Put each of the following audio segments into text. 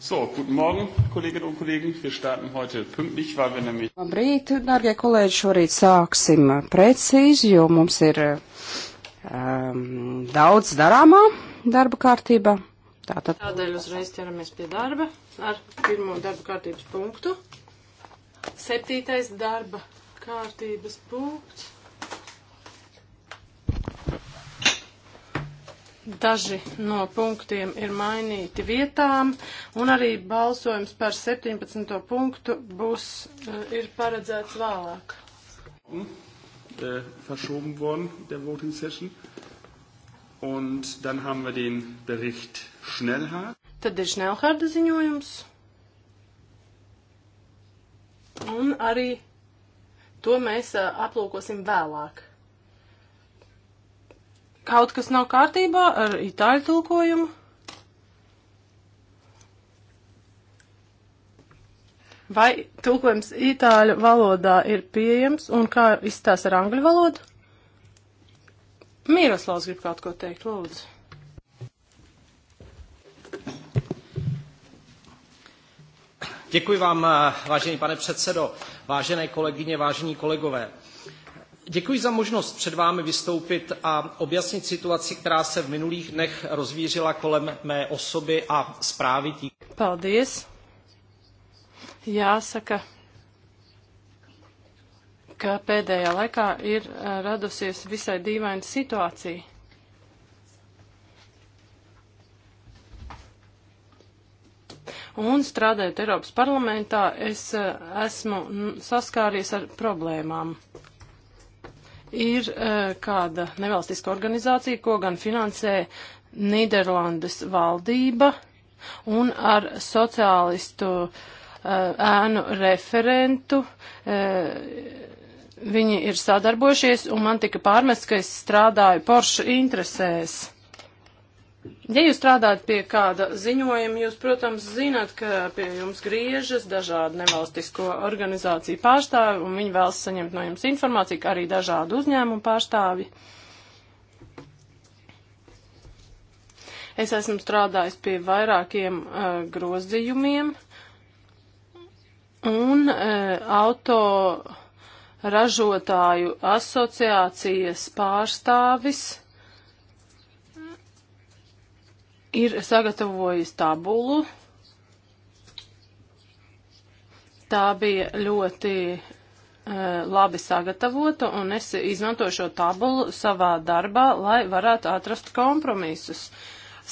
So, guten Morgen, Kolleginnen und Kollegen. Wir starten heute pünktlich, weil wir nämlich. Labrīt, darbie kolēģi, šorīt sāksim precīzi, jo mums ir um, daudz darāmā darba kārtībā. Tātad. Tādēļ uzreiz ķeramies pie darba ar pirmo darba kārtības punktu. Septītais darba kārtības punkts. Daži no punktiem ir mainīti vietām, un arī balsojums par 17. punktu būs, eh, ir paredzēts vēlāk. Mm. Äh, verschoben worden, der Voting Session. Und dann haben wir den Bericht Schnellhardt. Tad ir Schnellharda ziņojums. Un arī to mēs äh, aplūkosim vēlāk. Kaut kas nav kārtībā ar itāļu tulkojumu? Vai tulkojums itāļu valodā ir pieejams un kā izstās ar angļu valodu? Mīroslavs grib kaut ko teikt, lūdzu. Děkuji vám, eh, vážený pane předsedo, vážené kolegyně, vážení kolegové. Děkuji za možnost před vámi vystoupit a objasnit situaci, která se v minulých dnech rozvířila kolem mé osoby a zprávy tí. Paldies. Jāsaka, ka pēdējā laikā ir eh, radusies visai dīvaina situācija. Un strādājot Eiropas parlamentā, es eh, esmu saskāries ar problēmām ir uh, kāda nevalstiska organizācija, ko gan finansē Nīderlandes valdība un ar sociālistu uh, ēnu referentu. Uh, viņi ir sadarbojušies un man tika pārmests, ka es strādāju Porsche interesēs. Ja jūs strādājat pie kāda ziņojuma, jūs, protams, zināt, ka pie jums griežas dažādi nevalstisko organizāciju pārstāvi, un viņi vēlas saņemt no jums informāciju, kā arī dažādu uzņēmumu pārstāvi. Es esmu strādājis pie vairākiem uh, grozījumiem, un uh, auto ražotāju asociācijas pārstāvis ir sagatavojis tabulu. Tā bija ļoti uh, labi sagatavota, un es izmantoju šo tabulu savā darbā, lai varētu atrast kompromisus,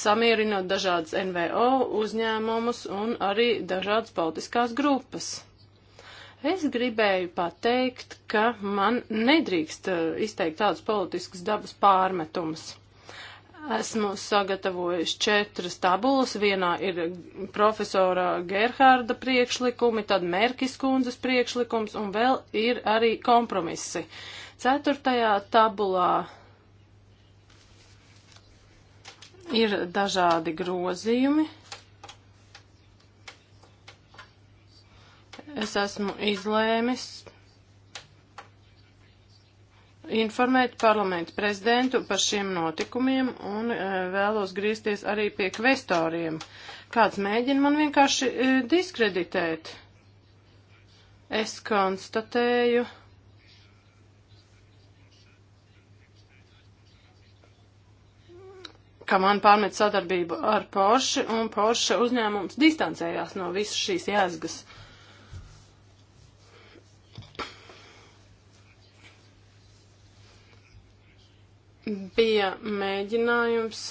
samierinot dažādas NVO uzņēmumus un arī dažādas politiskās grupas. Es gribēju pateikt, ka man nedrīkst eh, izteikt tādus politiskus dabas pārmetumus. Esmu sagatavojis četras tabulas. Vienā ir profesora Gerhārda priekšlikumi, tad Merkis kundzes priekšlikums un vēl ir arī kompromisi. Ceturtajā tabulā ir dažādi grozījumi. Es esmu izlēmis informēt parlamentu prezidentu par šiem notikumiem un e, vēlos griezties arī pie kvestoriem. Kāds mēģina man vienkārši e, diskreditēt? Es konstatēju. ka man pārmet sadarbību ar Porsche, un Porsche uzņēmums distancējās no visas šīs jēzgas. Uh, bija mēģinājums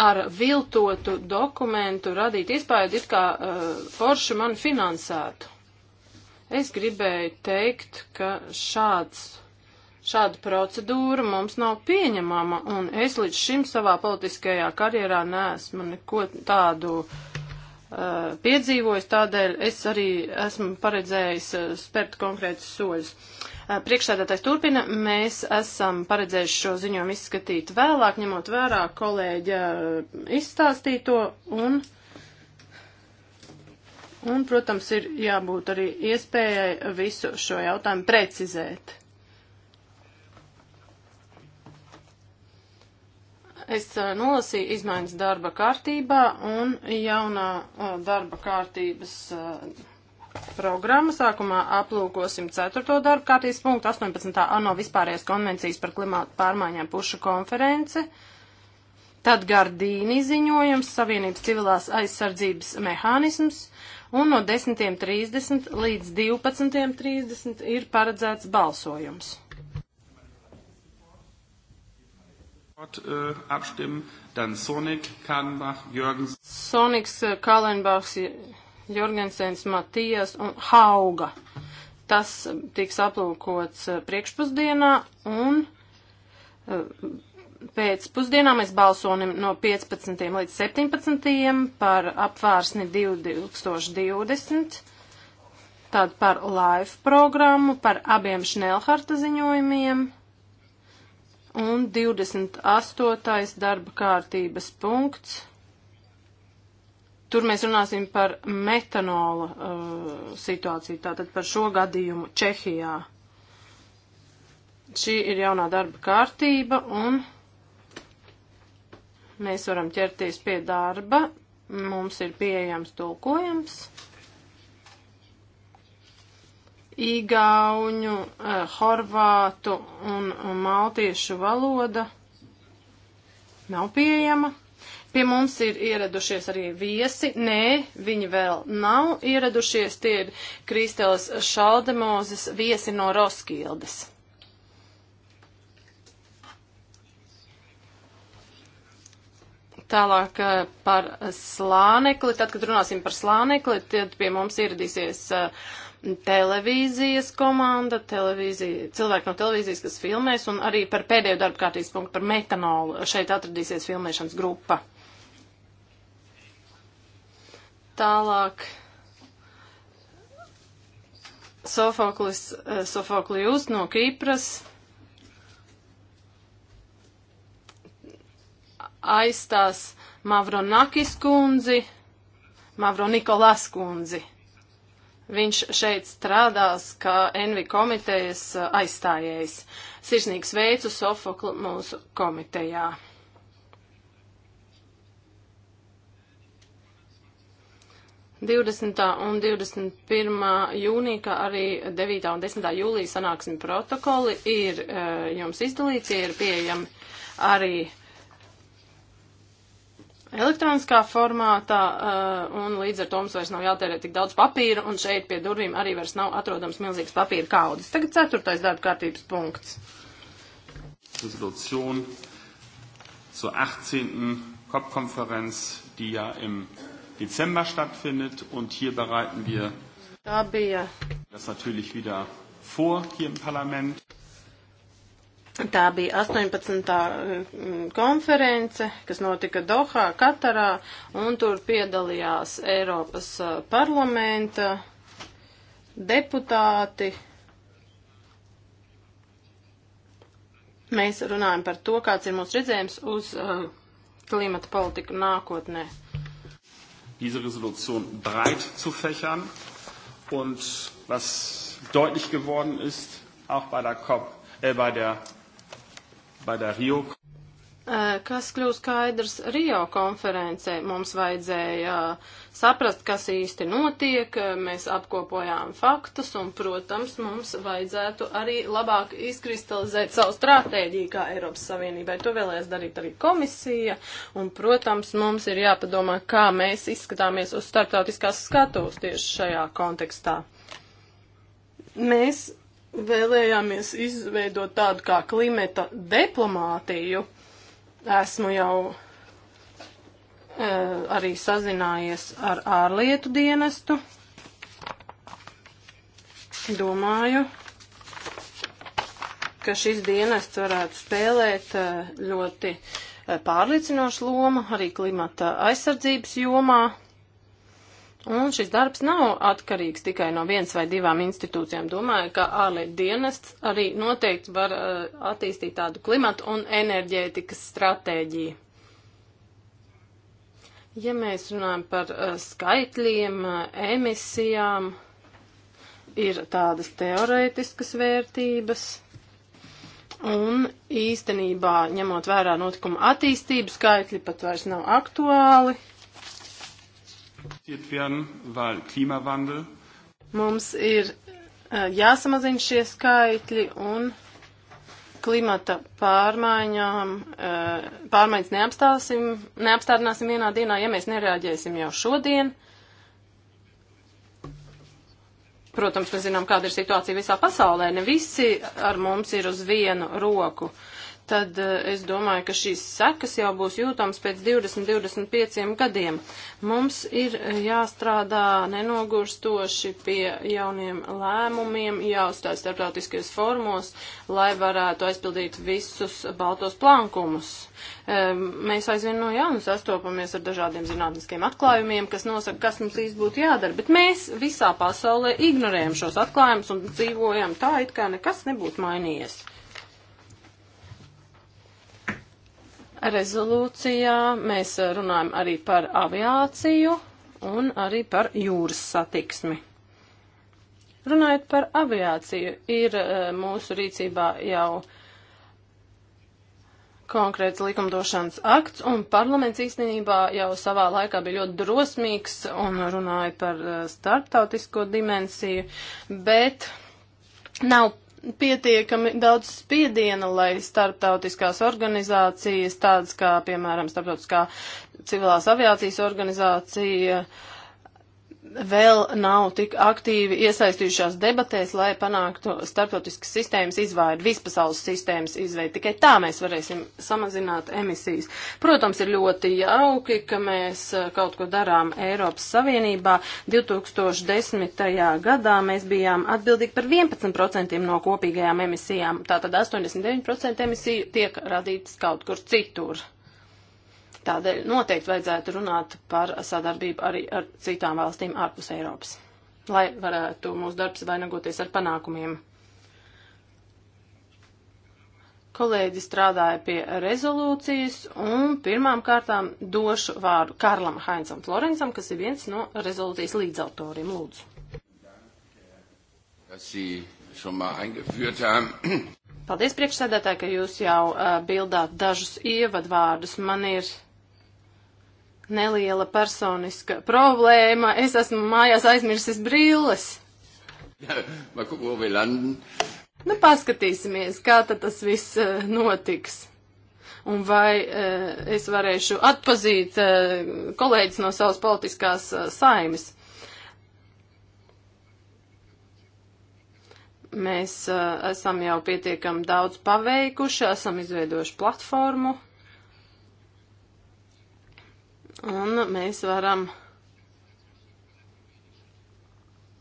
ar viltotu dokumentu radīt iespēju, it kā uh, forši man finansētu. Es gribēju teikt, ka šāds, šāda procedūra mums nav pieņemama, un es līdz šim savā politiskajā karjerā neesmu neko tādu uh, piedzīvojis, tādēļ es arī esmu paredzējis uh, spērt konkrētus soļus. Uh, Eh, priekšsēdētājs turpina, mēs esam paredzējuši šo ziņojumu izskatīt vēlāk, ņemot vērā kolēģa eh, izstāstīto un. Un, protams, ir jābūt arī iespējai visu šo jautājumu precizēt. Es eh, nolasīju izmaiņas darba kārtībā un jaunā darba kārtības programmu. Sākumā aplūkosim 4. darba kārtības punktu, 18. ANO vispārējās konvencijas par klimātu pārmaiņām pušu konference. Tad Gardīni ziņojums, Savienības civilās aizsardzības mehānisms, un no 10.30 līdz 12.30 ir paredzēts balsojums. Äh, Soniks Kalenbachs. Jorgensens, Matijas un Hauga. Tas tiks aplūkots eh, priekšpusdienā un eh, pēc pusdienā mēs balsonim no 15. līdz 17. par apvārsni 2020, tad par live programmu, par abiem Šnelharta ziņojumiem un 28. darba kārtības punkts Tur mēs runāsim par metanola uh, situāciju, tātad par šo gadījumu Čehijā. Šī ir jaunā darba kārtība un mēs varam ķerties pie darba. Mums ir pieejams tulkojums. Īgauņu, uh, horvātu un maltiešu valoda nav pieejama. Pie mums ir ieradušies arī viesi. Nē, viņi vēl nav ieradušies. Tie ir Kristēls Šaldemozes viesi no Roskildes. Tālāk eh, par slānekli. Tad, kad runāsim par slānekli, tad pie mums ieradīsies uh, televīzijas komanda, televīzija, cilvēki no televīzijas, kas filmēs, un arī par pēdējo darba kārtības punktu par metanolu šeit atradīsies filmēšanas grupa. Tālāk Sofoklis, eh, Sofoklijus no Kīpras aizstās Mavronakis kundzi, Mavro Nikolas kundzi. Viņš šeit strādās kā Envi komitejas eh, aizstājējs. Sirsnīgs veicu Sofoklu mūsu komitejā. 20. un 21. jūnija, kā arī 9. un 10. jūlija sanāksmi protokoli ir eh, jums izdalīts, ir pieejami arī elektroniskā formātā, eh, un līdz ar to mums vairs nav jātērē tik daudz papīra, un šeit pie durvīm arī vairs nav atrodams milzīgs papīra kaudzes. Tagad ceturtais darba kārtības punkts. Rezolūcija zur 18. COP-Konferenz, die ja im Dezember stattfindet. Und hier bereiten wir da bija. das natürlich wieder vor hier im Parlament. Tā bija 18. Mm, konference, kas notika Dohā, Katarā, un tur piedalījās Eiropas parlamenta deputāti. Mēs runājam par to, kāds ir mūsu redzējums uz klimata politiku nākotnē diese Resolution breit zu fächern. Und was deutlich geworden ist, auch bei der COP, äh, bei der, bei der Rio. Äh, kas kļūst skaidrs Rio konferencē? Mums vajadzēja uh, saprast, kas īsti notiek, mēs apkopojām faktus un, protams, mums vajadzētu arī labāk izkristalizēt savu stratēģiju kā Eiropas Savienībai. To vēlēs darīt arī komisija un, protams, mums ir jāpadomā, kā mēs izskatāmies uz starptautiskās skatos tieši šajā kontekstā. Mēs vēlējāmies izveidot tādu kā klimata diplomātiju. Esmu jau Eh, arī sazinājies ar ārlietu dienestu. Domāju, ka šis dienests varētu spēlēt eh, ļoti eh, pārliecinošu lomu arī klimata aizsardzības jomā. Un šis darbs nav atkarīgs tikai no viens vai divām institūcijām. Domāju, ka ārlietu dienests arī noteikti var attīstīt tādu klimatu un enerģētikas stratēģiju. Ja mēs runājam par uh, skaitļiem, uh, emisijām, ir tādas teorētiskas vērtības. Un īstenībā, ņemot vērā notikuma attīstību, skaitļi pat vairs nav aktuāli. Mums ir uh, jāsamazina šie skaitļi un klimata pārmaiņām, e, pārmaiņas neapstāsim, neapstādināsim vienā dienā, ja mēs nereaģēsim jau šodien. Protams, mēs zinām, kāda ir situācija visā pasaulē. Ne visi ar mums ir uz vienu roku. Uh, tad eh, es domāju, ka šīs sekas jau būs jūtams pēc 20-25 gadiem. Mums ir eh, jāstrādā nenogurstoši pie jauniem lēmumiem, jāuzstāj starptautiskajos formos, lai varētu aizpildīt visus baltos plankumus. Mēs aizvien no jauna sastopamies ar dažādiem zinātniskiem atklājumiem, kas nosaka, kas mums īsti būtu jādara, bet mēs visā pasaulē ignorējam šos atklājumus un dzīvojam tā, it kā nekas nebūtu mainījies. rezolūcijā mēs eh, runājam arī par aviāciju un arī par jūras satiksmi. Runājot par aviāciju, ir eh, mūsu rīcībā jau konkrēts likumdošanas akts, un parlaments īstenībā jau savā laikā bija ļoti drosmīgs un runāja par eh, starptautisko dimensiju, bet nav pietiekami daudz spiediena, lai starptautiskās organizācijas, tādas kā, piemēram, starptautiskā civilās aviācijas organizācija, uh, vēl nav tik aktīvi iesaistījušās debatēs, lai panāktu starptautiskas sistēmas izvairu, vispasaules sistēmas izveidu. Tikai tā mēs varēsim samazināt emisijas. Protams, ir ļoti jauki, ka mēs uh, kaut ko darām Eiropas Savienībā. 2010. gadā mēs bijām atbildīgi par 11% no kopīgajām emisijām. Tātad 89% emisiju tiek radītas kaut kur citur. Tādēļ noteikti vajadzētu runāt par sadarbību arī ar citām valstīm ārpus Eiropas, lai varētu mūsu darbs vainagoties ar panākumiem. Kolēģi strādāja pie rezolūcijas un pirmām kārtām došu vārdu Karlam Heinzam Florencam, kas ir viens no rezolūcijas līdzautoriem. Lūdzu. Paldies priekšsēdētāji, ka jūs jau uh, bildāt dažus ievadvārdus. Man ir neliela personiska problēma. Es esmu mājās aizmirsis brilles. Ja, nu, paskatīsimies, kā tad tas viss eh, notiks. Un vai eh, es varēšu atpazīt eh, kolēģis no savas politiskās saimes. Mēs esam jau pietiekam daudz paveikuši, esam izveidojuši platformu, Un mēs varam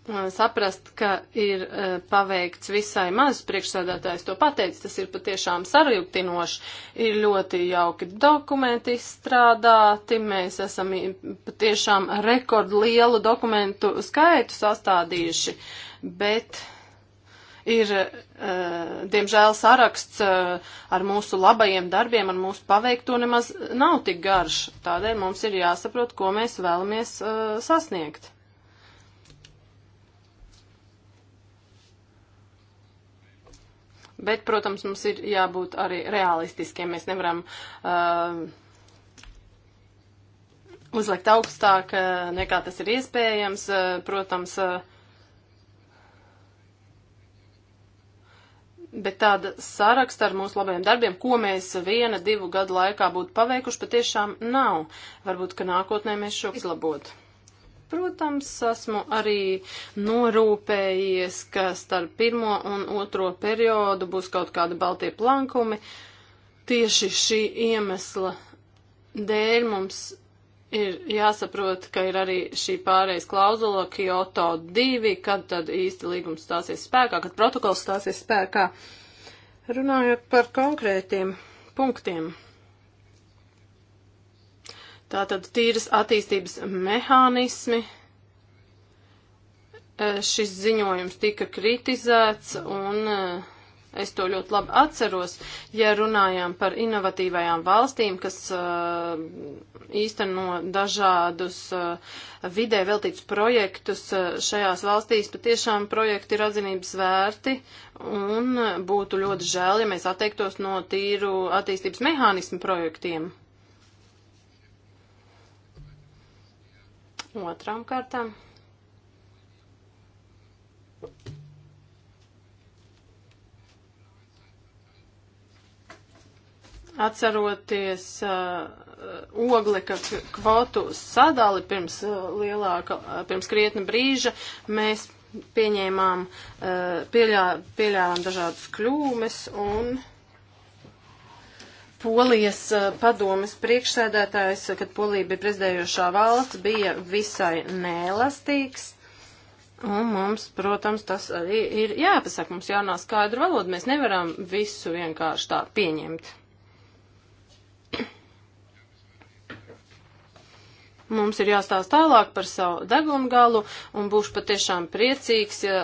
uh, saprast, ka ir uh, paveikts visai maz, priekšsēdētājs to pateica, tas ir patiešām sarūktinoši, ir ļoti jauki dokumenti izstrādāti, mēs esam patiešām rekordlielu dokumentu skaitu sastādījuši, bet ir, eh, diemžēl, saraksts eh, ar mūsu labajiem darbiem, ar mūsu paveikto nemaz nav tik garš. Tādēļ mums ir jāsaprot, ko mēs vēlamies eh, sasniegt. Bet, protams, mums ir jābūt arī realistiskiem. Mēs nevaram uh, uzlikt augstāk, uh, nekā tas ir iespējams. Uh, protams, uh, Bet tāda saraksta ar mūsu labajiem darbiem, ko mēs viena, divu gadu laikā būtu paveikuši, patiešām nav. Varbūt, ka nākotnē mēs šo izlabotu protams, esmu arī norūpējies, ka starp pirmo un otro periodu būs kaut kādi baltie plankumi. Tieši šī iemesla dēļ mums ir jāsaprot, ka ir arī šī pārējais klauzula Kyoto 2, kad tad īsti līgums stāsies spēkā, kad protokols stāsies spēkā. Runājot par konkrētiem punktiem. Tātad tīras attīstības mehānismi. Eh, šis ziņojums tika kritizēts un uh, Es to ļoti labi atceros, ja runājām par inovatīvajām valstīm, kas uh, īsteno dažādus uh, vidē veltītus projektus. Uh, šajās valstīs patiešām projekti ir atzinības vērti un būtu ļoti žēl, ja mēs atteiktos no tīru attīstības mehānismu projektiem. Otrām kārtām. atceroties uh, ogleka kvotu sadali pirms uh, lielāka, uh, pirms krietni brīža, mēs pieņēmām, uh, pieļā, pieļāvām dažādas kļūmes un. Polijas uh, padomas priekšsēdētājs, kad Polija bija prezidējošā valsts, bija visai nēlastīgs. Un mums, protams, tas arī ir jāpasaka. Mums jānāk skaidra valoda. Mēs nevaram visu vienkārši tā pieņemt. Mums ir jāstāsta tālāk par savu degungalu un būšu patiešām priecīgs, ja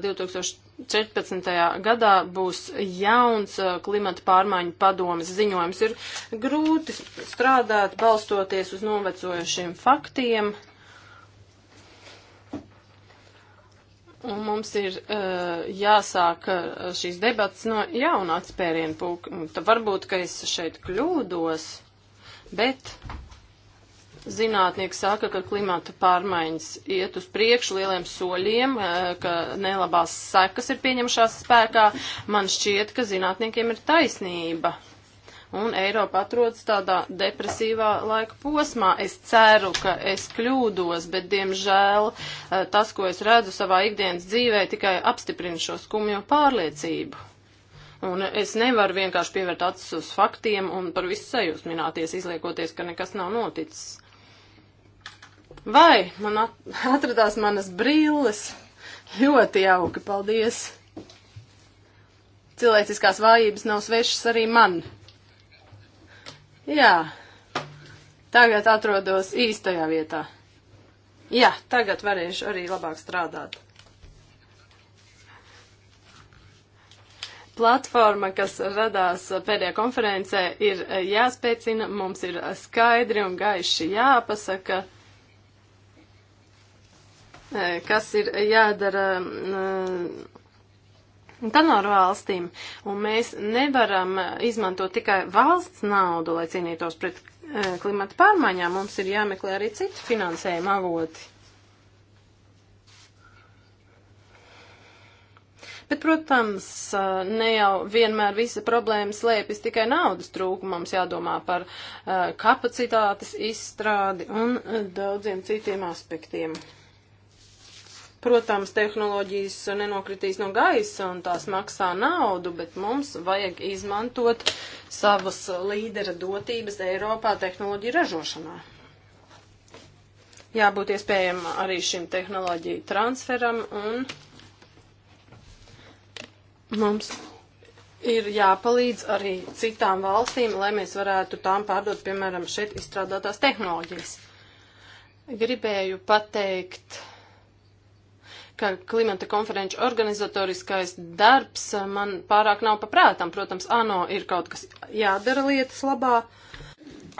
uh, eh, 2014. gadā būs jauns uh, klimata pārmaiņu padomas ziņojums. Ir grūti strādāt balstoties uz novecojušiem faktiem. Un mums ir uh, jāsāk šīs debats no jauna atspērienu pūka. Varbūt, ka es šeit kļūdos, bet Zinātnieki saka, ka klimata pārmaiņas iet uz priekšu lieliem soļiem, eh, ka nelabās sekas ir pieņemšās spēkā. Man šķiet, ka zinātniekiem ir taisnība. Un Eiropa atrodas tādā depresīvā laika posmā. Es ceru, ka es kļūdos, bet, diemžēl, eh, tas, ko es redzu savā ikdienas dzīvē, tikai apstiprina šo skumjo pārliecību. Un es nevaru vienkārši pievērt acis uz faktiem un par visu sajūsmināties, izliekoties, ka nekas nav noticis. Vai man atradās manas brilles? Ļoti jauki, paldies! Cilvēciskās vājības nav svešas arī man. Jā, tagad atrodos īstajā vietā. Jā, tagad varēšu arī labāk strādāt. platforma, kas radās pēdējā konferencē, ir jāspēcina, mums ir skaidri un gaiši jāpasaka, kas ir jādara donoru valstīm, un mēs nevaram izmantot tikai valsts naudu, lai cīnītos pret klimata pārmaiņām, mums ir jāmeklē arī citi finansējuma avoti. Bet, protams, ne jau vienmēr visa problēma slēpjas tikai naudas trūkumā. Mums jādomā par kapacitātes izstrādi un daudziem citiem aspektiem. Protams, tehnoloģijas nenokritīs no gaisa un tās maksā naudu, bet mums vajag izmantot savas līdera dotības Eiropā tehnoloģiju ražošanā. Jābūt iespējam arī šim tehnoloģiju transferam un mums ir jāpalīdz arī citām valstīm, lai mēs varētu tām pārdot, piemēram, šeit izstrādātās tehnoloģijas. Gribēju pateikt ka klimata konferenču organizatoriskais darbs eh, man pārāk nav paprātam. Protams, ANO ir kaut kas jādara lietas labā.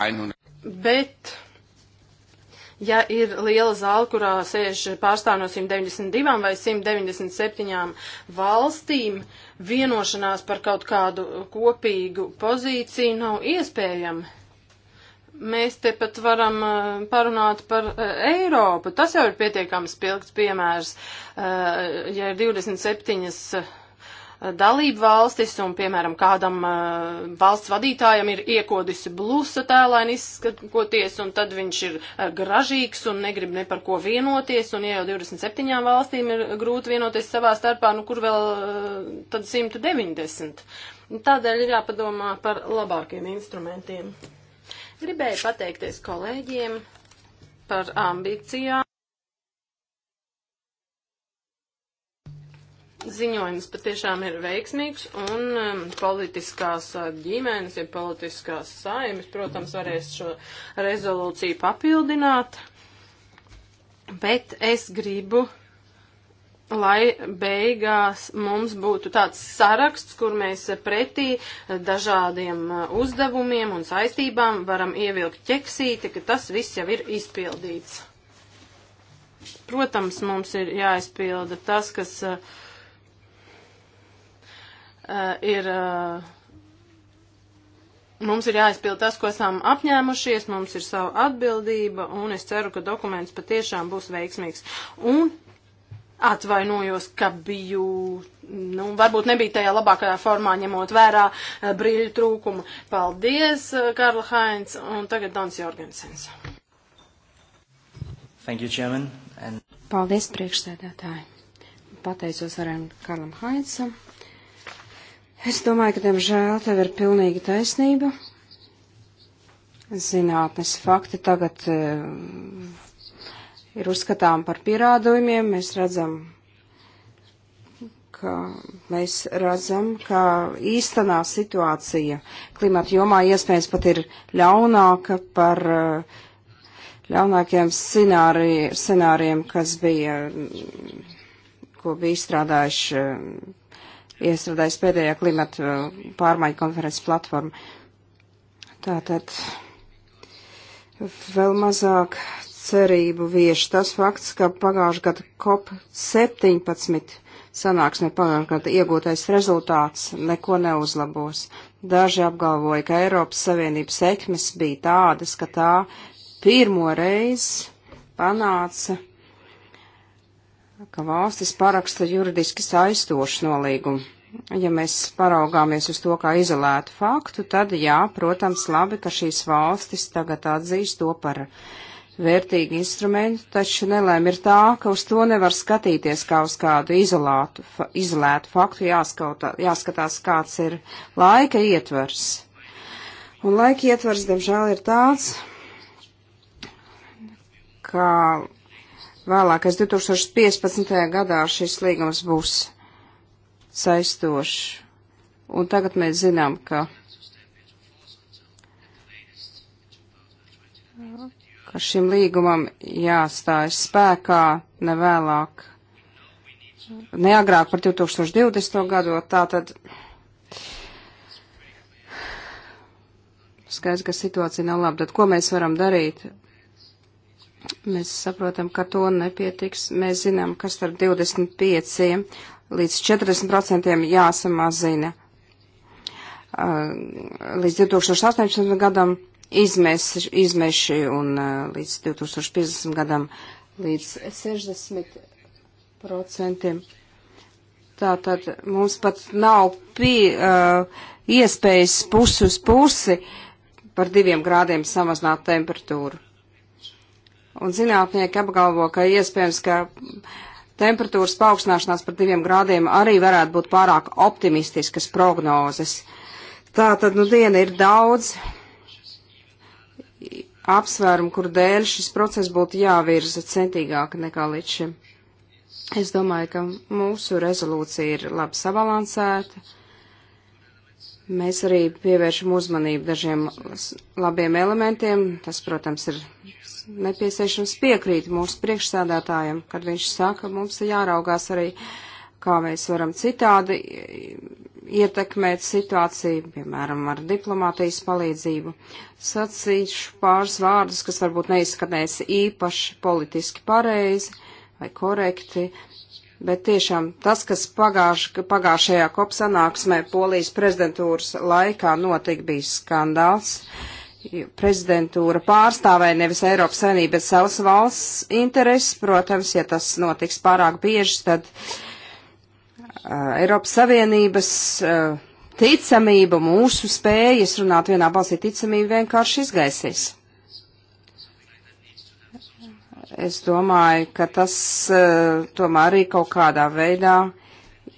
Ainun. Bet, ja ir liela zāle, kurā sēž pārstāv no 192 vai 197 valstīm, vienošanās par kaut kādu kopīgu pozīciju nav iespējama. Mēs te pat varam eh, parunāt par eh, Eiropu. Tas jau ir pietiekami spilgts piemērs. Eh, ja ir 27 dalību valstis un, piemēram, kādam valsts vadītājam ir iekodisi blusa tēlaini izskatoties, un tad viņš ir gražīgs un negrib ne par ko vienoties, un ja jau 27 valstīm ir grūti vienoties savā starpā, nu kur vēl tad 190. Tādēļ ir jāpadomā par labākiem instrumentiem. Gribēju pateikties kolēģiem par ambīcijām. Ziņojums patiešām ir veiksmīgs un um, politiskās uh, ģimenes, ja politiskās saimes, protams, varēs šo rezolūciju papildināt, bet es gribu lai beigās mums būtu tāds saraksts, kur mēs pretī dažādiem uh, uzdevumiem un saistībām varam ievilkt ķeksīti, ka tas viss jau ir izpildīts. Protams, mums ir jāizpilda tas, kas uh, uh ir. Uh, Mums ir jāizpild tas, ko esam apņēmušies, mums ir sava atbildība, un es ceru, ka dokuments patiešām būs veiksmīgs. Un Atvainojos, ka biju, nu, varbūt nebija tajā labākajā formā, ņemot vērā eh, brīļu trūkumu. Paldies, eh, Karla Hainz, un tagad Dans Jorgensens. Thank you, Chairman. And... Paldies, priekšsēdētāji. Pateicos Aram Karlam Hainsam. Es domāju, ka, diemžēl, tev ir pilnīga taisnība. Zinātnes fakti tagad eh, ir uzskatām par pierādījumiem, mēs redzam, ka mēs redzam, ka īstenā situācija klimata jomā iespējams pat ir ļaunāka par eh, ļaunākiem scenāri, scenāriem, kas bija, ko bija izstrādājuši, eh, iestrādājis pēdējā klimata eh, pārmaiņu konferences platforma. Tātad vēl mazāk cerību vieš tas fakts, ka pagājušā gada COP17 sanāksmē pagājušā gada iegūtais rezultāts neko neuzlabos. Daži apgalvoja, ka Eiropas Savienības sekmes bija tādas, ka tā pirmo reizi panāca, ka valstis paraksta juridiski saistošu nolīgumu. Ja mēs paraugāmies uz to kā izolētu faktu, tad jā, protams, labi, ka šīs valstis tagad atzīst to par uh, vērtīgi instrumenti, taču nelēm ir tā, ka uz to nevar skatīties kā uz kādu izolātu, fa, izolētu faktu, jāskatā, jāskatās, kāds ir laika ietvers. Un laika ietvers, diemžēl, ir tāds, ka vēlākais 2015. gadā šis līgums būs saistošs. Un tagad mēs zinām, ka ka šim līgumam jāstājas spēkā nevēlāk, neagrāk par 2020. gadu, tātad skaidrs, ka situācija nav laba. Tad ko mēs varam darīt? Mēs saprotam, ka to nepietiks. Mēs zinām, ka starp 25 līdz 40% jāsamazina uh, līdz 2018. gadam izmeši, izmeši un līdz 2050 gadam līdz 60%. Tātad mums pat nav pie, uh, iespējas pusi uz pusi par diviem grādiem samazināt temperatūru. Un zinātnieki apgalvo, ka iespējams, ka temperatūras paaugstināšanās par diviem grādiem arī varētu būt pārāk optimistiskas prognozes. Tā tad, nu, diena ir daudz, apsvērumu, kur dēļ šis process būtu jāvirza centīgāk nekā līdz šim. Es domāju, ka mūsu rezolūcija ir labi sabalansēta. Mēs arī pievēršam uzmanību dažiem labiem elementiem. Tas, protams, ir nepieciešams piekrīt mūsu priekšsēdētājiem, kad viņš saka, mums ir jāraugās arī, kā mēs varam citādi ietekmēt situāciju, piemēram, ar diplomātijas palīdzību. Sacīšu pāris vārdus, kas varbūt neizskanēs īpaši politiski pareizi vai korekti, bet tiešām tas, kas pagāž, pagājušajā kopsanāksmē Polijas prezidentūras laikā notika, bija skandāls. Prezidentūra pārstāvēja nevis Eiropas Savienību, bet savas valsts intereses. Protams, ja tas notiks pārāk bieži, tad. Uh, Eiropas Savienības ticamība, mūsu spējas runāt vienā balsī ticamība vienkārši izgaisīs. Es domāju, ka tas tomēr arī kaut kādā veidā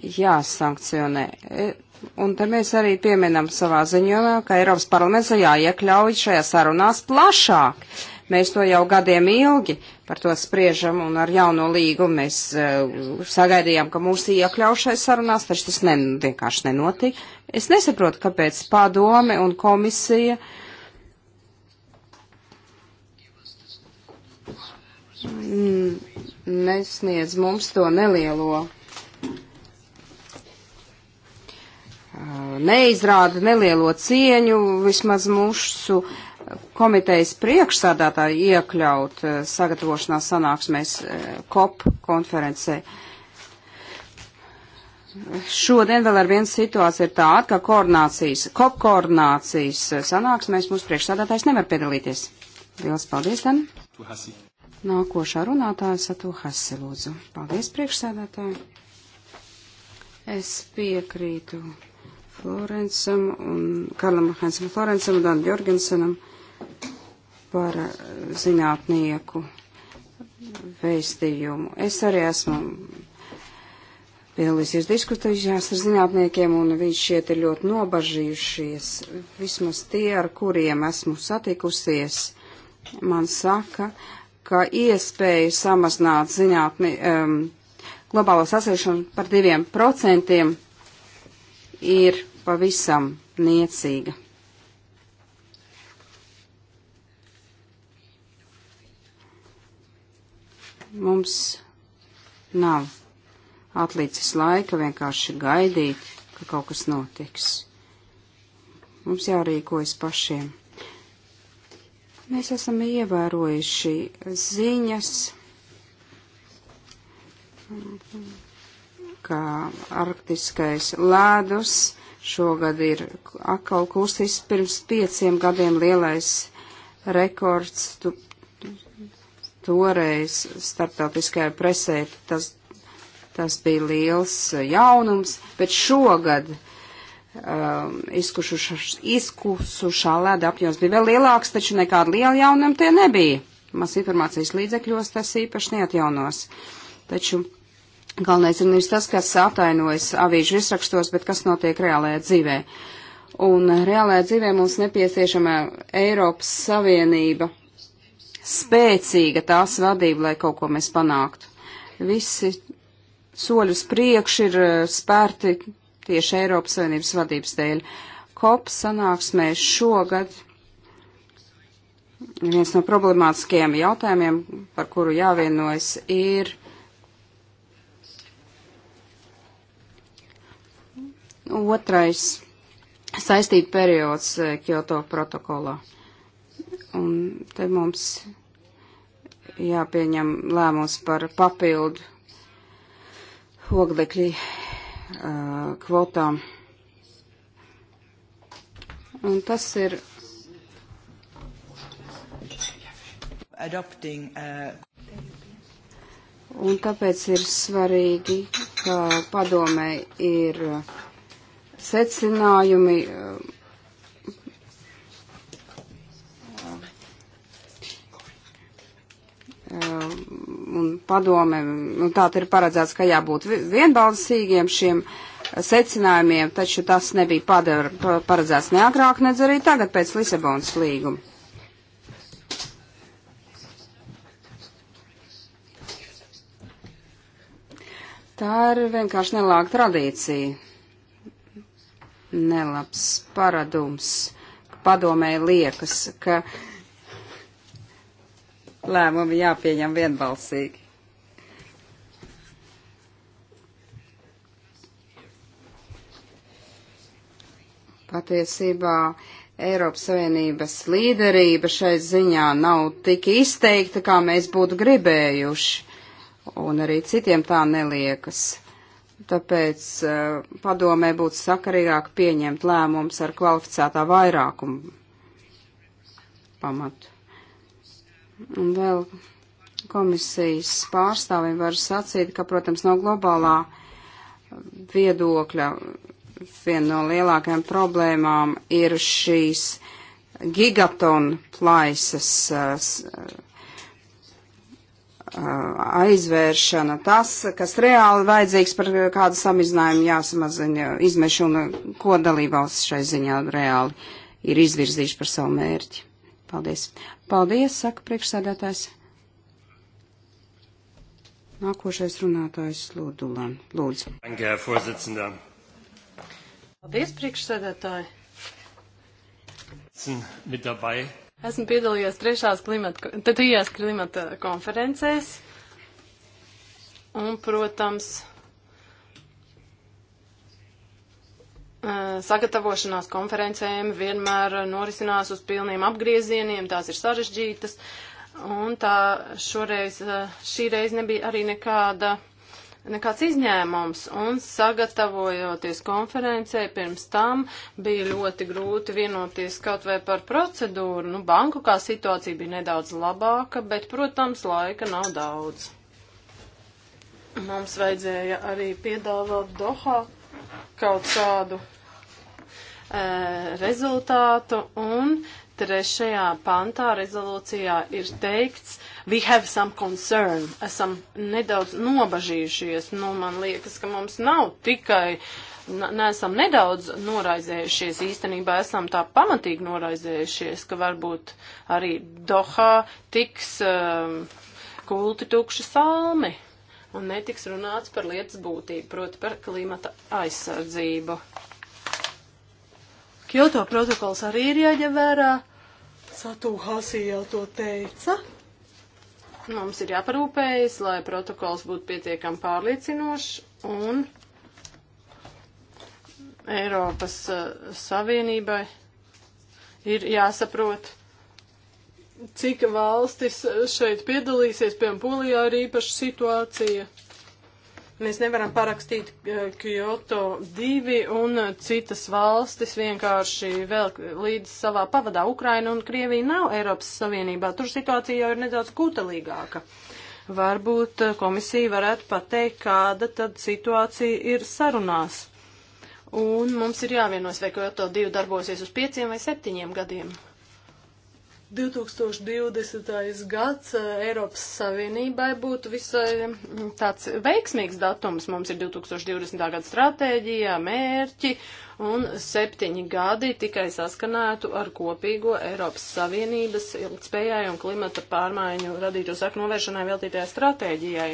jāsankcionē. E, un te mēs arī pieminam savā ziņojumā, ka Eiropas parlaments jāiekļauj šajā sarunās plašāk. Uh, Mēs to jau gadiem ilgi par to spriežam un ar jauno līgumu mēs uh, sagaidījām, ka mūs iekļaušais sarunās, taču tas ne, vienkārši nenotika. Es nesaprotu, kāpēc padome un komisija nesniedz mums to nelielo eh, neizrāda nelielo cieņu vismaz mūsu komitejas priekšsādātāji iekļaut eh, sagatavošanās sanāksmēs eh, COP konferencē. Šodien vēl ar vienu situāciju ir tāda, ka koordinācijas, COP koordinācijas eh, sanāksmēs mūsu priekšsādātājs nevar piedalīties. Lielas paldies, Dan. Nākošā runātāja Satu Hasi, lūdzu. Paldies, priekšsādātāji. Es piekrītu Florencam un Karlam Hansam Florencam un Dan Jorgensenam. Uh, par eh, zinātnieku vēstījumu. Es arī esmu piedalīsies diskutējās ar zinātniekiem, un viņi šeit ir ļoti nobažījušies. Vismaz tie, ar kuriem esmu satikusies, man saka, ka iespēja samazināt zinātni, um, globālo sasilšanu par diviem procentiem ir pavisam niecīga. Mums nav atlicis laika vienkārši gaidīt, ka kaut kas notiks. Mums jārīkojas pašiem. Mēs esam ievērojuši ziņas, ka arktiskais lēdus šogad ir atkal kustis pirms pieciem gadiem lielais rekords toreiz starptautiskajai presē tas, tas bija liels jaunums, bet šogad um, izkusušā, izkusušā lēda apjoms bija vēl lielāks, taču nekāda liela jaunuma tie nebija. Mas informācijas līdzekļos tas īpaši neatjaunos. Taču galvenais ir nevis tas, kas atainojas avīžu visrakstos, bet kas notiek reālajā dzīvē. Un reālajā dzīvē mums nepieciešama Eiropas Savienība spēcīga tās vadība, lai kaut ko mēs panāktu. Visi soļus priekš ir eh, spērti tieši Eiropas Savienības vadības dēļ. COP sanāksmē šogad viens no problemātiskajiem jautājumiem, par kuru jāvienojas, ir otrais saistīta periods eh, Kyoto protokolā. Uh, Un te mums jāpieņem lēmums par papildu oglekļu uh, kvotām. Un tas ir. Adopting, uh... Un tāpēc ir svarīgi, ka padomē ir secinājumi. Uh, Um, un padome, un tā ir paredzēts, ka jābūt vienbalsīgiem šiem secinājumiem, taču tas nebija padar, paredzēts neagrāk, nedz arī tagad pēc Lisabonas līguma. Tā ir vienkārši nelāga tradīcija, nelabs paradums. Padomē liekas, ka uh, lēmumi jāpieņem vienbalsīgi. Patiesībā Eiropas Savienības līderība šai ziņā nav tik izteikta, kā mēs būtu gribējuši, un arī citiem tā neliekas. Tāpēc uh, padomē būtu sakarīgāk pieņemt lēmums ar kvalificētā vairākumu pamatu. Un vēl komisijas pārstāvim var sacīt, ka, protams, no globālā viedokļa viena no lielākajām problēmām ir šīs gigatonu plaisas eh, eh, aizvēršana. Tas, kas reāli vajadzīgs par kādu samazinājumu jāsamazina izmešu un ko dalībvalsts šai ziņā reāli ir izvirzījuši par savu mērķi. Paldies. Paldies, saka priekšsēdētājs. Nākošais runātājs Lūdulan. Lūdzu. Paldies, priekšsēdētāji. Esmu piedalījies trešās klimata, trijās klimata konferencēs. Un, protams, Eh, sagatavošanās konferencēm vienmēr norisinās uz pilniem apgriezieniem, tās ir sarežģītas, un tā šoreiz, eh, šī reiz nebija arī nekāda, nekāds izņēmums, un sagatavojoties konferencē pirms tam bija ļoti grūti vienoties kaut vai par procedūru, nu, banku kā situācija bija nedaudz labāka, bet, protams, laika nav daudz. Mums vajadzēja arī piedāvāt Dohā kaut kādu e, rezultātu, un trešajā pantā rezolūcijā ir teikts, we have some concern, esam nedaudz nobažījušies, nu man liekas, ka mums nav tikai, neesam nedaudz noraizējušies, īstenībā esam tā pamatīgi noraizējušies, ka varbūt arī Dohā tiks um, e, kulti tukši salmi un netiks runāts par lietas būtību, proti par klimata aizsardzību. Kyoto protokols arī ir jāņem vērā. Satū Hasī jau to teica. Mums ir jāparūpējas, lai protokols būtu pietiekami pārliecinošs un Eiropas uh, Savienībai ir jāsaprot, cik valstis šeit piedalīsies, piemēram, Polijā ir īpaša situācija. Mēs nevaram parakstīt eh, Kyoto 2 un eh, citas valstis vienkārši vēl līdz savā pavadā. Ukraina un Krievija nav Eiropas Savienībā, tur situācija jau ir nedaudz kūtelīgāka. Varbūt eh, komisija varētu pateikt, kāda tad situācija ir sarunās. Un mums ir jāvienos, vai Kyoto 2 darbosies uz pieciem vai septiņiem gadiem. 2020. gads eh, Eiropas Savienībai būtu visai mm, tāds veiksmīgs datums. Mums ir 2020. gada stratēģija, mērķi un septiņi gadi tikai saskanētu ar kopīgo Eiropas Savienības ilgspējai un klimata pārmaiņu radīto saknu novēršanai veltītajai stratēģijai.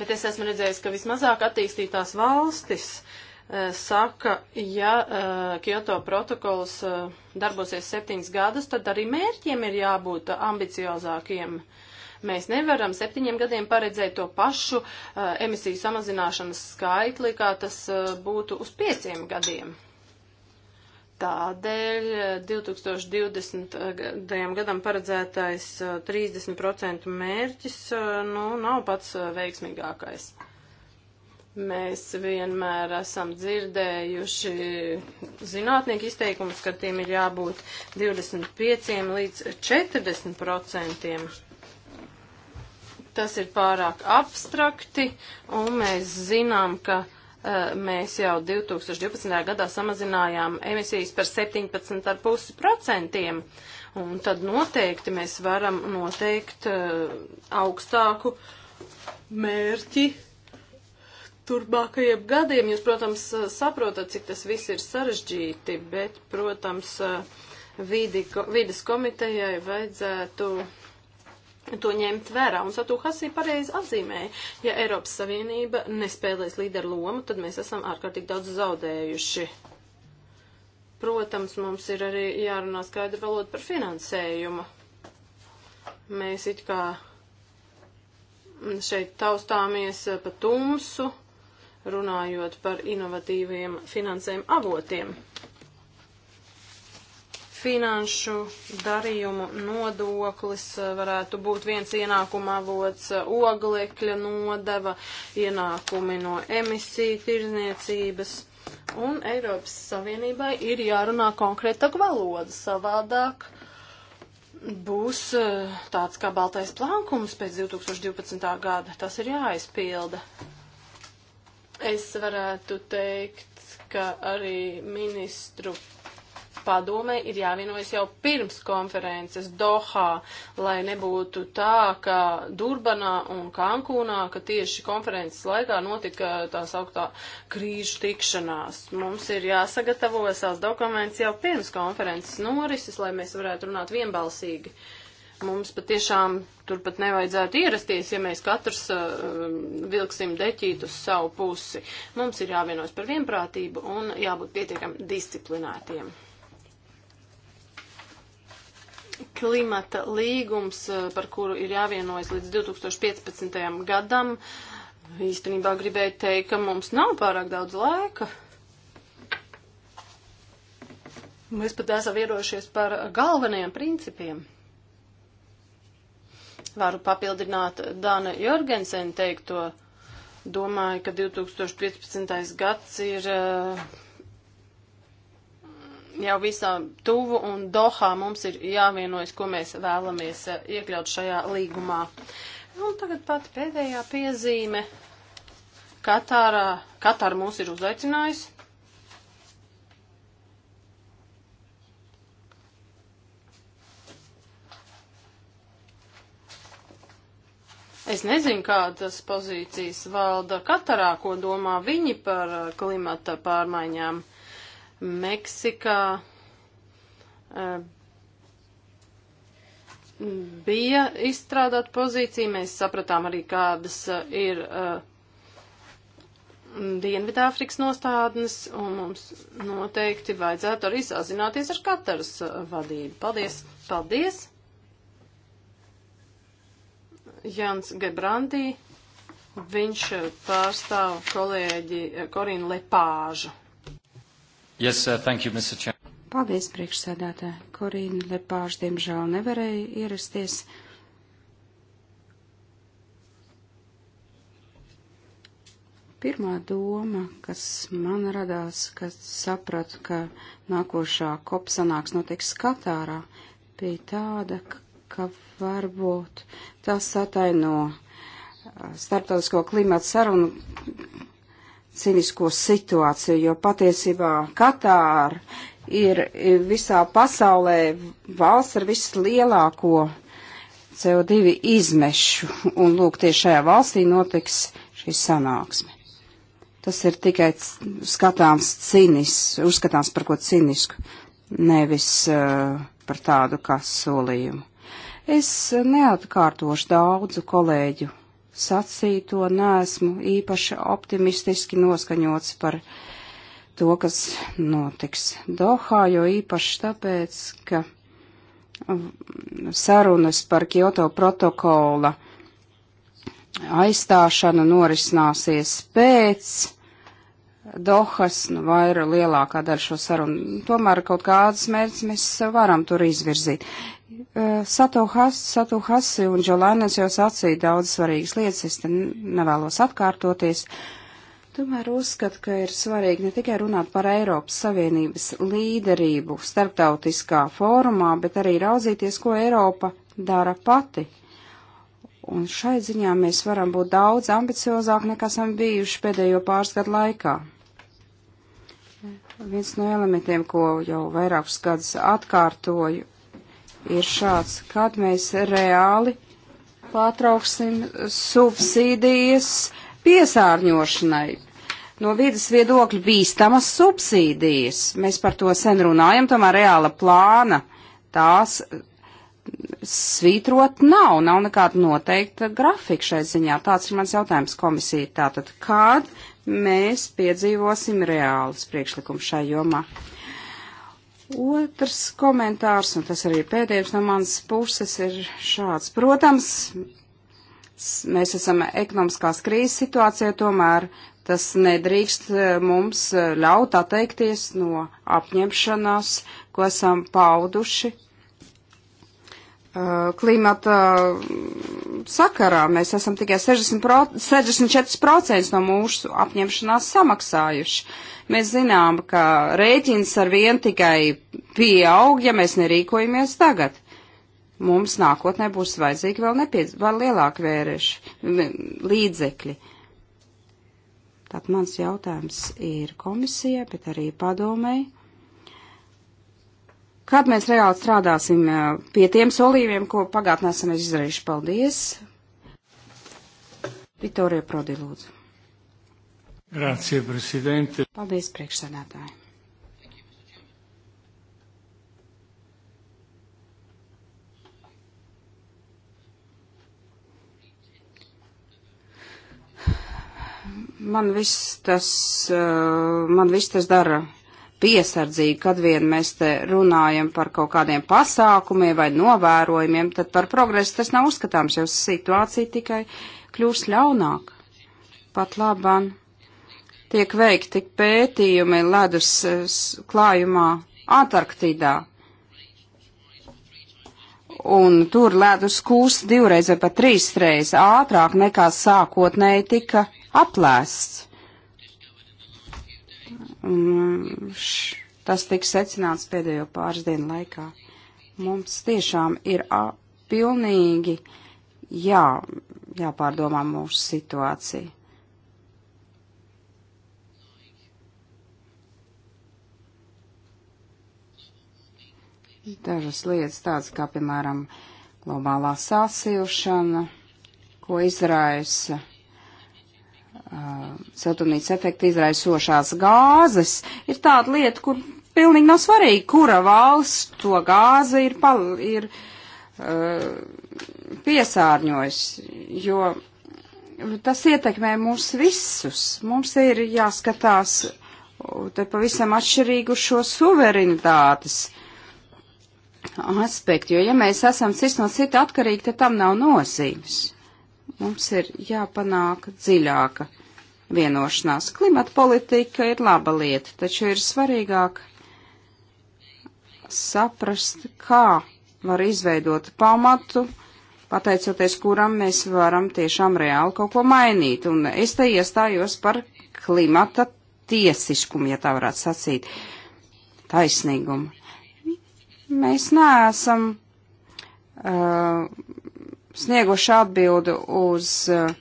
Bet es esmu redzējis, ka vismazāk attīstītās valstis saka, ja eh, Kyoto protokols eh, darbosies septiņas gadus, tad arī mērķiem ir jābūt ambiciozākiem. Mēs nevaram septiņiem gadiem paredzēt to pašu eh, emisiju samazināšanas skaitli, kā tas būtu uz pieciem gadiem. Tādēļ 2020. gadam paredzētais 30% mērķis nu, nav pats veiksmīgākais. Mēs vienmēr esam dzirdējuši zinātnieku izteikumus, ka tiem ir jābūt 25 līdz 40 procentiem. Tas ir pārāk abstrakti, un mēs zinām, ka uh, mēs jau 2012. gadā samazinājām emisijas par 17,5 procentiem. Un tad noteikti mēs varam noteikt uh, augstāku mērķi turpmākajiem gadiem. Jūs, protams, saprotat, cik tas viss ir sarežģīti, bet, protams, vidi, vides komitejai vajadzētu to ņemt vērā. Un Satū Hasī pareizi atzīmēja, ja Eiropas Savienība nespēlēs līderu lomu, tad mēs esam ārkārtīgi daudz zaudējuši. Protams, mums ir arī jārunā skaidra valoda par finansējumu. Mēs it kā šeit taustāmies pa tumsu, runājot par inovatīviem finansējuma avotiem. Finanšu darījumu nodoklis eh, varētu būt viens ienākuma avots, eh, oglekļa nodeva, ienākumi no emisiju tirzniecības. Un Eiropas Savienībai ir jārunā konkrētāk valoda savādāk būs eh, tāds kā baltais plankums pēc 2012. gada. Tas ir jāizpilda. Es varētu teikt, ka arī ministru padomē ir jāvienojas jau pirms konferences Dohā, lai nebūtu tā, ka Durbanā un Kankūnā, ka tieši konferences laikā notika tā sauktā krīžu tikšanās. Mums ir jāsagatavo savs dokuments jau pirms konferences norises, lai mēs varētu runāt vienbalsīgi. Uh, mums patiešām turpat nevajadzētu ierasties, ja mēs katrs uh, vilksim deķīt uz savu pusi. Mums ir jāvienos par vienprātību un jābūt pietiekami disciplinētiem. Klimata līgums, eh, par kuru ir jāvienojas līdz 2015. gadam, īstenībā gribēju teikt, ka mums nav pārāk daudz laika. Mēs pat esam ierošies par galvenajiem principiem. Varu papildināt Dāna Jorgensen teikto. Domāju, ka 2015. gads ir eh, jau visā tuvu un Dohā mums ir jāvienojas, ko mēs vēlamies eh, iekļaut šajā līgumā. Un tagad pat pēdējā piezīme. Katārā, Katāra mūs ir uzaicinājusi Es nezinu, kādas pozīcijas valda Katarā, ko domā viņi par eh, klimata pārmaiņām Meksikā. Uh, bija izstrādāt pozīcija, mēs sapratām arī, kādas uh, ir uh, Dienvidāfrikas nostādnes, un mums noteikti vajadzētu arī sazināties ar Kataras vadību. Paldies! Paldies! Jans Gebrandī, viņš eh, pārstāv kolēģi eh, Korinu Lepāžu. Yes, uh, thank you, Mr. Chairman. Paldies, priekšsēdētāji. Korīna Lepāža, diemžēl, nevarēja ierasties. Pirmā doma, kas man radās, kad sapratu, ka nākošā kopsanāks notiks Katārā, bija tāda, ka ka varbūt tas ataino uh, starptautisko klimatu sarunu cinisko situāciju, jo patiesībā Katāra ir visā pasaulē valsts ar vislielāko CO2 izmešu, un lūk, tieši šajā valstī notiks šī sanāksme. Tas ir tikai skatāms cinis, uzskatāms par ko cinisku, nevis uh, par tādu kā solījumu. Es neatkārtošu daudzu kolēģu sacīto, neesmu īpaši optimistiski noskaņots par to, kas notiks Dohā, jo īpaši tāpēc, ka sarunas par Kyoto protokola aizstāšanu norisināsies pēc Dohas, nu, vairāk lielākā daļa šo sarunu. Tomēr kaut kādas mērķis mēs varam tur izvirzīt. Sato Hass, Sato Hassi un Džolainas jau sacīja daudz svarīgas lietas, es te nevēlos atkārtoties. Tomēr uzskatu, ka ir svarīgi ne tikai runāt par Eiropas Savienības līderību starptautiskā fórumā, bet arī raudzīties, ko Eiropa dara pati. Un šai ziņā mēs varam būt daudz ambiciozāk nekā esam bijuši pēdējo pāris gadu laikā. Viens no elementiem, ko jau vairākus gadus atkārtoju, ir šāds, kad mēs reāli pārtrauksim subsīdijas piesārņošanai. No vidas viedokļa bīstamas subsīdijas. Mēs par to sen runājam, tomēr reāla plāna tās svītrot nav, nav nekāda noteikta grafika šai ziņā. Tāds ir mans jautājums komisija. Tātad, kād mēs piedzīvosim reālus priekšlikumus šai jomā? Otrs komentārs, un tas arī pēdējais no manas puses, ir šāds. Protams, mēs esam ekonomiskās krīzes situācijā, tomēr tas nedrīkst eh, mums eh, ļaut atteikties no apņemšanās, ko esam pauduši Eh, klimata mm, sakarā. Mēs esam tikai 60%, 64% no mūsu apņemšanās samaksājuši. Mēs zinām, ka rēķins ar vien tikai pieaug, ja mēs nerīkojamies tagad. Mums nākotnē būs vajadzīgi vēl, nepiec, vēl lielāki vērieši līdzekļi. Tātad mans jautājums ir komisijai, bet arī padomēji Kad mēs reāli strādāsim pie tiem solījumiem, ko pagātnē esam izdarījuši? Paldies! Vitorija Prodi, lūdzu. Grācie, prezidente. Paldies, priekšsēdētāji. Man viss tas, man viss tas dara piesardzīgi, kad vien mēs te runājam par kaut kādiem pasākumiem vai novērojumiem, tad par progresu tas nav uzskatāms, jo situācija tikai kļūs ļaunāka. Pat labāk tiek veikti pētījumi ledus klājumā Antarktīdā. Un tur ledus kūst divreiz vai pat trīsreiz ātrāk nekā sākotnēji tika aplēsts. Un mm, š, tas tiks secināts pēdējo pāris dienu laikā. Mums tiešām ir a, pilnīgi jā, jāpārdomā mūsu situācija. Dažas lietas tādas kā, piemēram, globālā sāsilšana, ko izraisa uh, uh, siltumnīca efekta izraisošās gāzes, ir tāda lieta, kur pilnīgi nav svarīgi, kura valsts to gāzi ir, pal, ir uh, piesārņojis, jo tas ietekmē mūs visus. Mums ir jāskatās uh, te pavisam atšķirīgu šo suverenitātes aspektu, jo ja mēs esam cits no cita atkarīgi, tad tam nav nozīmes. Mums ir jāpanāk dziļāka vienošanās. Klimata politika ir laba lieta, taču ir svarīgāk saprast, kā var izveidot pamatu, pateicoties kuram mēs varam tiešām reāli kaut ko mainīt. Un es te iestājos par klimata tiesiskumu, ja tā varētu sacīt, taisnīgumu. Mēs neesam uh, snieguši atbildu uz uh,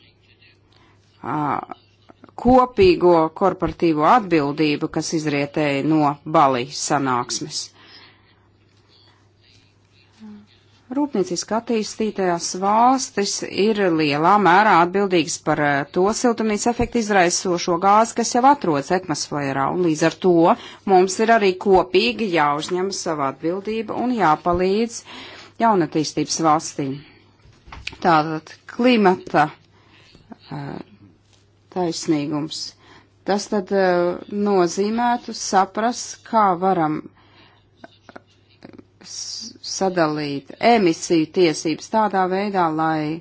kopīgo korporatīvo atbildību, kas izrietēja no Balī sanāksmes. Rūpnieciski attīstītajās valstis ir lielā mērā atbildīgas par eh, to siltumnīca efektu izraisošo gāzi, kas jau atrodas atmosfērā, un līdz ar to mums ir arī kopīgi jāuzņem sava atbildība un jāpalīdz jaunatīstības valstīm. Tātad klimata eh, taisnīgums. Tas tad eh, nozīmētu saprast, kā varam eh, sadalīt emisiju tiesības tādā veidā, lai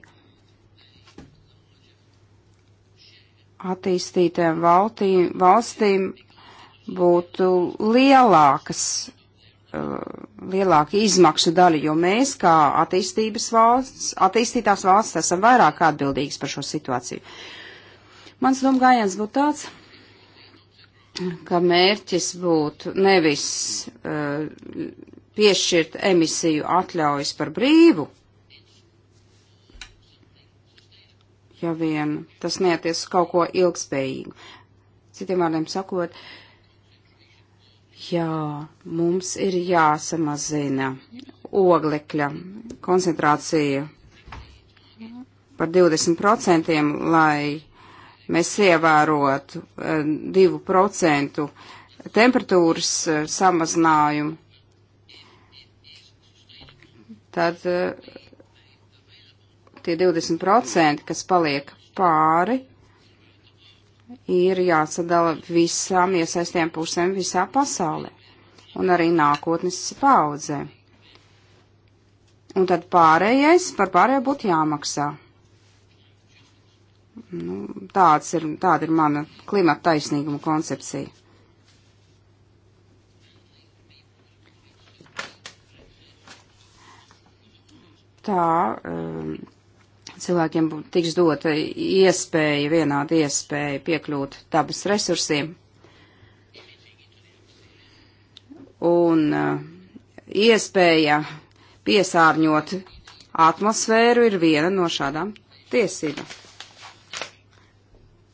attīstītēm valtī, valstīm būtu lielākas, eh, lielāka izmaksu daļa, jo mēs kā attīstības valsts, attīstītās valsts esam vairāk atbildīgas par šo situāciju. Mans domgājiens būtu tāds, ka mērķis būtu nevis uh, piešķirt emisiju atļaujas par brīvu, ja vien tas neaties kaut ko ilgspējīgu. Citiem vārdiem sakot, jā, mums ir jāsamazina oglekļa koncentrācija par 20%, lai mēs ievērotu eh, divu procentu temperatūras eh, samazinājumu, tad eh, tie 20%, kas paliek pāri, ir jāsadala visām iesaistiem pusēm visā pasaulē un arī nākotnes paudzē. Un tad pārējais par pārējo būtu jāmaksā. Nu, tāds ir, tāda ir mana klimata taisnīguma koncepcija. Tā um, cilvēkiem tiks dota iespēja, vienāda iespēja piekļūt dabas resursiem. Un uh, iespēja piesārņot atmosfēru ir viena no šādām tiesībām.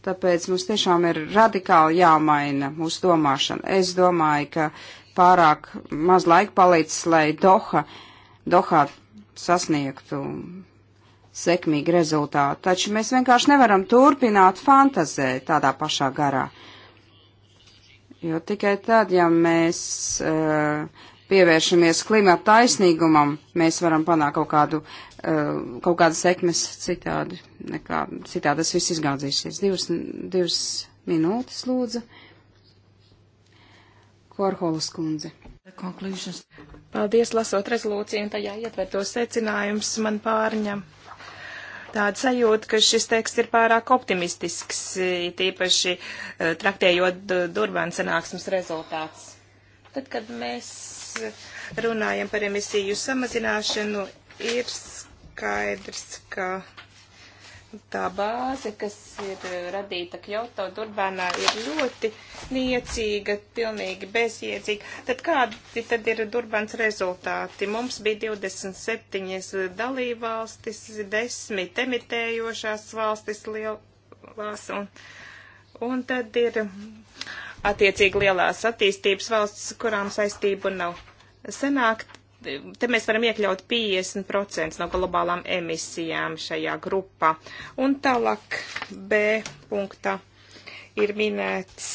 Tāpēc mums tiešām ir radikāli jāmaina mūsu domāšana. Es domāju, ka pārāk maz laika palicis, lai Doha, Doha sasniegtu sekmīgu rezultātu. Taču mēs vienkārši nevaram turpināt fantazēt tādā pašā garā. Jo tikai tad, ja mēs uh, pievēršamies klimata taisnīgumam, mēs varam panākt kaut kādu Um, kaut kādas sekmes citādi, nekā citādi tas viss izgāzīsies. Divas, divas minūtes lūdzu. Korholas kundze. Paldies, lasot rezolūciju un tajā ietverto secinājums man pārņem. Tāda sajūta, ka šis teksts ir pārāk optimistisks, tīpaši eh, traktējot Durbāna sanāksmes rezultāts. Tad, kad mēs runājam par emisiju samazināšanu, ir skaidrs, ka tā bāze, kas ir eh, radīta Kļauto Durbānā, ir ļoti niecīga, pilnīgi bezjēdzīga. Tad kādi tad ir Durbāns rezultāti? Mums bija 27 dalībvalstis, 10 emitējošās valstis lielās, un, un tad ir attiecīgi lielās attīstības valstis, kurām saistību nav. Senāk te mēs varam iekļaut 50% no globālām emisijām šajā grupā. Un tālāk B punktā ir minēts,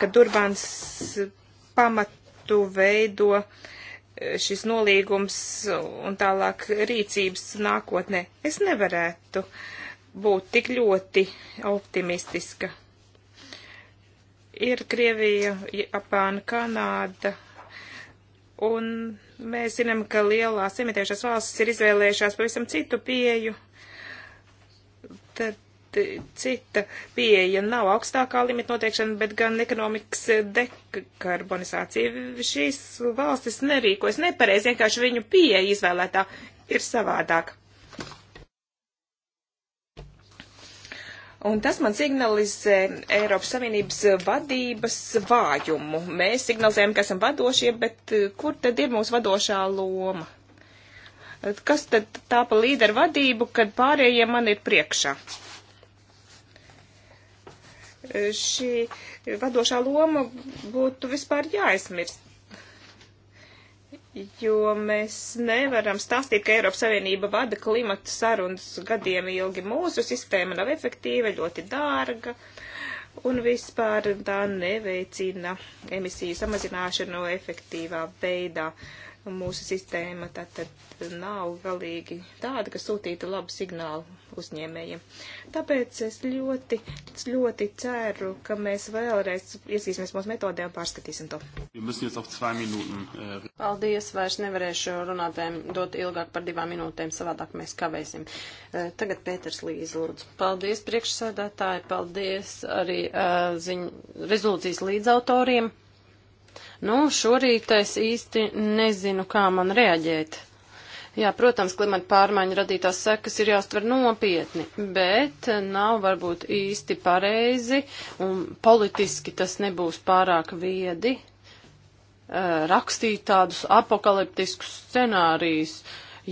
ka Durbans pamatu veido eh, šis nolīgums un tālāk rīcības nākotnē. Es nevarētu būt tik ļoti optimistiska. Ir Krievija, Japāna, Kanāda, Un mēs zinām, ka lielās imitējušās valstis ir izvēlējušās pavisam citu pieju. Tad eh, cita pieeja nav augstākā limita noteikšana, bet gan ekonomikas dekarbonizācija. Šīs valstis nerīkojas nepareizi, vienkārši viņu pieeja izvēlētā ir savādāka. Un tas man signalizē Eiropas Savienības vadības vājumu. Mēs signalizējam, ka esam vadošie, bet eh, kur tad ir mūsu vadošā loma? Kas tad tā pa līderu vadību, kad pārējie man ir priekšā? Eh, šī vadošā loma būtu vispār jāaizmirst jo mēs nevaram stāstīt, ka Eiropas Savienība vada klimatu sarunas gadiem ilgi. Mūsu sistēma nav efektīva, ļoti dārga un vispār tā neveicina emisiju samazināšanu efektīvā veidā. Mūsu sistēma tātad nav galīgi tāda, kas sūtītu labu signālu uzņēmējiem. Tāpēc es ļoti, ļoti ceru, ka mēs vēlreiz iesaistīsimies mūsu metodē un pārskatīsim to. Äh, paldies, vairs nevarēšu runātēm dot ilgāk par divām minūtēm, savādāk mēs kavēsim. Äh, tagad Pēters Līze, lūdzu. Paldies, priekšsēdētāji, paldies arī äh, ziņ, rezolūcijas līdzautoriem. Nu, šorīt es īsti nezinu, kā man reaģēt. Jā, protams, klimata pārmaiņu radītās sekas ir jāuztver nopietni, bet nav varbūt īsti pareizi un politiski tas nebūs pārāk viedi eh, rakstīt tādus apakaliptiskus scenārijus,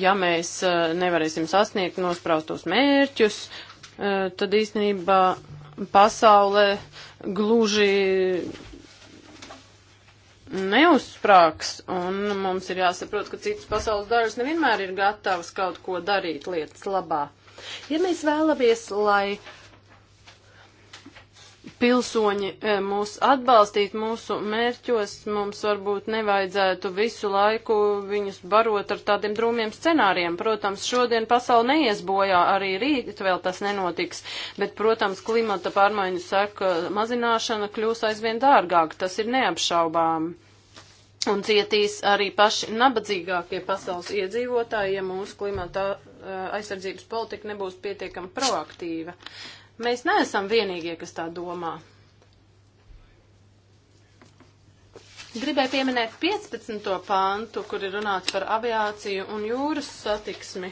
ja mēs eh, nevarēsim sasniegt nospraustos mērķus, eh, tad īstenībā pasaulē gluži neuzsprāgs, un mums ir jāsaprot, ka citas pasaules daļas nevienmēr ir gatavas kaut ko darīt lietas labā. Ja mēs vēlamies, lai uh, pilsoņi eh, mūs atbalstīt mūsu mērķos, mums varbūt nevajadzētu visu laiku viņus barot ar tādiem drūmiem scenāriem. Protams, šodien pasauli neies bojā, arī rīt vēl tas nenotiks, bet, protams, klimata pārmaiņu seka mazināšana kļūs aizvien dārgāk, tas ir neapšaubām. Un cietīs arī paši nabadzīgākie pasaules iedzīvotāji, ja mūsu klimata eh, aizsardzības politika nebūs pietiekami proaktīva. Uh, Mēs neesam vienīgie, kas tā domā. Gribēju pieminēt 15. pāntu, kur ir runāts par aviāciju un jūras satiksmi.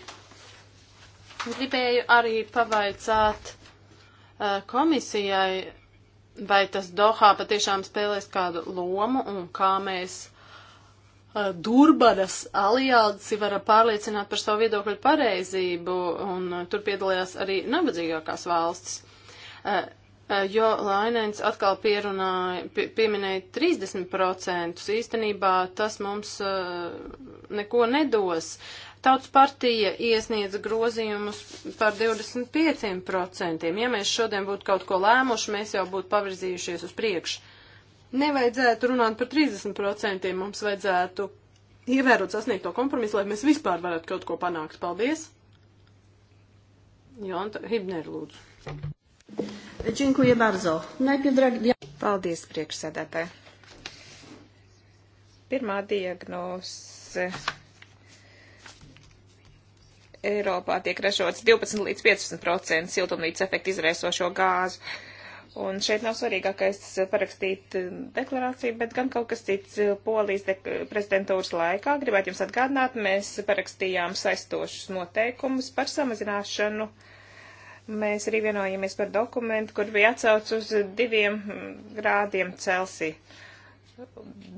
Gribēju arī pavaicāt uh, komisijai, vai tas Dohā patiešām spēlēs kādu lomu un kā mēs Eh, Durbaras aliālsi var pārliecināt par savu viedokļu pareizību, un eh, tur piedalījās arī nabadzīgākās valstis. Eh, jo Lainēns atkal pierunāja, pie, pieminēja 30%, īstenībā tas mums neko nedos. Tautas partija iesniedz grozījumus par 25%. Ja mēs šodien būtu kaut ko lēmuši, mēs jau būtu pavirzījušies uz priekšu nevajadzētu runāt par 30%, mums vajadzētu ievērot sasniegto kompromisu, lai mēs vispār varētu kaut ko panākt. Paldies! Jonta Hibner, lūdzu. Dziękuję bardzo. Najpierw drag... Paldies, priekšsēdētāji. Pirmā diagnoze. Eiropā tiek ražots 12 līdz 15% siltumnīca efekta izraisošo gāzu. Uh, Un šeit nav svarīgākais parakstīt eh, deklarāciju, bet gan kaut kas cits polijas prezidentūras laikā. Gribētu jums atgādināt, mēs parakstījām saistošus noteikumus par samazināšanu. Mēs arī vienojamies par dokumentu, kur bija atsauc uz diviem grādiem Celsija.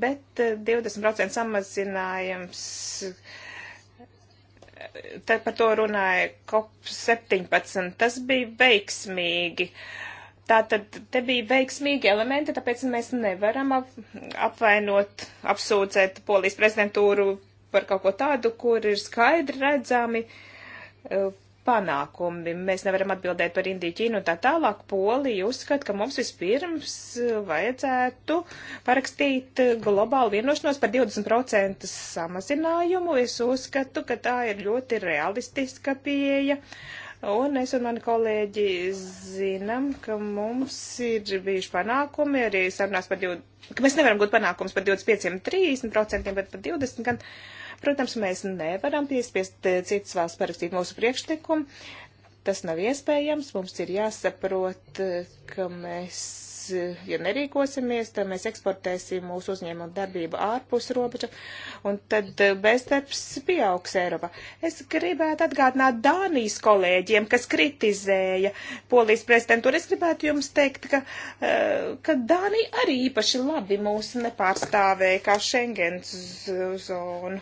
Bet 20% eh, samazinājums eh, tad par to runāja COP17. Tas bija veiksmīgi. Uh, Tātad te bija veiksmīgi elementi, tāpēc mēs nevaram apvainot, apsūdzēt polijas prezidentūru par kaut ko tādu, kur ir skaidri redzami e, panākumi. Mēs nevaram atbildēt par Indiju, Ķīnu un tā tālāk. Polija uzskata, ka mums vispirms e, vajadzētu parakstīt e, globālu vienošanos par 20% samazinājumu. Es uzskatu, ka tā ir ļoti realistiska pieeja. Uh, Un es un mani kolēģi zinām, ka mums ir bijuši panākumi, arī sarunās par 20, ka mēs nevaram gūt panākumus par 25, 30%, bet par 20 gan. Protams, mēs nevaram piespiest eh, citas valsts parakstīt mūsu priekšlikumu. Tas nav iespējams. Mums ir jāsaprot, eh, ka mēs ja nerīkosimies, tad mēs eksportēsim mūsu uzņēmumu darbību ārpus robeža, un tad eh, bezdarbs pieaugs Eiropā. Es gribētu atgādināt Dānijas kolēģiem, kas kritizēja Polijas prezidentu, un es gribētu jums teikt, ka, eh, ka Dānija arī īpaši labi mūs nepārstāvēja kā Schengens zonu.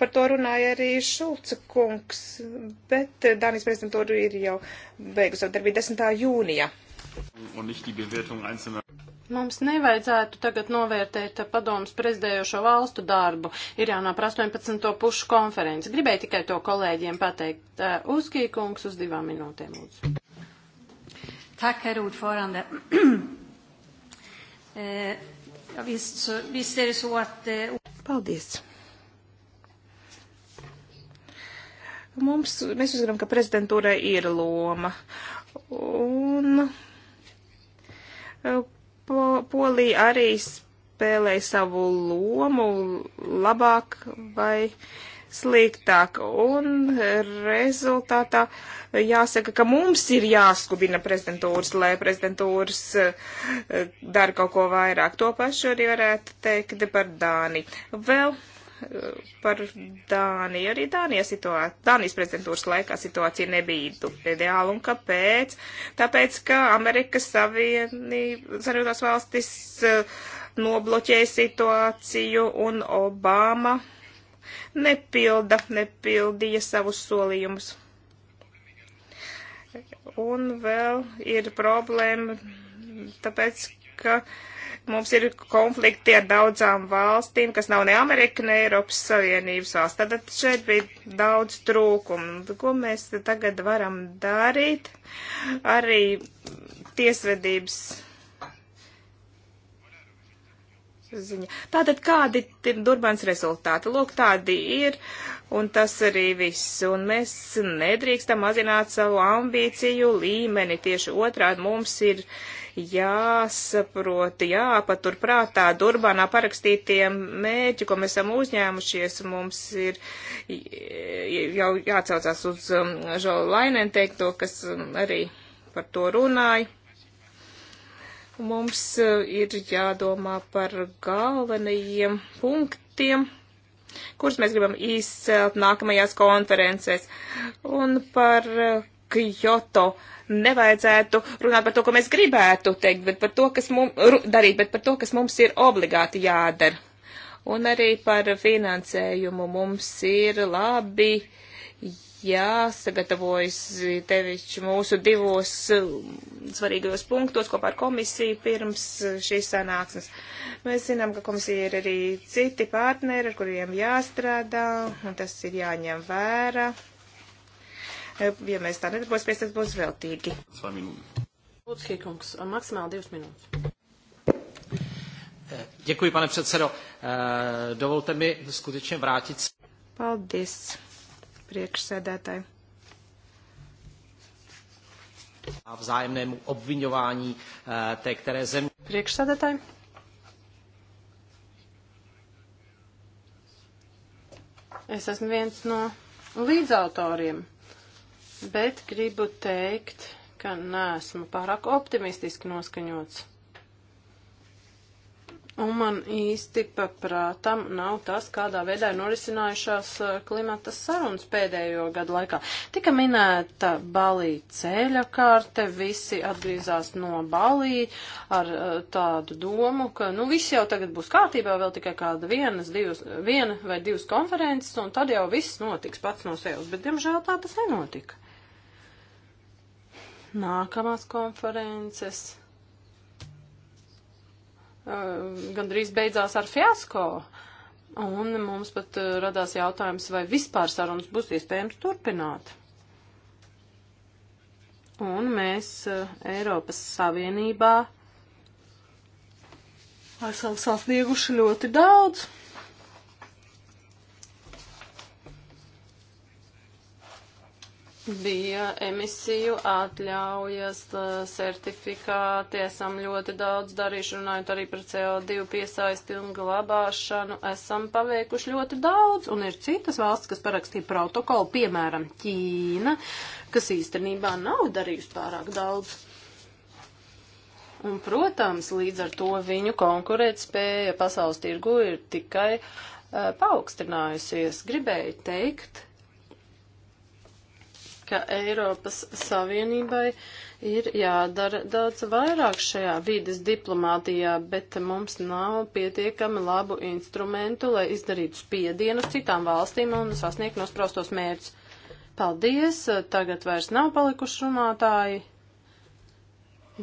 Par to runāja arī Šulca kungs, bet Dānijas prezidentūra ir jau beigusi savu darbību 10. jūnijā. Mums nevajadzētu tagad novērtēt padomus prezidējošo valstu darbu. Ir jau nāk 18. pušu konferences. Gribēju tikai to kolēģiem pateikt. Eh, Uzkīkungs uz divām minūtēm, lūdzu. Tak, herr ordförande. Eh, visst, visst är det så att... Eh, Paldies. Mums, mēs uzskatām, ka prezidentūrai ir loma. Un Eh, po, Polija arī spēlē savu lomu labāk vai sliktāk. Un rezultātā jāsaka, ka mums ir jāskubina prezidentūras, lai prezidentūras eh, dara kaut ko vairāk. To pašu arī varētu teikt par Dāni. Vēl par Dāniju. Arī Dānija situācija, Dānijas prezidentūras laikā situācija nebija ideāla. Un kāpēc? Tāpēc, ka Amerikas Savienotās valstis eh, nobloķēja situāciju un Obama nepilda, nepildīja savus solījumus. Un vēl ir problēma, tāpēc, ka uh, mums ir konflikti ar daudzām valstīm, kas nav ne Amerika, ne Eiropas Savienības valsts. Tad šeit bija daudz trūkumu. Ko mēs tagad varam darīt? Arī tiesvedības. Ziņa. Tātad kādi ir Durbans rezultāti? Lūk, tādi ir, un tas arī viss. Un mēs nedrīkstam mazināt savu ambīciju līmeni. Tieši otrādi mums ir uh, jāsaprot, jāpatur prātā Durbanā parakstītie mērķi, ko mēs esam uzņēmušies. Mums ir jau jāatcaucās uz um, Žola Lainēn teikto, kas um, arī par to runāja. Mums uh, ir jādomā par galvenajiem punktiem kurus mēs gribam izcelt nākamajās konferencēs. Un par uh, Kyoto nevajadzētu runāt par to, ko mēs gribētu teikt, bet par to, kas mums, darīt, bet par to, kas mums ir obligāti jādara. Un arī par finansējumu mums ir labi jāsagatavojas tevišķi mūsu divos um, svarīgajos punktos kopā ar komisiju pirms šīs sanāksmes. Mēs zinām, ka komisija ir arī citi partneri, ar kuriem jāstrādā, un tas ir jāņem vērā. Eh, ja mēs tā nedarbosimies, tas būs veltīgi. Lūdzu, eh, maksimāli divas minūtes. Eh, děkuji, pane předsedo. Dovolte mi skutečně vrátit se. Paldies, priekšsēdētāji. A vzájemnému obvinování té, které země. Priekšsēdētāji. Es esmu viens no līdzautoriem bet gribu teikt, ka neesmu pārāk optimistiski noskaņots. Un man īsti paprātam nav tas, kādā veidā ir norisinājušās uh, klimata sarunas pēdējo gadu laikā. Tika minēta Balī ceļa karte, visi atgriezās no Balī ar uh, tādu domu, ka nu viss jau tagad būs kārtībā, vēl tikai kāda vienas, divas, viena vai divas konferences, un tad jau viss notiks pats no sevis. Bet, diemžēl, tā tas nenotika nākamās konferences eh, gandrīz beidzās ar fiasko. Un mums pat eh, radās jautājums, vai vispār sarunas būs iespējams turpināt. Un mēs eh, Eiropas Savienībā esam sasnieguši ļoti daudz. bija emisiju atļaujas, certifikāti, esam ļoti daudz darījuši, runājot arī par CO2 piesaisti un glabāšanu, esam paveikuši ļoti daudz, un ir citas valsts, kas parakstīja protokolu, piemēram, Ķīna, kas īstenībā nav darījusi pārāk daudz. Un, protams, līdz ar to viņu konkurētspēja pasaules tirgu ir tikai uh, paaugstinājusies. Gribēju teikt, ka Eiropas Savienībai ir jādara daudz vairāk šajā vīdes diplomātijā, bet mums nav pietiekami labu instrumentu, lai izdarītu spiedienu uz citām valstīm un sasniegtu nospraustos mērķus. Paldies! Tagad vairs nav palikuši runātāji.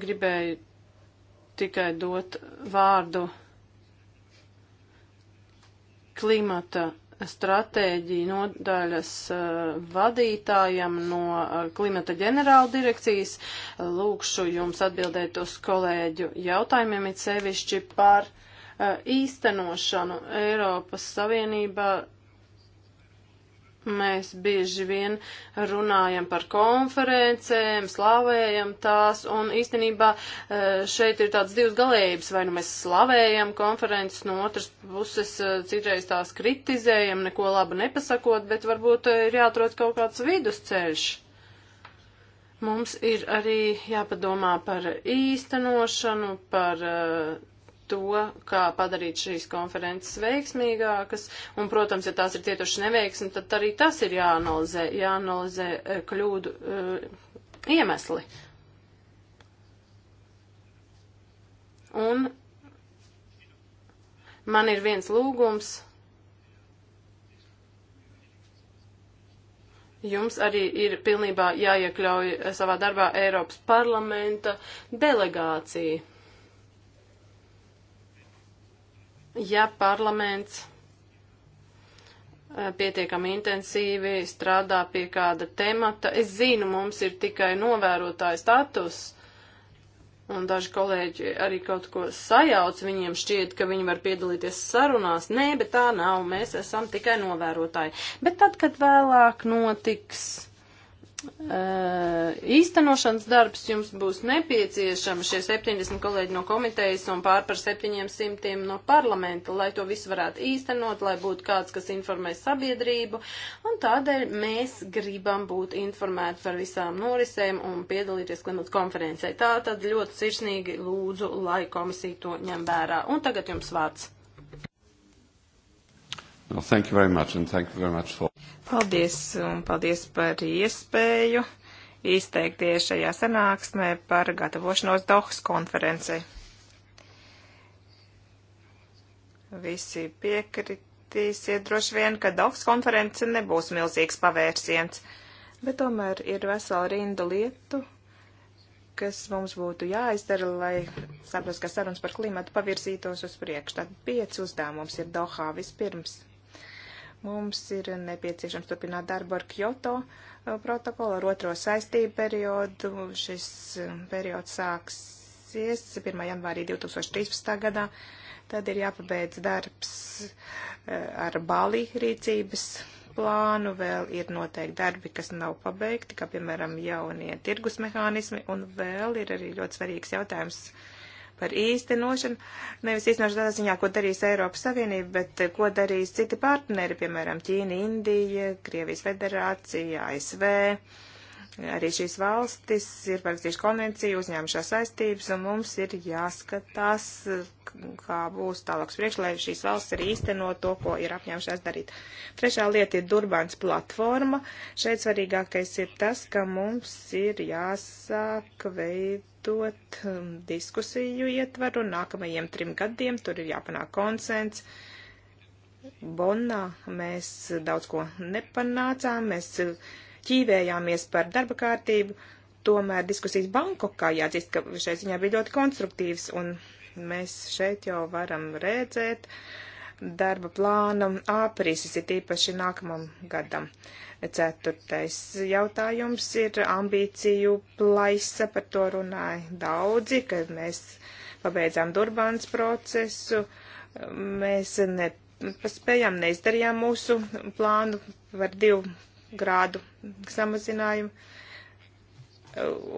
Gribēju tikai dot vārdu klimata stratēģiju nodaļas eh, vadītājam no eh, klimata ģenerāla direkcijas. Eh, lūkšu jums atbildēt uz kolēģu jautājumiem, it sevišķi par īstenošanu Eiropas Savienībā Mēs bieži vien runājam par konferencēm, slavējam tās, un īstenībā eh, šeit ir tāds divas galējības, vai nu mēs slavējam konferences, no otras puses eh, citreiz tās kritizējam, neko labu nepasakot, bet varbūt eh, ir jāatrod kaut kāds vidusceļš. Mums ir arī jāpadomā par īstenošanu, par uh, to, kā padarīt šīs konferences veiksmīgākas, un, protams, ja tās ir cietuši neveiksmi, tad arī tas ir jāanalizē, jāanalizē eh, kļūdu eh, iemesli. Un man ir viens lūgums. Jums arī ir pilnībā jāiekļauj savā darbā Eiropas parlamenta delegācija. ja parlaments eh, pietiekami intensīvi strādā pie kāda temata. Es zinu, mums ir tikai novērotāja status, un daži kolēģi arī kaut ko sajauc, viņiem šķiet, ka viņi var piedalīties sarunās. Nē, bet tā nav, mēs esam tikai novērotāji. Bet tad, kad vēlāk notiks Eh, īstenošanas darbs jums būs nepieciešama šie 70 kolēģi no komitejas un pār par 700 no parlamenta, lai to visu varētu īstenot, lai būtu kāds, kas informē sabiedrību. Un tādēļ mēs gribam būt informēti par visām norisēm un piedalīties klimata konferencē. Tā tad ļoti sirsnīgi lūdzu, lai komisija to ņem vērā. Un tagad jums vārds. Well, thank you very much and thank you very much for. Paldies un paldies par iespēju izteikties šajā sanāksmē par gatavošanos Dohas konferencei. Visi piekritīsiet droši vien, ka Dohas konference nebūs milzīgs pavērsiens, bet tomēr ir vesela rinda lietu, kas mums būtu jāizdara, lai saprastu, ka sarunas par klimatu pavirzītos uz priekšu. Tad pieci uzdevumi mums ir Dohā vispirms Mums ir nepieciešams turpināt darbu ar Kyoto uh, protokolu, ar otro saistību periodu. Šis um, periods sāksies 1. janvārī 2013. gadā. Tad ir jāpabeidz darbs uh, ar Bali rīcības plānu, vēl ir noteikti darbi, kas nav pabeigti, kā piemēram jaunie tirgus mehānismi, un vēl ir arī ļoti svarīgs jautājums par īstenošanu. Nevis īstenošanu tādā ziņā, ko darīs Eiropas Savienība, bet eh, ko darīs citi partneri, piemēram, Ķīna, Indija, Krievijas federācija, ASV. Arī šīs valstis ir parakstījuši konvenciju, uzņēmušās saistības, un mums ir jāskatās, kā būs tālāks priekš, lai šīs valsts arī īsteno to, ko ir apņēmušās darīt. Trešā lieta ir Durbāns platforma. Šeit svarīgākais ir tas, ka mums ir jāsāk veidot izmantot um, diskusiju ietvaru nākamajiem trim gadiem. Tur ir jāpanāk konsens. Bonnā mēs daudz ko nepanācām, mēs ķīvējāmies par darba kārtību, tomēr diskusijas Bankokā jāatzīst, ka šai ziņā bija ļoti konstruktīvas, un mēs šeit jau varam redzēt, uh, darba plāna aprises, ir tīpaši nākamam gadam. Ceturtais jautājums ir ambīciju plaisa, par to runāja daudzi, kad mēs pabeidzām Durbāns procesu, mēs nepaspējām, neizdarījām mūsu plānu par divu grādu samazinājumu.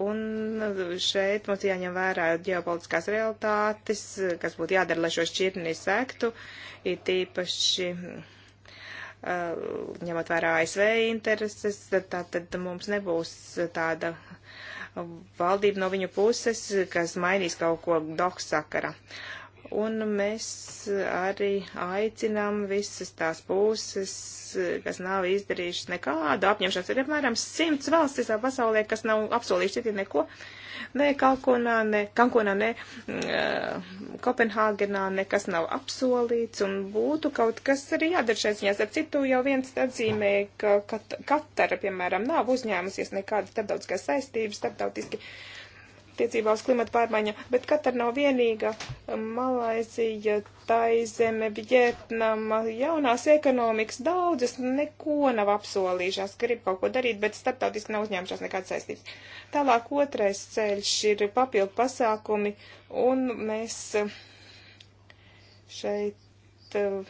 Un šeit mums jāņem vērā ģeopolitiskās realitātes, kas būtu jādara, lai šo šķirni sektu, ir tīpaši uh, ņemot vērā ASV intereses, tātad mums nebūs tāda valdība no viņu puses, kas mainīs kaut ko doks sakara. Uh, Un mēs arī aicinām visas tās puses, kas nav izdarījušas nekādu apņemšanos. Ir apmēram simts valsts visā pasaulē, kas nav apsolījuši citi neko. Ne Kalkonā, ne Kankonā, ne uh, Kopenhāgenā nekas nav apsolīts un būtu kaut kas arī jādara šeit ziņās. Ar citu jau viens atzīmē, ka Katara, piemēram, nav uzņēmusies nekādas starptautiskās saistības, starptautiski. Uh, attiecībā uz klimatu pārmaiņu, bet Katara nav vienīga. Malaizija, Taizeme, Vietnama, jaunās ekonomikas, daudzas neko nav apsolījušās, grib kaut ko darīt, bet starptautiski nav uzņēmušās nekādas saistības. Tālāk otrais ceļš ir papildu pasākumi, un mēs šeit eh,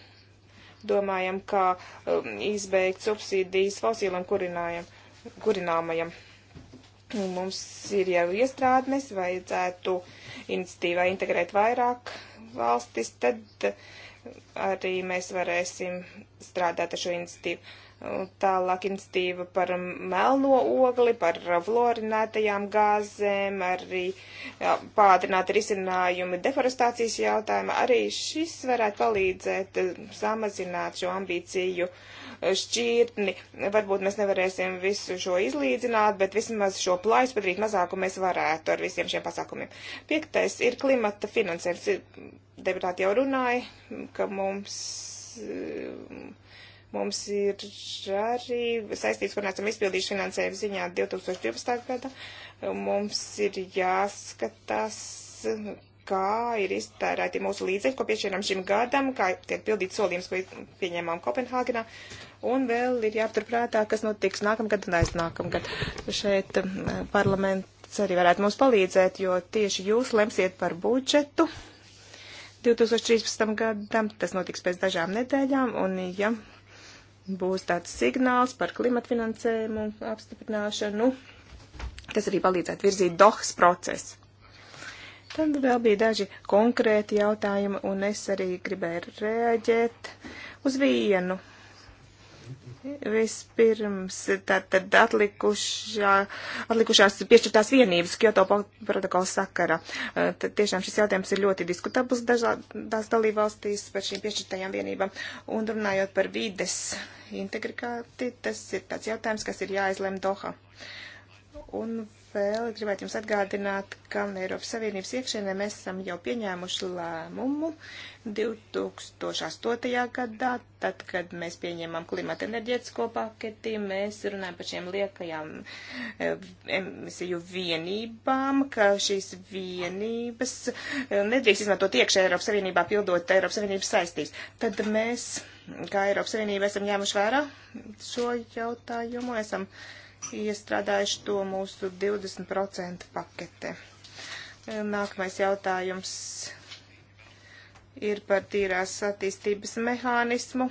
domājam, kā eh, izbeigt subsīdijas fosilam kurināmajam. Nu, mums ir jau iestrādnes, vajadzētu iniciatīvā integrēt vairāk valstis, tad arī mēs varēsim strādāt ar šo iniciatīvu. Tālāk iniciatīva par melno ogli, par florinētajām gāzēm, arī pātrināt risinājumi deforestācijas jautājumā. Arī šis varētu palīdzēt samazināt šo ambīciju uh, šķirtni. Varbūt mēs nevarēsim visu šo izlīdzināt, bet vismaz šo plājus padarīt mazāku mēs varētu ar visiem šiem pasākumiem. Piektais ir klimata finansējums. Deputāti jau runāja, ka mums. Mums ir arī saistības, kur neesam izpildījuši finansējumu ziņā 2012. gada. Mums ir jāskatās, kā ir iztērēti mūsu līdzekļi, ko piešķiram šim gadam, kā tiek pildīt solījums, ko pieņēmām Kopenhāgenā. Un vēl ir jāpaturprātā, kas notiks nākamgad un aiznākamgad. Šeit eh, parlaments arī varētu mums palīdzēt, jo tieši jūs lemsiet par budžetu 2013. gadam. Tas notiks pēc dažām nedēļām. Un, ja būs tāds signāls par klimatfinansējumu apstiprināšanu, tas arī palīdzētu virzīt Dohas procesu. Tad vēl bija daži konkrēti jautājumi, un es arī gribēju rēģēt uz vienu. Vispirms tātad atlikušā, atlikušās piešķirtās vienības Kyoto protokola sakara. Tad tiešām šis jautājums ir ļoti diskutabls dažādās dalībvalstīs par šīm piešķirtajām vienībām. Un runājot par vides integritāti, tas ir tāds jautājums, kas ir jāizlem Doha. Un vēl gribētu jums atgādināt, ka Eiropas Savienības iekšienē mēs esam jau pieņēmuši lēmumu 2008. gadā, tad, kad mēs pieņēmām klimata enerģētisko paketi, mēs runājam par šiem liekajām eh, emisiju vienībām, ka šīs vienības eh, nedrīkst izmantot iekšē Eiropas Savienībā, pildot Eiropas Savienības saistības. Tad mēs, kā Eiropas Savienība, esam ņēmuši vērā šo jautājumu, esam uh, iestrādājuši to mūsu 20% pakete. Nākamais jautājums ir par tīrās attīstības mehānismu.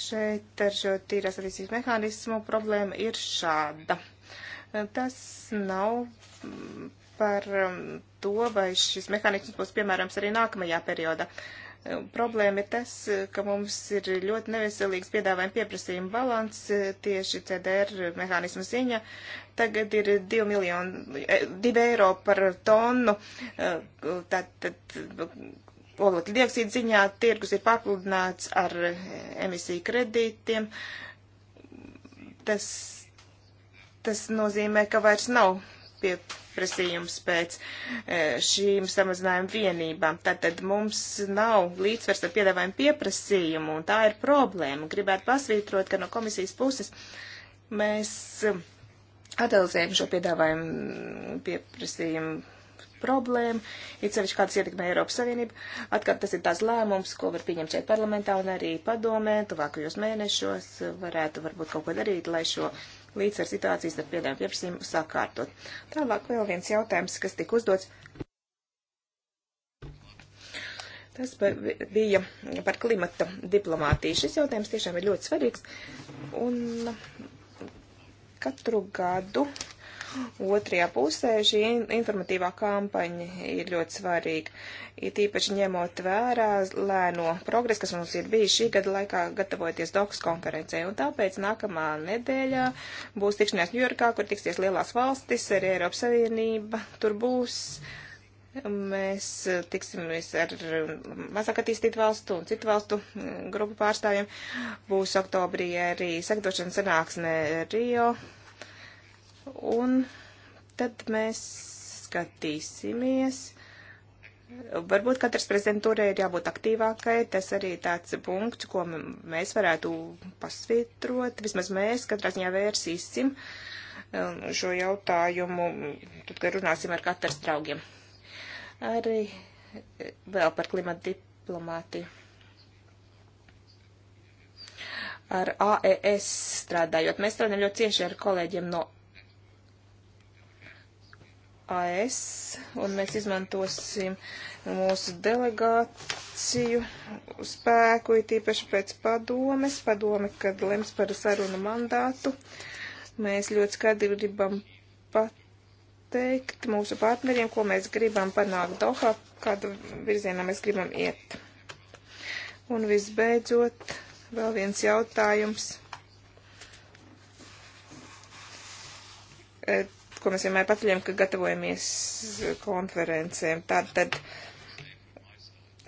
Šeit ar šo tīrās attīstības mehānismu problēma ir šāda. Tas nav par um, to, vai šis mehānisms būs piemērams arī nākamajā periodā. Uh, Problēma ir tas, ka mums ir ļoti neveselīgs piedāvājuma pieprasījuma balans e, tieši CDR mehānismu ziņa. Tagad ir 2, miljonu, 2 eiro par tonu. E, Tātad oglekļa dioksīda ziņā tirgus ir papildināts ar emisiju kredītiem. Tas, tas nozīmē, ka vairs nav pieprasījums pēc e, šīm samazinājuma vienībām. Tātad mums nav līdzsvars ar piedāvājumu pieprasījumu, un tā ir problēma. Gribētu pasvītrot, ka no komisijas puses mēs analizējam šo piedāvājumu pieprasījumu problēma, it sevišķi kādas ietekmē Eiropas Savienību. Atkal tas ir tās lēmums, ko var pieņemt šeit parlamentā un arī padomē, tuvākajos mēnešos varētu varbūt kaut ko darīt, lai šo līdz ar situācijas ar piedāvājumu pieprasījumu sakārtot. Tālāk vēl viens jautājums, kas tika uzdots. Tas bija par klimata diplomātiju. Šis jautājums tiešām ir ļoti svarīgs. Un katru gadu uh, otrajā pusē šī informatīvā kampaņa ir ļoti svarīga. Ir tīpaši ņemot vērā lēno progresu, kas mums ir bijis šī gada laikā, gatavojoties DOCS konferencē. Un tāpēc nākamā nedēļā būs tikšanās Ņujorkā, kur tiksies lielās valstis, arī Eiropas Savienība tur būs. Mēs tiksimies ar mazāk attīstītu valstu un citu valstu grupu pārstāvjiem. Būs oktobrī arī sekdošana sanāksme Rio Un tad mēs skatīsimies. Varbūt katras prezidentūrai ir jābūt aktīvākai. Tas arī tāds punkts, ko mēs varētu pasvitrot. Vismaz mēs katrā ziņā vērsīsim um, šo jautājumu, tad, kad runāsim ar katras draugiem. Arī eh, vēl par klimatu diplomātiju. Ar AES strādājot, mēs strādājam ļoti cieši ar kolēģiem no AS, un mēs izmantosim mūsu delegāciju spēku, it īpaši pēc padomes, padome, kad lems par sarunu mandātu. Mēs ļoti skaidri gribam pateikt mūsu partneriem, ko mēs gribam panākt Dohā, kādu virzienā mēs gribam iet. Un visbeidzot, vēl viens jautājums. Et ko mēs vienmēr paceļam, ka gatavojamies konferencēm. Tātad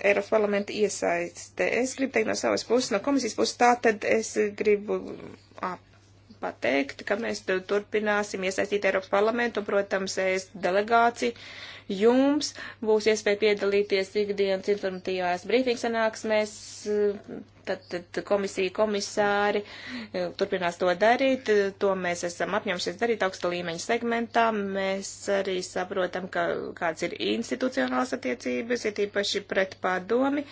Eiropas parlamenta iesaiste. Es gribu teikt no savas puses, no komisijas puses, tātad es gribu pateikt, ka mēs turpināsim iesaistīt Eiropas parlamentu, protams, es delegāciju jums būs iespēja piedalīties ikdienas informatīvās brīfingsanāksmēs, tad, tad komisija, komisāri e, turpinās to darīt, to mēs esam apņemšies darīt augsta līmeņa segmentā, mēs arī saprotam, ka kāds ir institucionāls attiecības, ir īpaši pret padomi,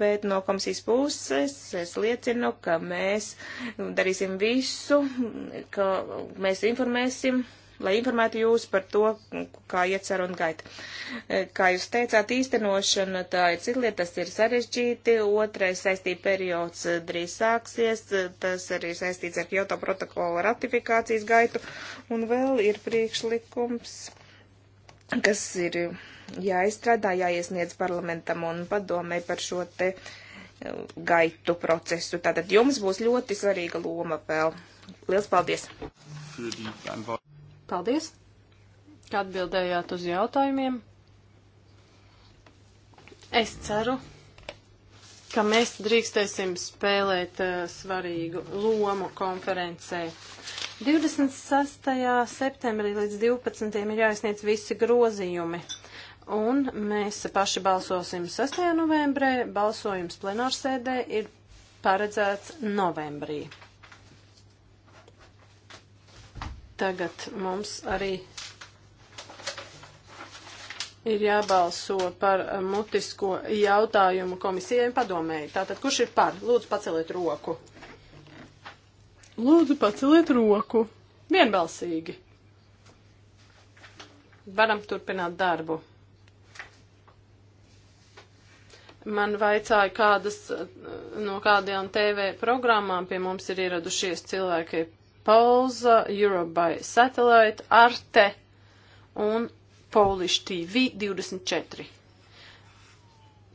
bet no komisijas puses es liecinu, ka mēs darīsim visu, ka mēs informēsim lai informētu jūs par to, kā iet saruna gaita. Eh, kā jūs teicāt, īstenošana tā ir cita lieta, tas ir sarežģīti, otrais saistība periods eh, drīz sāksies, eh, tas arī ir saistīts ar Kyoto protokola ratifikācijas gaitu, un vēl ir priekšlikums, kas ir jāizstrādā, jāiesniedz parlamentam un padomē par šo te gaitu procesu. Tātad jums būs ļoti svarīga loma vēl. Liels paldies! Für die Antwort. Paldies, ka atbildējāt uz jautājumiem. Es ceru, ka mēs drīkstēsim spēlēt uh, svarīgu lomu konferencē. 26. septembrī līdz 12. ir jāizsniedz visi grozījumi. Un mēs paši balsosim 6. novembrē, balsojums plenārsēdē ir paredzēts novembrī. Tagad mums arī ir jābalso par mutisko jautājumu komisijai un padomēji. Tātad, kurš ir par? Lūdzu, paceliet roku. Lūdzu, paceliet roku. Vienbalsīgi. Varam turpināt darbu. Man vaicāja, kādas no kādiem TV programmām pie mums ir ieradušies cilvēki Polsa, Europe by Satellite, Arte un Polish TV 24.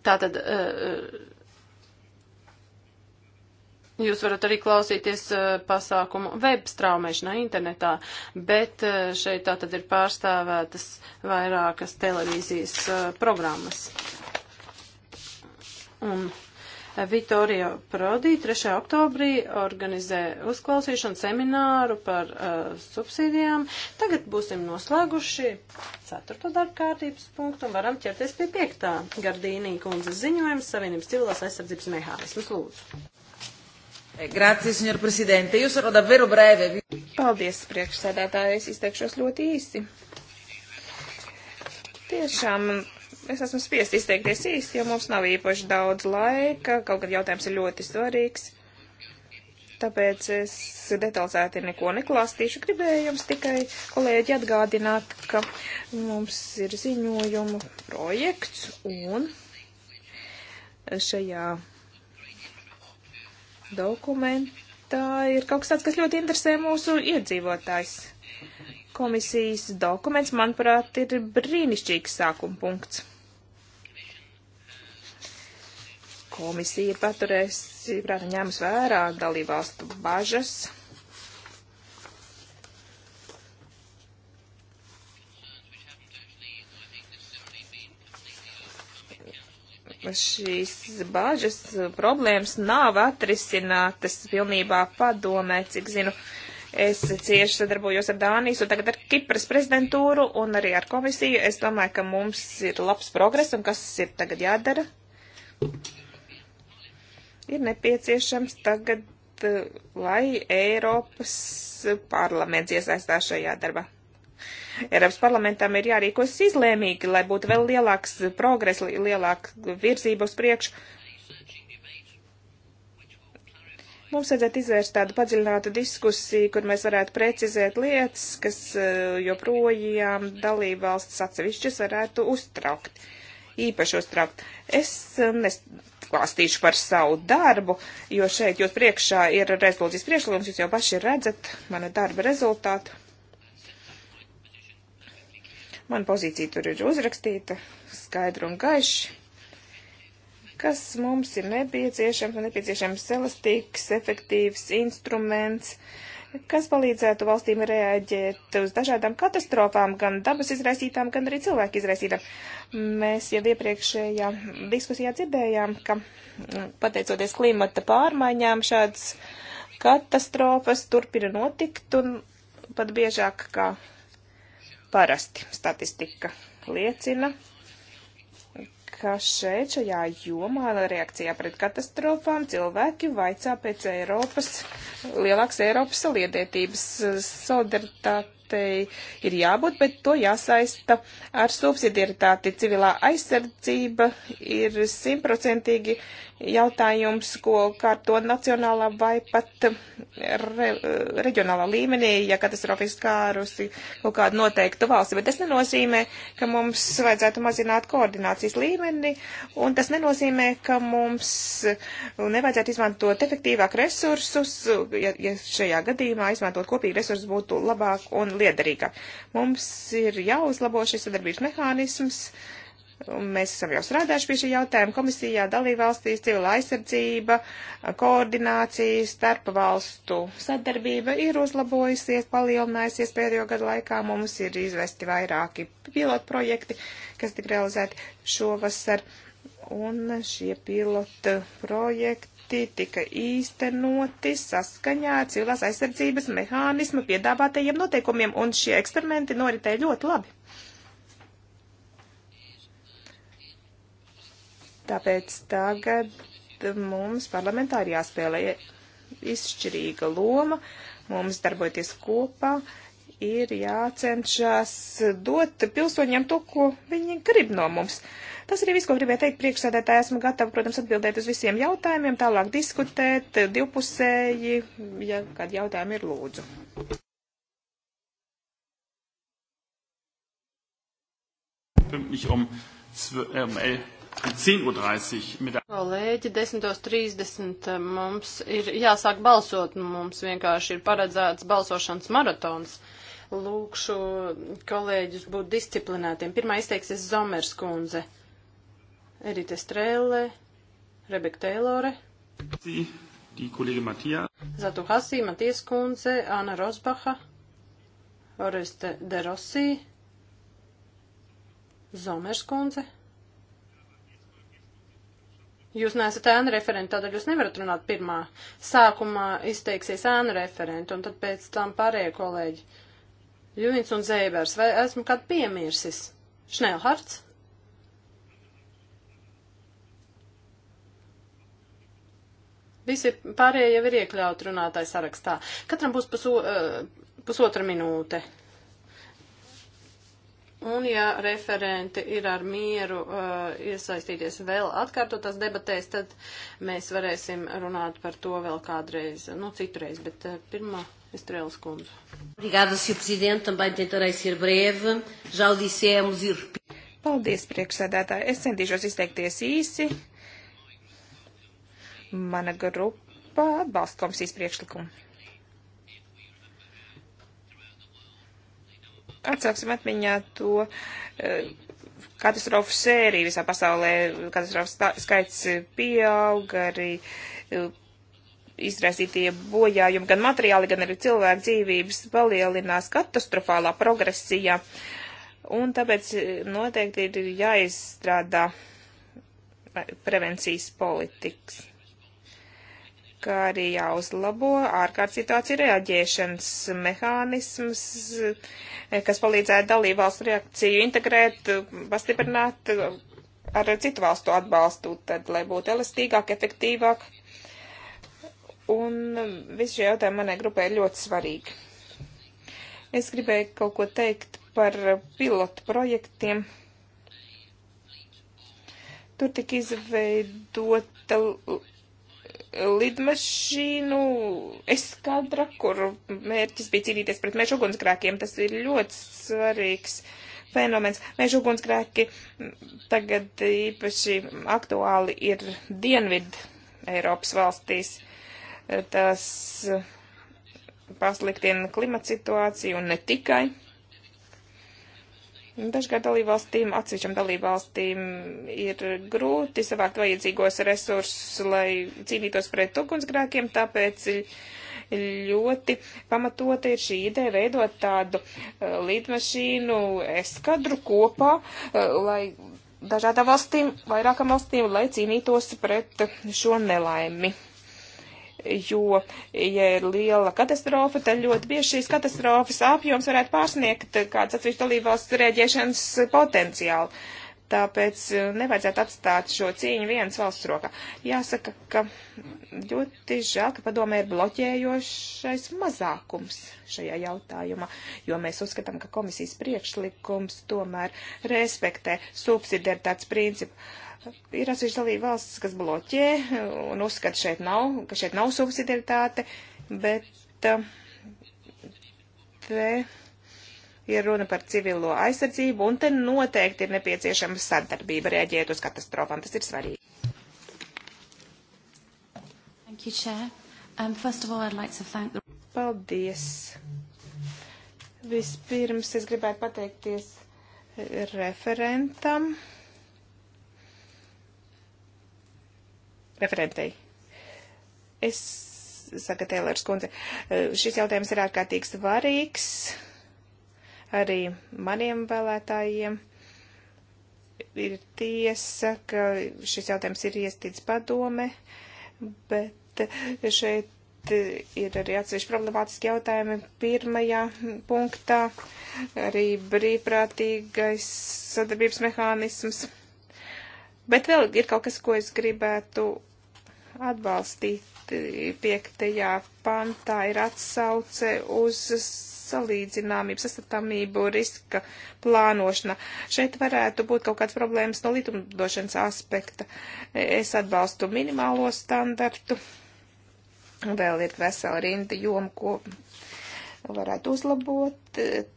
Tātad eh, eh, jūs varat arī klausīties eh, pasākumu web straumēšanā internetā, bet šeit tātad ir pārstāvētas vairākas televīzijas programmas. Un Vitorio Prodi 3. oktobrī organizē uzklausīšanu semināru par uh, subsīdijām. Tagad būsim noslēguši 4. darba kārtības punktu un varam ķerties pie 5. Gardīnī kundzes ziņojums Savienības civilās aizsardzības mehānismus lūdzu. Eh, grazie, signor Presidente. Io sarò davvero breve. Paldies, priekšsēdētāji. Es izteikšos ļoti īsi. Tiešām es esmu spiest izteikties īsti, jo mums nav īpaši daudz laika, kaut kad jautājums ir ļoti svarīgs. Tāpēc es detalizēti neko neklāstīšu. Gribēju jums tikai, kolēģi, atgādināt, ka mums ir ziņojumu projekts un šajā dokumentā ir kaut kas tāds, kas ļoti interesē mūsu iedzīvotājs komisijas dokuments, manuprāt, ir brīnišķīgs sākuma punkts. Komisija paturēs, prātā ņēmas vērā dalībvalstu bažas. šīs bāžas problēmas nav atrisinātas pilnībā padomē, cik zinu. Es cieši sadarbojos ar Dānijas un tagad ar Kipras prezidentūru un arī ar komisiju. Es domāju, ka mums ir labs progress un kas ir tagad jādara ir nepieciešams tagad, eh, lai Eiropas parlaments iesaistās šajā darbā. Eiropas parlamentam ir jārīkos izlēmīgi, lai būtu vēl lielāks progress, lielāka virzība uz priekšu. Mums vajadzētu izvērst tādu padziļinātu diskusiju, kur mēs varētu precizēt lietas, kas eh, joprojām dalībvalsts atsevišķas varētu uztraukt, īpaši uztraukt. Es eh, nes, izklāstīšu par savu darbu, jo šeit jūs priekšā ir rezolūcijas priekšlikums, jūs jau paši redzat mana darba rezultātu. Mana pozīcija tur ir uzrakstīta skaidri un gaiši. Kas mums ir nepieciešams? Nepieciešams elastīgs, efektīvs instruments, uh, kas palīdzētu valstīm reaģēt uz dažādām katastrofām, gan dabas izraisītām, gan arī cilvēku izraisītām. Mēs jau iepriekšējā diskusijā dzirdējām, ka mm, pateicoties klimata pārmaiņām šādas katastrofas turpina notikt un pat biežāk kā parasti statistika liecina ka šeit, šajā jomā, reakcijā pret katastrofām, cilvēki vaicā pēc Eiropas, lielākas Eiropas saliedētības, eh, solidaritātes debatei ir jābūt, bet to jāsaista ar subsidiaritāti. Civilā aizsardzība ir simtprocentīgi jautājums, ko kārto nacionālā vai pat re, reģionālā līmenī, ja katastrofa izskārusi kaut kādu noteiktu valsti. Bet tas nenozīmē, ka mums vajadzētu mazināt koordinācijas līmeni, un tas nenozīmē, ka mums nevajadzētu izmantot efektīvāk resursus, ja, ja šajā gadījumā izmantot kopīgi resursus būtu labāk un liederīgāk. Mums ir jāuzlabo šis sadarbības mehānisms. Mēs esam jau strādājuši pie šī jautājuma komisijā, dalībvalstīs, civila aizsardzība, koordinācija, starp valstu sadarbība ir uzlabojusies, palielinājusies pēdējo gadu laikā. Mums ir izvesti vairāki pilotprojekti, kas tika realizēti šovasar. Un šie pilota projekti projekti tika īstenoti saskaņā ar cilvēks aizsardzības mehānismu piedāvātajiem noteikumiem, un šie eksperimenti noritēja ļoti labi. Tāpēc tagad mums parlamentā ir jāspēlē izšķirīga loma, mums darboties kopā ir jācenšas dot pilsoņiem to, ko viņi grib no mums. Uh, Tas arī viss, ko gribēju teikt priekšsēdētāji. Esmu gatava, protams, atbildēt uz visiem jautājumiem, tālāk diskutēt divpusēji, ja kādi jautājumi ir lūdzu. Pünktlich um 10.30 äh, um um Uhr. Kolēģi, 10.30 äh, mums ir jāsāk balsot, mums vienkārši ir paredzēts balsošanas maratons. Lūkšu kolēģus būt disciplinētiem. Pirmā izteiksies Zomers kundze. Edita Strēlē, Rebeka Teilore. Zatu Hasī, Matijas kundze, Anna Rosbaha, Oreste de Rosī, Zomers kundze. Jūs neesat ēnu referenti, tādēļ jūs nevarat runāt pirmā. Sākumā izteiksies ēnu referenti, un tad pēc tam pārējie kolēģi. Ļuvins un Zēbērs, vai esmu kādu piemirsis? Šnelhards? Visi pārējie jau ir iekļauti runātāju sarakstā. Katram būs puso, eh, pusotra minūte. Un ja referenti ir ar mieru uh, iesaistīties vēl atkārtotās debatēs, tad mēs varēsim runāt par to vēl kādreiz, nu citreiz, bet uh, pirmā Estrēlas kundze. Obrigada, Sr. Presidente, também tentarei ser breve. Já o dissemos e repito. Paldies, priekšsēdētāji. Es centīšos izteikties īsi. Mana grupa atbalsta komisijas priekšlikumu. Atsauksim atmiņā to e, katastrofu sēriju visā pasaulē. Katastrofu skaits pieauga arī e, izraisītie bojājumi, gan materiāli, gan arī cilvēku dzīvības palielinās katastrofālā progresijā. Un tāpēc e, noteikti ir jāizstrādā prevencijas politikas kā arī jāuzlabo ārkārtas situācija reaģēšanas mehānisms, eh, kas palīdzētu dalībvalstu reakciju integrēt, eh, pastiprināt eh, ar citu valstu atbalstu, tad, lai būtu elastīgāk, efektīvāk. Un visi šie jautājumi manai grupai ir ļoti svarīgi. Es gribēju kaut ko teikt par pilotu projektiem tur tika izveidota lidmašīnu eskadra, kur mērķis bija cīnīties pret meža ugunsgrākiem. Tas ir ļoti svarīgs fenomens. Meža ugunsgrāki tagad īpaši aktuāli ir Dienvid Eiropas valstīs. Tas pasliktina klimata situāciju un ne tikai. Dažkārt dalībvalstīm, atsevišķam dalībvalstīm ir grūti savākt vajadzīgos resursus, lai cīnītos pret ugunsgrēkiem, tāpēc ļoti pamatota ir šī ideja veidot tādu uh, eh, līdmašīnu eskadru kopā, uh, lai dažādām valstīm, vairākam valstīm, lai cīnītos pret šo nelaimi jo, ja ir liela katastrofa, tad ļoti bieži šīs katastrofas apjoms varētu pārsniegt kāds atsevišķi dalībvalsts rēģēšanas potenciālu. Tāpēc e, nevajadzētu atstāt šo cīņu vienas valsts rokā. Jāsaka, ka ļoti žēl, ka padomē ir bloķējošais mazākums šajā jautājumā, jo mēs uzskatām, ka komisijas priekšlikums tomēr respektē subsidiaritātes principu. Uh, Ir atsevišķi dalība valsts, kas bloķē un uzskata, šeit nav, ka šeit nav subsidiaritāte, bet eh, te ir runa par civilo aizsardzību, un te noteikti ir nepieciešama sadarbība rēģēt uz katastrofām. Tas ir svarīgi. Thank you, Chair. Um, first of all, I'd like to thank the... Paldies. Vispirms es gribētu pateikties referentam referentei. Es, saka Tēlērs kundze, eh, šis jautājums ir ārkārtīgi svarīgs arī maniem vēlētājiem. Ir tiesa, ka šis jautājums ir iestīts padome, bet šeit ir arī atsevišķi problemātiski jautājumi. Pirmajā punktā arī brīvprātīgais sadarbības mehānisms. Bet vēl ir kaut kas, ko es gribētu atbalstīt. Piektajā pantā ir atsauce uz salīdzināmību, sastatāmību, riska plānošana. Šeit varētu būt kaut kāds problēmas no likumdošanas aspekta. Es atbalstu minimālo standartu. Vēl ir vesela rinda joma, ko varētu uzlabot.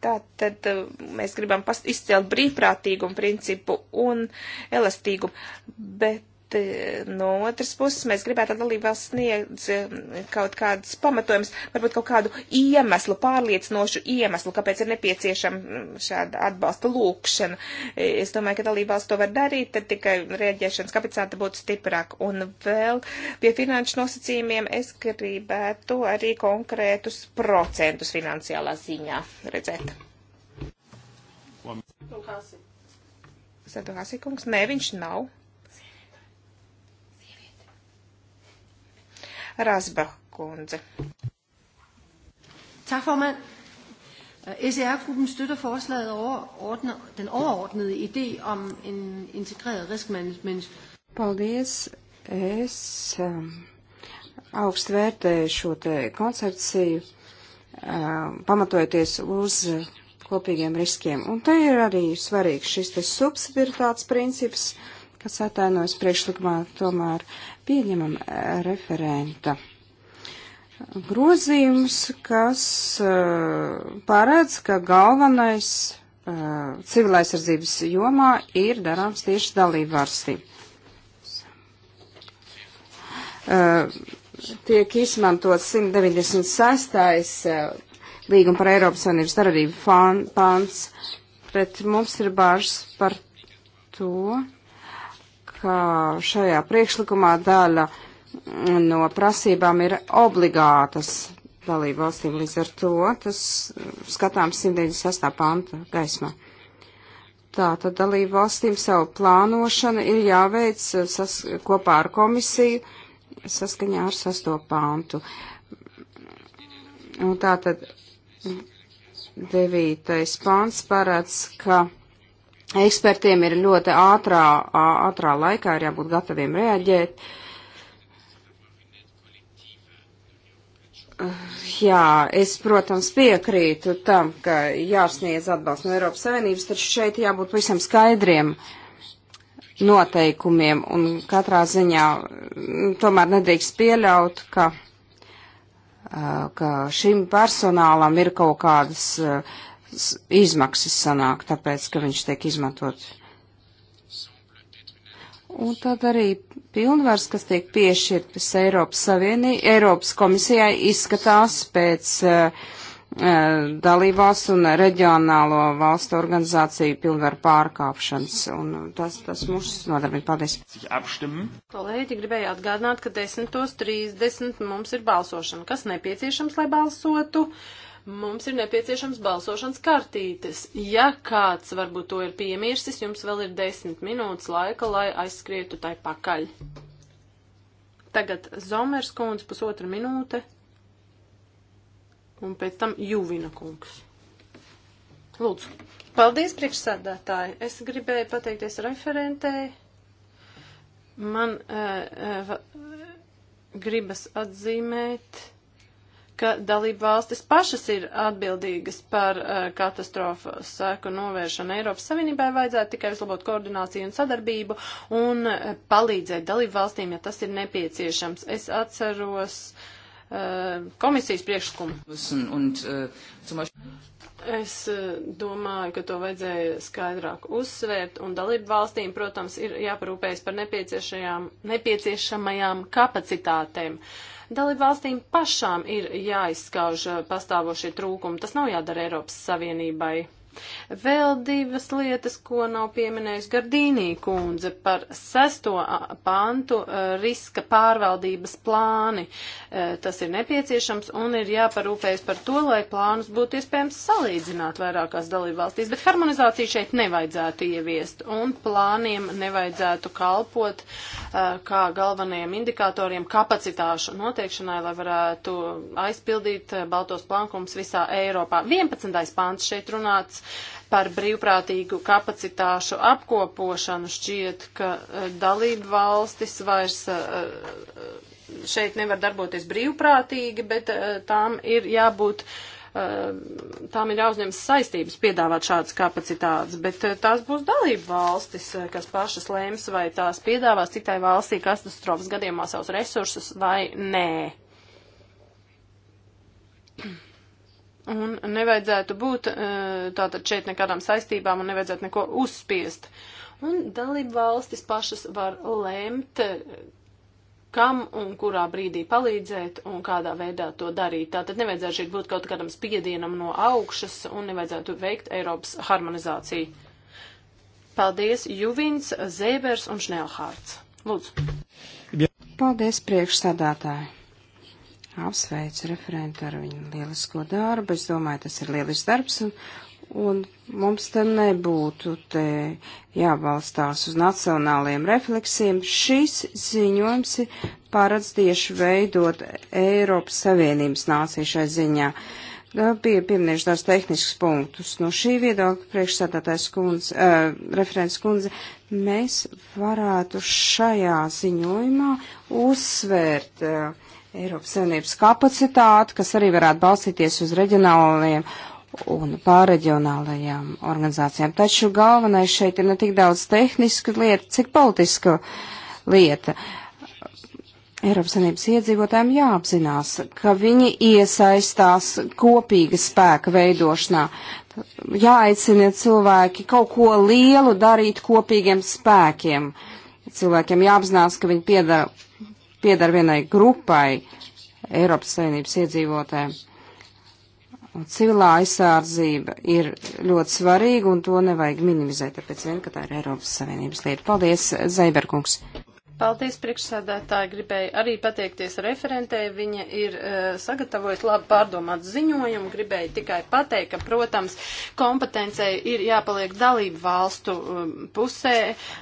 Tātad uh, mēs gribam izcelt brīvprātīgumu principu un elastīgumu, bet no otras puses mēs gribētu dalību valsts sniedz eh, kaut kādus pamatojumus, varbūt kaut kādu iemeslu, pārliecinošu iemeslu, kāpēc ir nepieciešama mm, šāda atbalsta lūkšana. Es domāju, ka dalību valsts to var darīt, tad tikai rēģēšanas kapacitāte būtu stiprāk. Un vēl pie finanšu nosacījumiem es gribētu arī konkrētus procentus finansiālā ziņā redzēt. Sadu Hasikungs? Nē, viņš nav. Rasbach kundze. Tak, formand. Øh, SR-gruppen støtter forslaget over den overordnede idé om en integreret riskmanagement. Paldies. Es um, augstu vērtēju šo te koncepciju, um, pamatojoties uz kopīgiem riskiem. Un te ir arī svarīgs šis te subsidiaritātes princips, kas atainojas priekšlikumā, tomēr pieņemam eh, referenta grozījums, kas uh, paredz, ka galvenais uh, eh, civilaizsardzības jomā ir darāms tieši dalību valstī. Uh, tiek izmantot 196. līguma par Eiropas Savienības darbību pāns, bet mums ir bāžas par to, ka šajā priekšlikumā daļa no prasībām ir obligātas dalību valstīm. Līdz ar to tas uh, skatāms 198. panta gaismā. Tātad dalību valstīm savu plānošanu ir jāveic uh, sas, kopā ar komisiju saskaņā ar 6. pantu. Un tātad 9. pants parāds, ka Ekspertiem ir ļoti ātrā, ātrā laikā ir jābūt gataviem reaģēt. Jā, es, protams, piekrītu tam, ka jāsniedz atbalsts no Eiropas Savienības, taču šeit jābūt visam skaidriem noteikumiem un katrā ziņā mm, tomēr nedrīkst pieļaut, ka ka šim personālam ir kaut kādas izmaksas sanāk, tāpēc, ka viņš tiek izmantot. Un tad arī pilnvars, kas tiek piešķirtas Eiropas Savienī, Eiropas komisijai izskatās pēc uh, dalībās un reģionālo valstu organizāciju pilnvaru pārkāpšanas. Un tas, tas mums nodarbina. Paldies. Kolēģi, gribēju atgādināt, ka 10.30 mums ir balsošana. Kas nepieciešams, lai balsotu? Uh, mums ir nepieciešams balsošanas kartītes. Ja kāds varbūt to ir piemirsis, jums vēl ir desmit minūtes laika, lai aizskrietu tai pakaļ. Tagad Zomers kundze pusotra minūte un pēc tam Juvina kungs. Lūdzu. Paldies, priekšsēdētāji. Es gribēju pateikties referentei. Man uh, uh, gribas atzīmēt ka dalība valstis pašas ir atbildīgas par uh, katastrofu sēku novēršanu. Eiropas Savienībai vajadzētu tikai uzlabot koordināciju un sadarbību un uh, palīdzēt dalību valstīm, ja tas ir nepieciešams. Es atceros uh, komisijas priekšlikumu. Es domāju, ka to vajadzēja skaidrāk uzsvērt, un dalību valstīm, protams, ir jāparūpējas par nepieciešamajām kapacitātēm. Uh, Dalībvalstīm pašām ir jāizskauž eh, pastāvošie trūkumi. Tas nav jādara Eiropas Savienībai. Vēl divas lietas, ko nav pieminējusi Gardīnī kundze par sesto pantu eh, riska pārvaldības plāni. Uh, Eh, tas ir nepieciešams un ir jāparūpējas par to, lai plānus būtu iespējams salīdzināt vairākās dalībvalstīs, bet harmonizāciju šeit nevajadzētu ieviest un plāniem nevajadzētu kalpot eh, kā galvenajiem indikatoriem kapacitāšu noteikšanai, lai varētu aizpildīt eh, baltos plankums visā Eiropā. 11. pāns šeit runāts par brīvprātīgu kapacitāšu apkopošanu šķiet, ka dalību valstis vairs šeit nevar darboties brīvprātīgi, bet eh, tām ir jābūt eh, tām ir jāuzņemas saistības piedāvāt šādas kapacitātes, bet eh, tās būs dalību valstis, kas pašas lēms, vai tās piedāvās citai valstī katastrofas gadījumā savus resursus vai nē. Un nevajadzētu būt tātad šeit nekādām saistībām un nevajadzētu neko uzspiest. Un dalību valstis pašas var lēmt, kam un kurā brīdī palīdzēt un kādā veidā to darīt. Tātad nevajadzētu šeit būt kaut kādam spiedienam no augšas un nevajadzētu veikt Eiropas harmonizāciju. Paldies, Juvins, Zēbers un Šnelhārds. Lūdzu. Paldies, priekšsādātāji. Apsveicu referentu ar viņu lielisko darbu. Es domāju, tas ir lielisks darbs un Un mums te nebūtu te jābalstās uz nacionāliem refleksiem. Šis ziņojums paredz tieši veidot Eiropas Savienības nāciju šai ziņā. Bija pieminējuši tās tehniskas punktus. No šī viedokļa priekšsēdētājs kundze, uh, referents kundze, mēs varētu šajā ziņojumā uzsvērt uh, Eiropas Savienības kapacitāti, kas arī varētu balstīties uz reģionālajiem un pārreģionālajām organizācijām. Taču galvenais šeit ir ne tik daudz tehnisku lietu, cik politisku lieta. Eiropas Savienības iedzīvotājiem jāapzinās, ka viņi iesaistās kopīga spēka veidošanā. Jāaicina cilvēki kaut ko lielu darīt kopīgiem spēkiem. Cilvēkiem jāapzinās, ka viņi piedara, piedara vienai grupai Eiropas Savienības iedzīvotājiem Civilā aizsardzība ir ļoti svarīga un to nevajag minimizēt, tāpēc vien, ka tā ir Eiropas Savienības lieta. Paldies, Zaiberkungs! Paldies, priekšsēdētāji. Gribēju arī pateikties referentei. Viņa ir uh, e, sagatavojusi labi pārdomāt ziņojumu. Gribēju tikai pateikt, ka, protams, kompetencei ir jāpaliek dalību valstu um, pusē,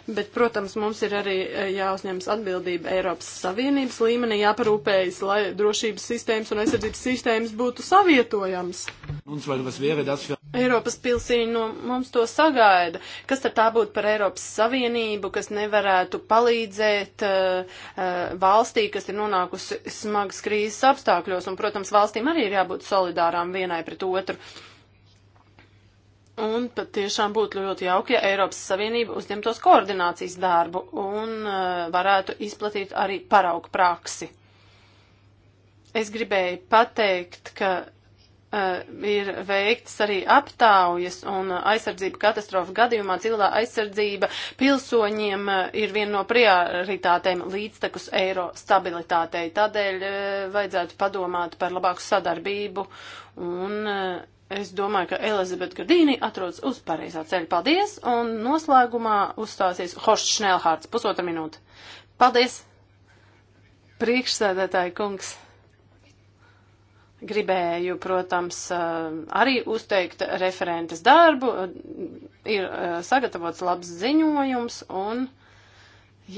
bet, protams, mums ir arī uh, jāuzņemas atbildība Eiropas Savienības līmenī, jāparūpējas, lai drošības sistēmas un aizsardzības sistēmas būtu savietojams. Eiropas pilsīņi no mums to sagaida. Kas tad tā būtu par Eiropas Savienību, kas nevarētu palīdzēt? bet uh, uh, valstī, kas ir nonākusi smagas krīzes apstākļos, un, protams, valstīm arī ir jābūt solidārām vienai pret otru. Un pat tiešām būtu ļoti jauki, ja Eiropas Savienība uzņemtos koordinācijas darbu un uh, varētu izplatīt arī paraugu praksi. Es gribēju pateikt, ka Eh, ir veiktas arī aptaujas un aizsardzība katastrofu gadījumā civilā aizsardzība pilsoņiem eh, ir viena no prioritātēm līdztekus eiro stabilitātei. Tādēļ eh, vajadzētu padomāt par labāku sadarbību un es domāju, ka Elizabete Gardīni atrodas uz pareizā ceļa. Paldies! Un noslēgumā uzstāsies Horsts Šnelhārds. Pusotra minūte. Paldies! Priekšsēdētāji kungs! Gribēju, protams, arī uzteikt referentes darbu, ir sagatavots labs ziņojums un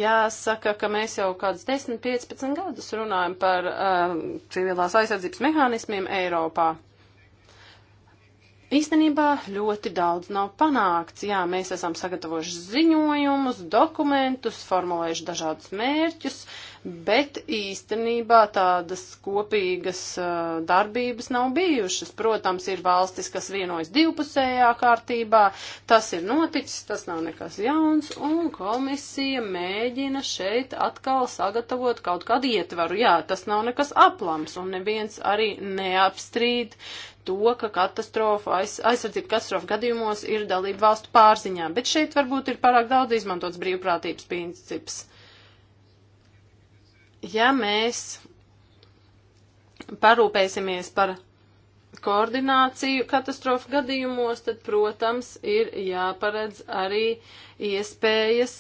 jāsaka, ka mēs jau kādus 10-15 gadus runājam par civilās aizsardzības mehānismiem Eiropā. Īstenībā ļoti daudz nav panākts. Jā, mēs esam sagatavojuši ziņojumus, dokumentus, formulējuši dažādus mērķus, uh, bet īstenībā tādas kopīgas uh, darbības nav bijušas. Protams, ir valstis, kas vienojas divpusējā kārtībā, tas ir noticis, tas nav nekas jauns, un komisija mēģina šeit atkal sagatavot kaut kādu ietvaru. Jā, tas nav nekas aplams, un neviens arī neapstrīd to, ka katastrofa, aiz, aizsardzība katastrofa gadījumos ir dalība valstu pārziņā, bet šeit varbūt ir pārāk daudz izmantots brīvprātības princips. Ja mēs parūpēsimies par koordināciju katastrofu gadījumos, tad, protams, ir jāparedz arī iespējas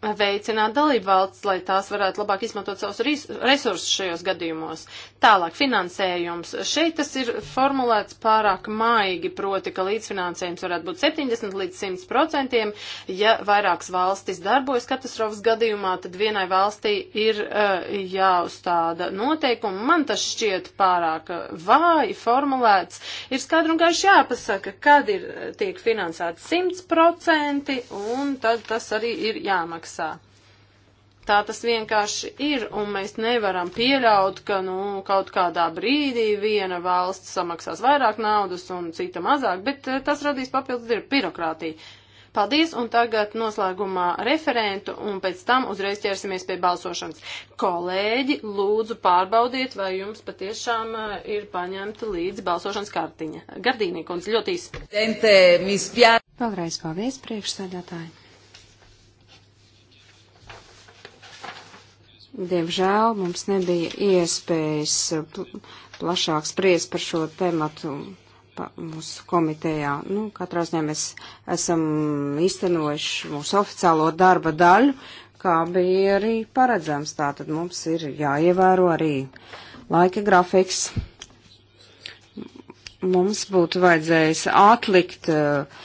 veicināt dalībvalsts, lai tās varētu labāk izmantot savus resursus šajos gadījumos. Tālāk, finansējums. Šeit tas ir formulēts pārāk maigi, proti, ka līdzfinansējums varētu būt 70 līdz 100 procentiem. Ja vairākas valstis darbojas katastrofas gadījumā, tad vienai valstī ir uh, jāuzstāda noteikumi. Man tas šķiet pārāk eh, vāji formulēts. Ir skaidri un gaiši jāpasaka, kad ir tiek finansēts 100 procenti, un tad tas arī ir jāmaksā jāmaksā. Tā tas vienkārši ir, un mēs nevaram pieļaut, ka nu, kaut kādā brīdī viena valsts samaksās vairāk naudas un cita mazāk, bet eh, tas radīs papildus birokrātiju. Paldies, un tagad noslēgumā referentu, un pēc tam uzreiz ķersimies pie balsošanas. Kolēģi, lūdzu pārbaudiet, vai jums patiešām eh, ir paņemta līdzi balsošanas kartiņa. Gardīnī, kundze, ļoti īsi. Vēlreiz paldies, priekšsēdētāji. Diemžēl mums nebija iespējas uh, plašāk spriest par šo tematu um, mūsu komitejā. Nu, katrā ziņā mēs esam iztenojuši mūsu oficiālo darba daļu, kā bija arī paredzams. Tātad mums ir jāievēro arī laika grafiks. Mums būtu vajadzējis atlikt uh,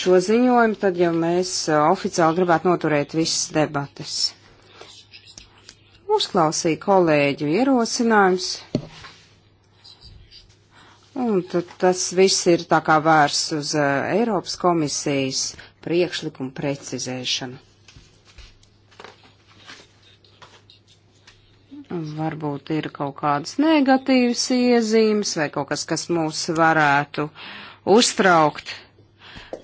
šo ziņojumu, tad jau mēs uh, oficiāli gribētu noturēt visas debates uzklausīja kolēģu ierosinājums. Un tad tas viss ir tā kā vērs uz uh, Eiropas komisijas priekšlikumu precizēšanu. Varbūt ir kaut kādas negatīvas iezīmes vai kaut kas, kas mūs varētu uztraukt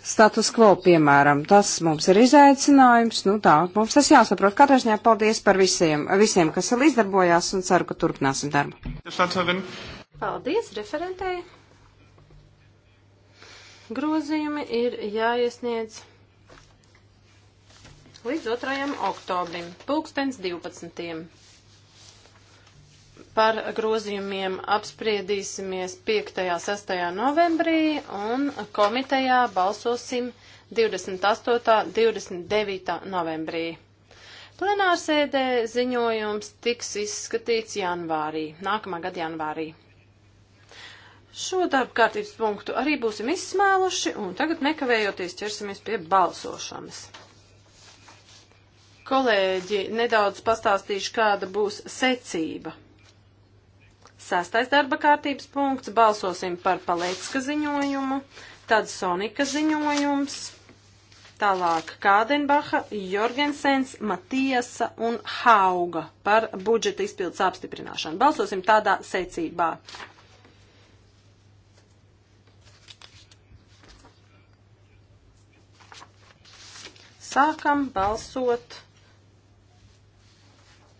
status quo, piemēram. Tas mums ir izaicinājums, nu tā, mums tas jāsaprot. Katrā ziņā paldies par visiem, visiem, kas līdzdarbojās un ceru, ka turpināsim darbu. Paldies, referentēji. Grozījumi ir jāiesniedz līdz 2. oktobrim, pulkstens 12. Par grozījumiem apspriedīsimies 5. 6. novembrī un komitejā balsosim 28. 29. novembrī. Plenārsēdē ziņojums tiks izskatīts janvārī, nākamā gada janvārī. Šo darba kārtības punktu arī būsim izsmēluši, un tagad nekavējoties ķersimies pie balsošanas. Kolēģi, nedaudz pastāstīšu, kāda būs secība Sastais darba kārtības punkts. Balsosim par Palecka ziņojumu, tad Sonika ziņojums, tālāk Kādenbacha, Jorgensens, Matiasa un Hauga par budžeta izpildes apstiprināšanu. Balsosim tādā secībā. Sākam balsot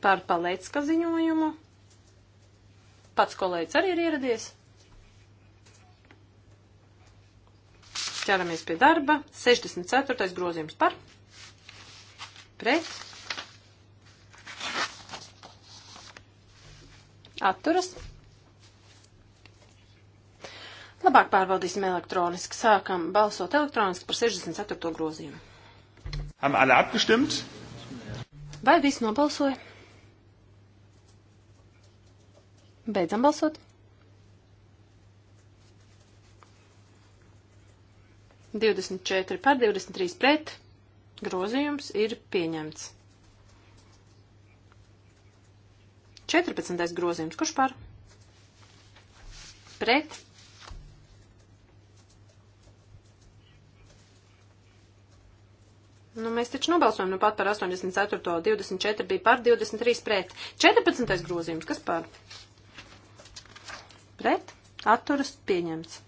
par Palecka ziņojumu. Pats kolēģis arī ir ieradies. Ķeramies pie darba. 64. grozījums par. Pret. Atturas. Labāk pārbaudīsim elektroniski. Sākam balsot elektroniski par 64. grozījumu. Haben alle abgestimmt? Vai visi nobalsoja? Beidzam balsot. 24 par 23 pret. Grozījums ir pieņemts. 14. grozījums. Kurš par? Pret. Nu, mēs taču nobalsojam nu pat par 84. 24 bija par 23 pret. 14. grozījums. Kas par? Pret pret, atturas pieņemts.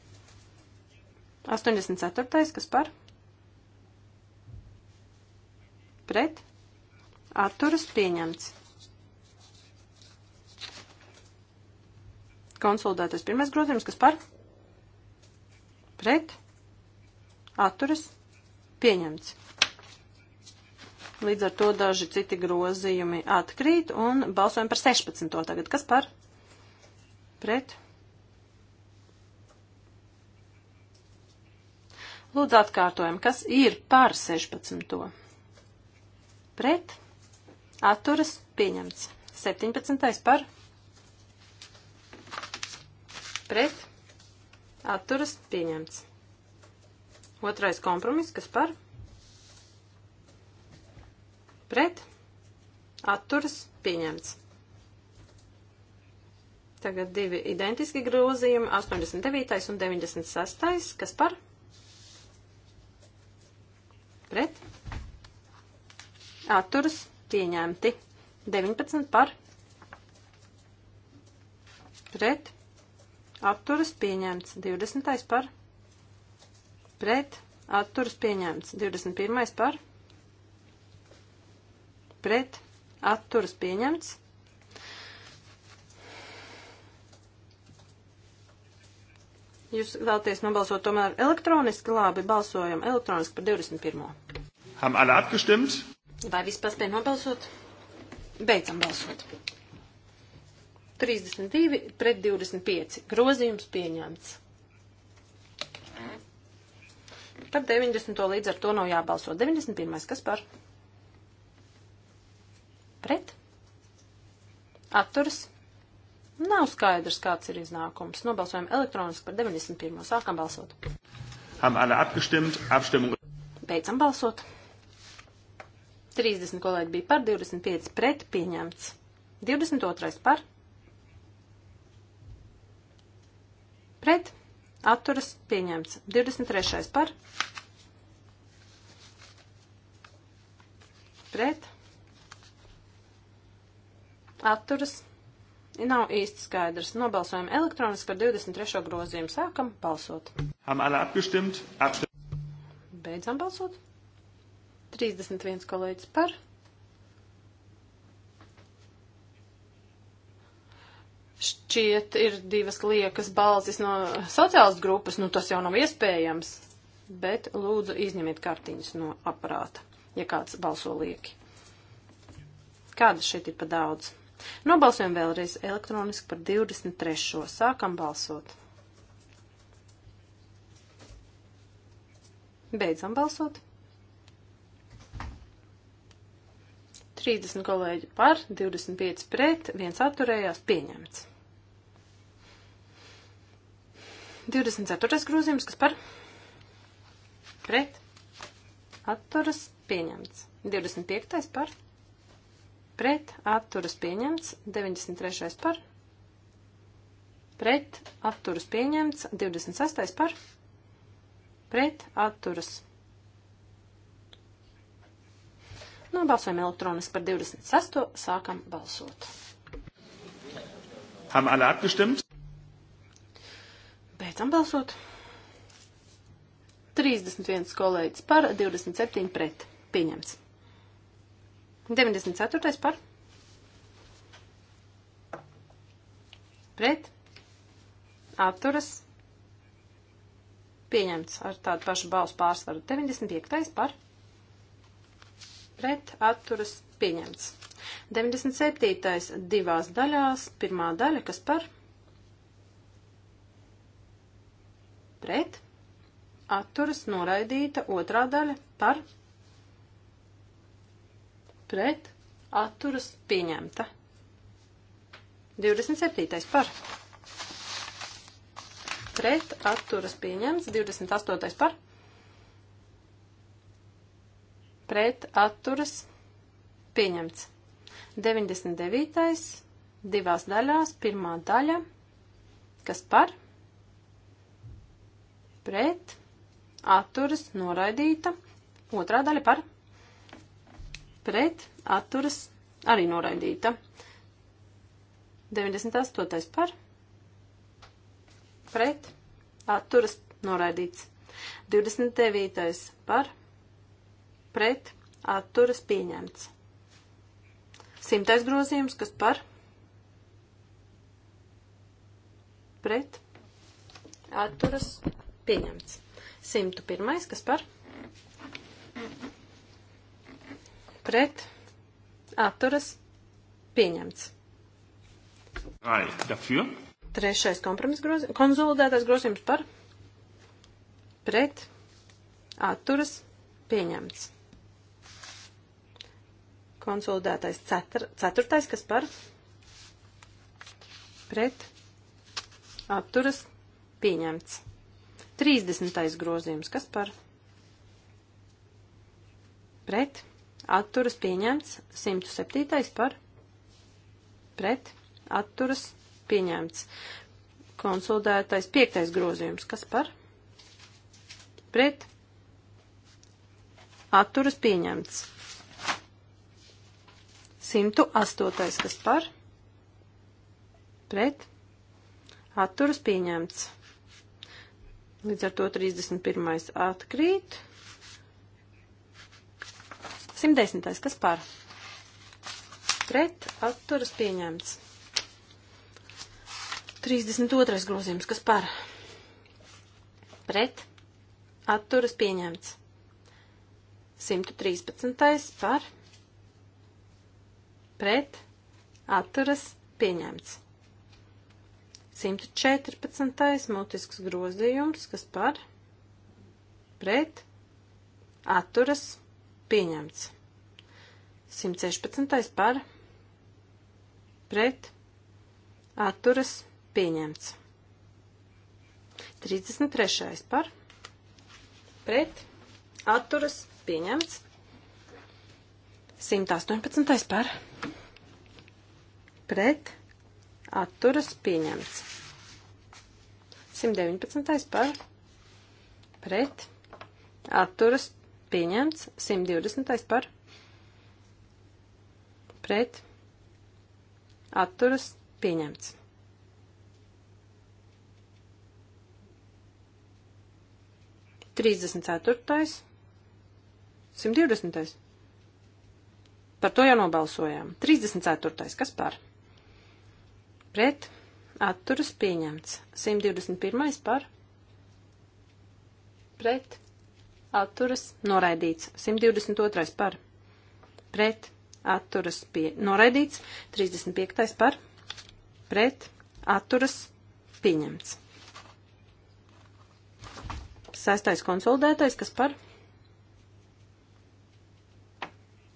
84. kas par? Pret, atturas pieņemts. Konsolidētais pirmais grozījums, kas par? Pret, atturas pieņemts. Līdz ar to daži citi grozījumi atkrīt un balsojam par 16. tagad. Kas par? Pret, Lūdzu atkārtojam, kas ir par 16. Pret. Atturas pieņemts. 17. par. Pret. Atturas pieņemts. Otrais kompromiss, kas par. Pret. Atturas pieņemts. Tagad divi identiski grozījumi, 89. un 96. kas par. Pret pret, atturas pieņemti. 19 par, pret, atturas pieņemts. 20 par, pret, atturas pieņemts. 21 par, pret, atturas pieņemts. Jūs vēlaties nobalsot tomēr elektroniski, labi, balsojam elektroniski par 21. Haben alle abgestimmt? Vai viss paspēja nobalsot? Beidzam balsot. 32 pret 25. Grozījums pieņemts. Par 90. līdz ar to nav jābalso. 91. kas par? Pret? Atturas? Nav skaidrs, kāds ir iznākums. Nobalsojam elektroniski par 91. Sākam balsot. Haben alle abgestimmt. Abstimmung. Beidzam balsot. 30 kolēģi bija par, 25 pret pieņemts. 22 par. Pret. Atturas pieņemts. 23 par. Pret. Atturas. Nav īsti skaidrs. Nobalsojam elektroniski par 23. grozījumu. Sākam balsot. Beidzam balsot. 31 kolēģis par. Šķiet, ir divas liekas balsis no sociālas grupas, nu tas jau nav iespējams, bet lūdzu izņemiet kartiņas no aparāta, ja kāds balso lieki. Kādas šeit ir pa daudz? Nobalsojam vēlreiz elektroniski par 23. Sākam balsot. Beidzam balsot. 30 kolēģi par, 25 pret, viens atturējās pieņemts. 24. grozījums, kas par pret atturas pieņemts. 25. par pret atturas pieņemts. 93. par pret atturas pieņemts. 26. par pret atturas pieņemts Nobalsojam nu, elektroniski par 26. Sākam balsot. Haben alle abgestimmt? Beidzam balsot. 31 kolēģis par, 27 pret. Pieņemts. 94. par. Pret. Atturas. Pieņemts ar tādu pašu balsu pārsvaru. 95. par pret atturas pieņemts. 97. divās daļās, pirmā daļa, kas par pret atturas noraidīta, otrā daļa par pret atturas pieņemta. 27. par pret atturas pieņemts, 28. par pret pret atturas pieņemts. 99. divās daļās, pirmā daļa, kas par, pret, atturas, noraidīta, otrā daļa par, pret, atturas, arī noraidīta. 98. par, pret, atturas, noraidīts. 29. par, pret, pret atturas pieņemts. Simtais grozījums, kas par pret atturas pieņemts. Simtu pirmais, kas par pret atturas pieņemts. Ai, dafür. Trešais kompromis grozi, konsolidētais grozījums par pret atturas pieņemts. Konsolidētais cetur, ceturtais, kas par pret apturas pieņemts. 30. grozījums, kas par pret atturas pieņemts. 107. par pret atturas pieņemts. Konsolidētais piektais grozījums, kas par pret atturas pieņemts. 108. kas par? Pret. Atturas pieņemts. Līdz ar to 31. atkrīt. 110. kas par? Pret. Atturas pieņemts. 32. grozījums. Kas par? Pret. Atturas pieņemts. 113. par pret atturas pieņemts. 114. mutisks grozījums, kas par pret atturas pieņemts. 116. par pret atturas pieņemts. 33. par pret atturas pieņemts. 118. par pret atturas pieņemts. 119. par pret atturas pieņemts. 120. par pret atturas pieņemts. Trīsdesmit ceturtais, simt divdesmitais. Par to jau nobalsojām. 34. Kas par? Pret. Atturas pieņemts. 121. par. Pret. Atturas noraidīts. 122. par. Pret. Atturas pie... noraidīts. 35. par. Pret. Atturas pieņemts. Sestais konsolidētais, kas par?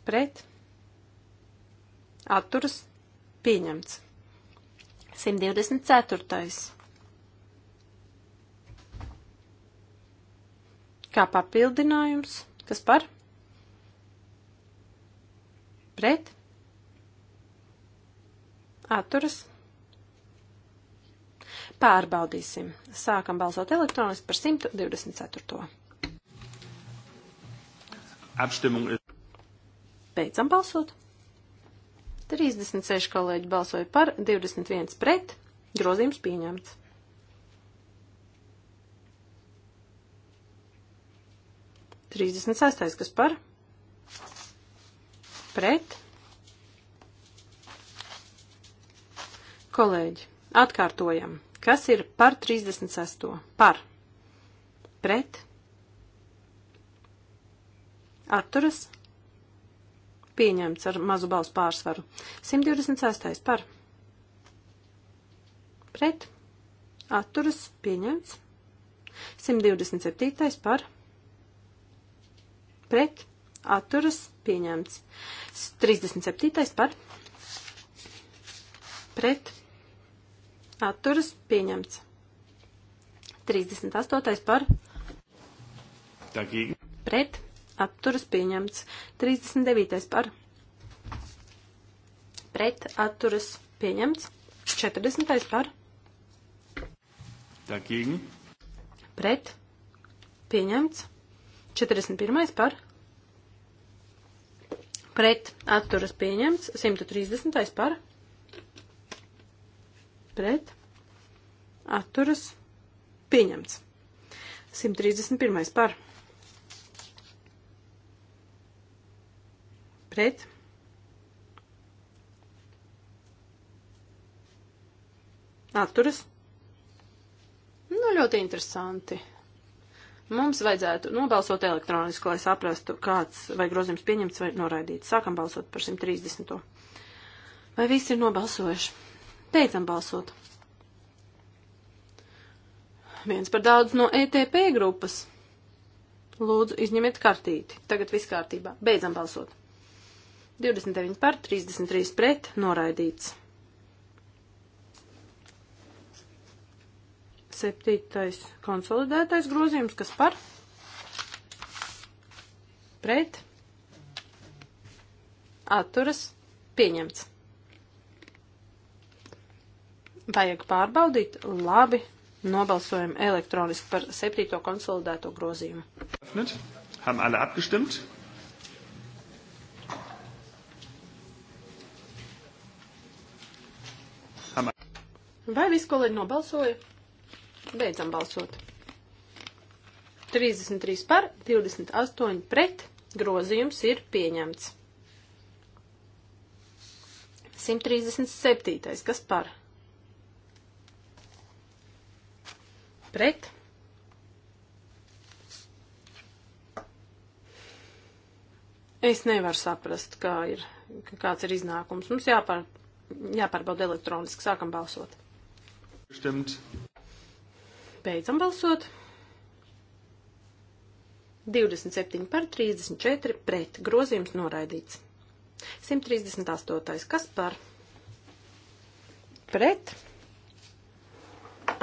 Pret atturas pieņemts. 124. Kā papildinājums, kas par? Pret? Atturas? Pārbaudīsim. Sākam balsot elektroniski par 124. Abstimmung ir. Beidzam balsot. 36 kolēģi balsoja par, 21 pret, grozījums pieņemts. Trīsdesmit sestais, kas par? Pret. Kolēģi, atkārtojam. Kas ir par 36? Par. Pret. Atturas pieņemts ar mazu balsu pārsvaru. 126. par. Pret. Atturas pieņemts. 127. par. Pret. Atturas pieņemts. 37. par. Pret. Atturas pieņemts. 38. par. Dagīgi. Pret atturas pieņemts. 39. par pret atturas pieņemts. 40. par dagegen pret pieņemts. 41. par pret atturas pieņemts. 130. par pret atturas pieņemts. 131. par pret pret atturas. Nu, ļoti interesanti. Mums vajadzētu nobalsot elektroniski, lai saprastu, kāds vai grozījums pieņemts vai noraidīts. Sākam balsot par 130. Vai visi ir nobalsojuši? Beidzam balsot. Viens par daudz no ETP grupas. Lūdzu, izņemiet kartīti. Tagad viss kārtībā. Beidzam balsot. 29 par, 33 pret, noraidīts. Septītais konsolidētais grozījums, kas par? Pret. Atturas. Pieņemts. Vajag pārbaudīt. Labi. Nobalsojam elektroniski par septīto konsolidēto grozījumu. Haben alle abgestimmt? Vai visi kolēģi nobalsoja? Beidzam balsot. 33 par, 28 pret, grozījums ir pieņemts. 137. Kas par? Pret. Es nevaru saprast, kā ir, kāds ir iznākums. Mums jāpār, jāpārbauda elektroniski. Sākam balsot. Stimt. Beidzam balsot. 27 par 34 pret. Grozījums noraidīts. 138. Kas par? Pret.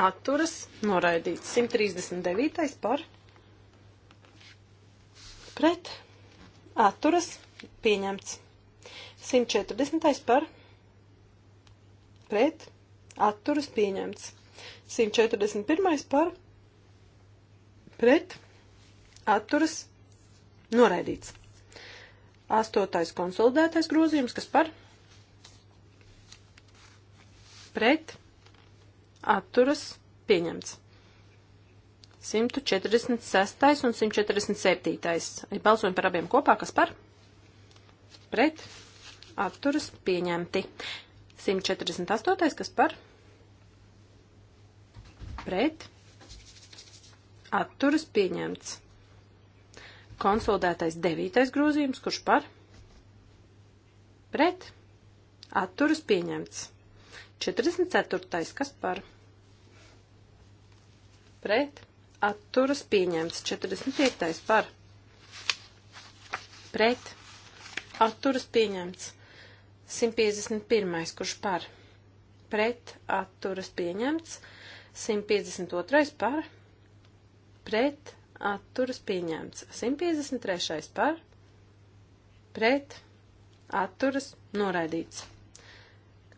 Atturas noraidīts. 139. par? Pret. Atturas pieņemts. 140. par? Pret atturas pieņemts. 141. par pret atturas noraidīts. 8. konsolidētais grozījums, kas par pret atturas pieņemts. 146. un 147. Ir balsojumi par abiem kopā, kas par pret atturas pieņemti. 148. kas par pret atturas pieņemts. Konsolidētais 9. grozījums, kurš par pret atturas pieņemts. 44. kas par pret atturas pieņemts. 45. par pret atturas pieņemts. 151. kurš par pret atturas pieņemts. 152. par pret atturas pieņemts. 153. par pret atturas noraidīts.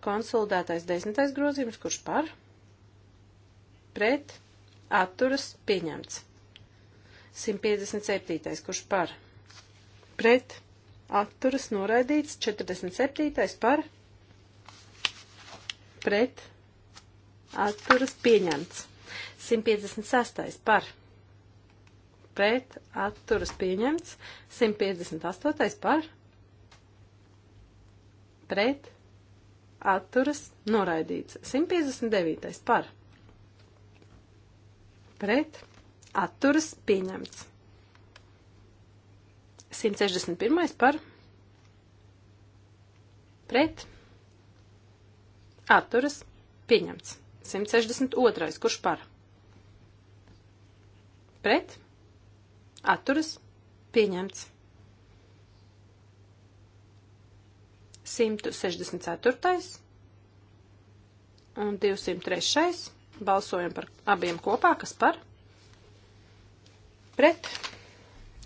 Konsolidētais desmitais grozījums, kurš par pret atturas pieņemts. 157. kurš par pret atturas pieņemts atturas noraidīts, 47. par pret atturas pieņemts, 156. par pret atturas pieņemts, 158. par pret atturas noraidīts, 159. par pret atturas pieņemts. 161. par pret atturas pieņemts. 162. kurš par pret atturas pieņemts. 164. un 203. balsojam par abiem kopā, kas par pret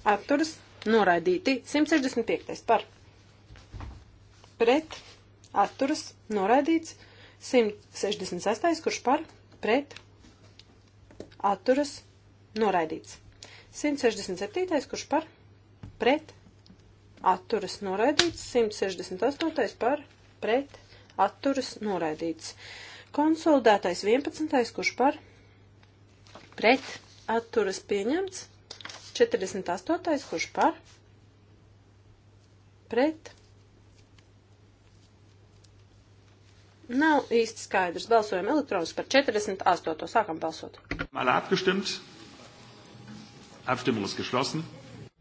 atturas pieņemts noraidīti. 165. par pret atturas noraidīts. 166. kurš par pret atturas noraidīts. 167. kurš par pret atturas noraidīts. 168. par pret atturas noraidīts. Konsolidētais 11. kurš par pret atturas pieņemts. 48. kurš par? Pret. Nav īsti skaidrs. Balsojam elektroniski par 48. Sākam balsot. Mal abgestimmt. Abstimmung ist geschlossen.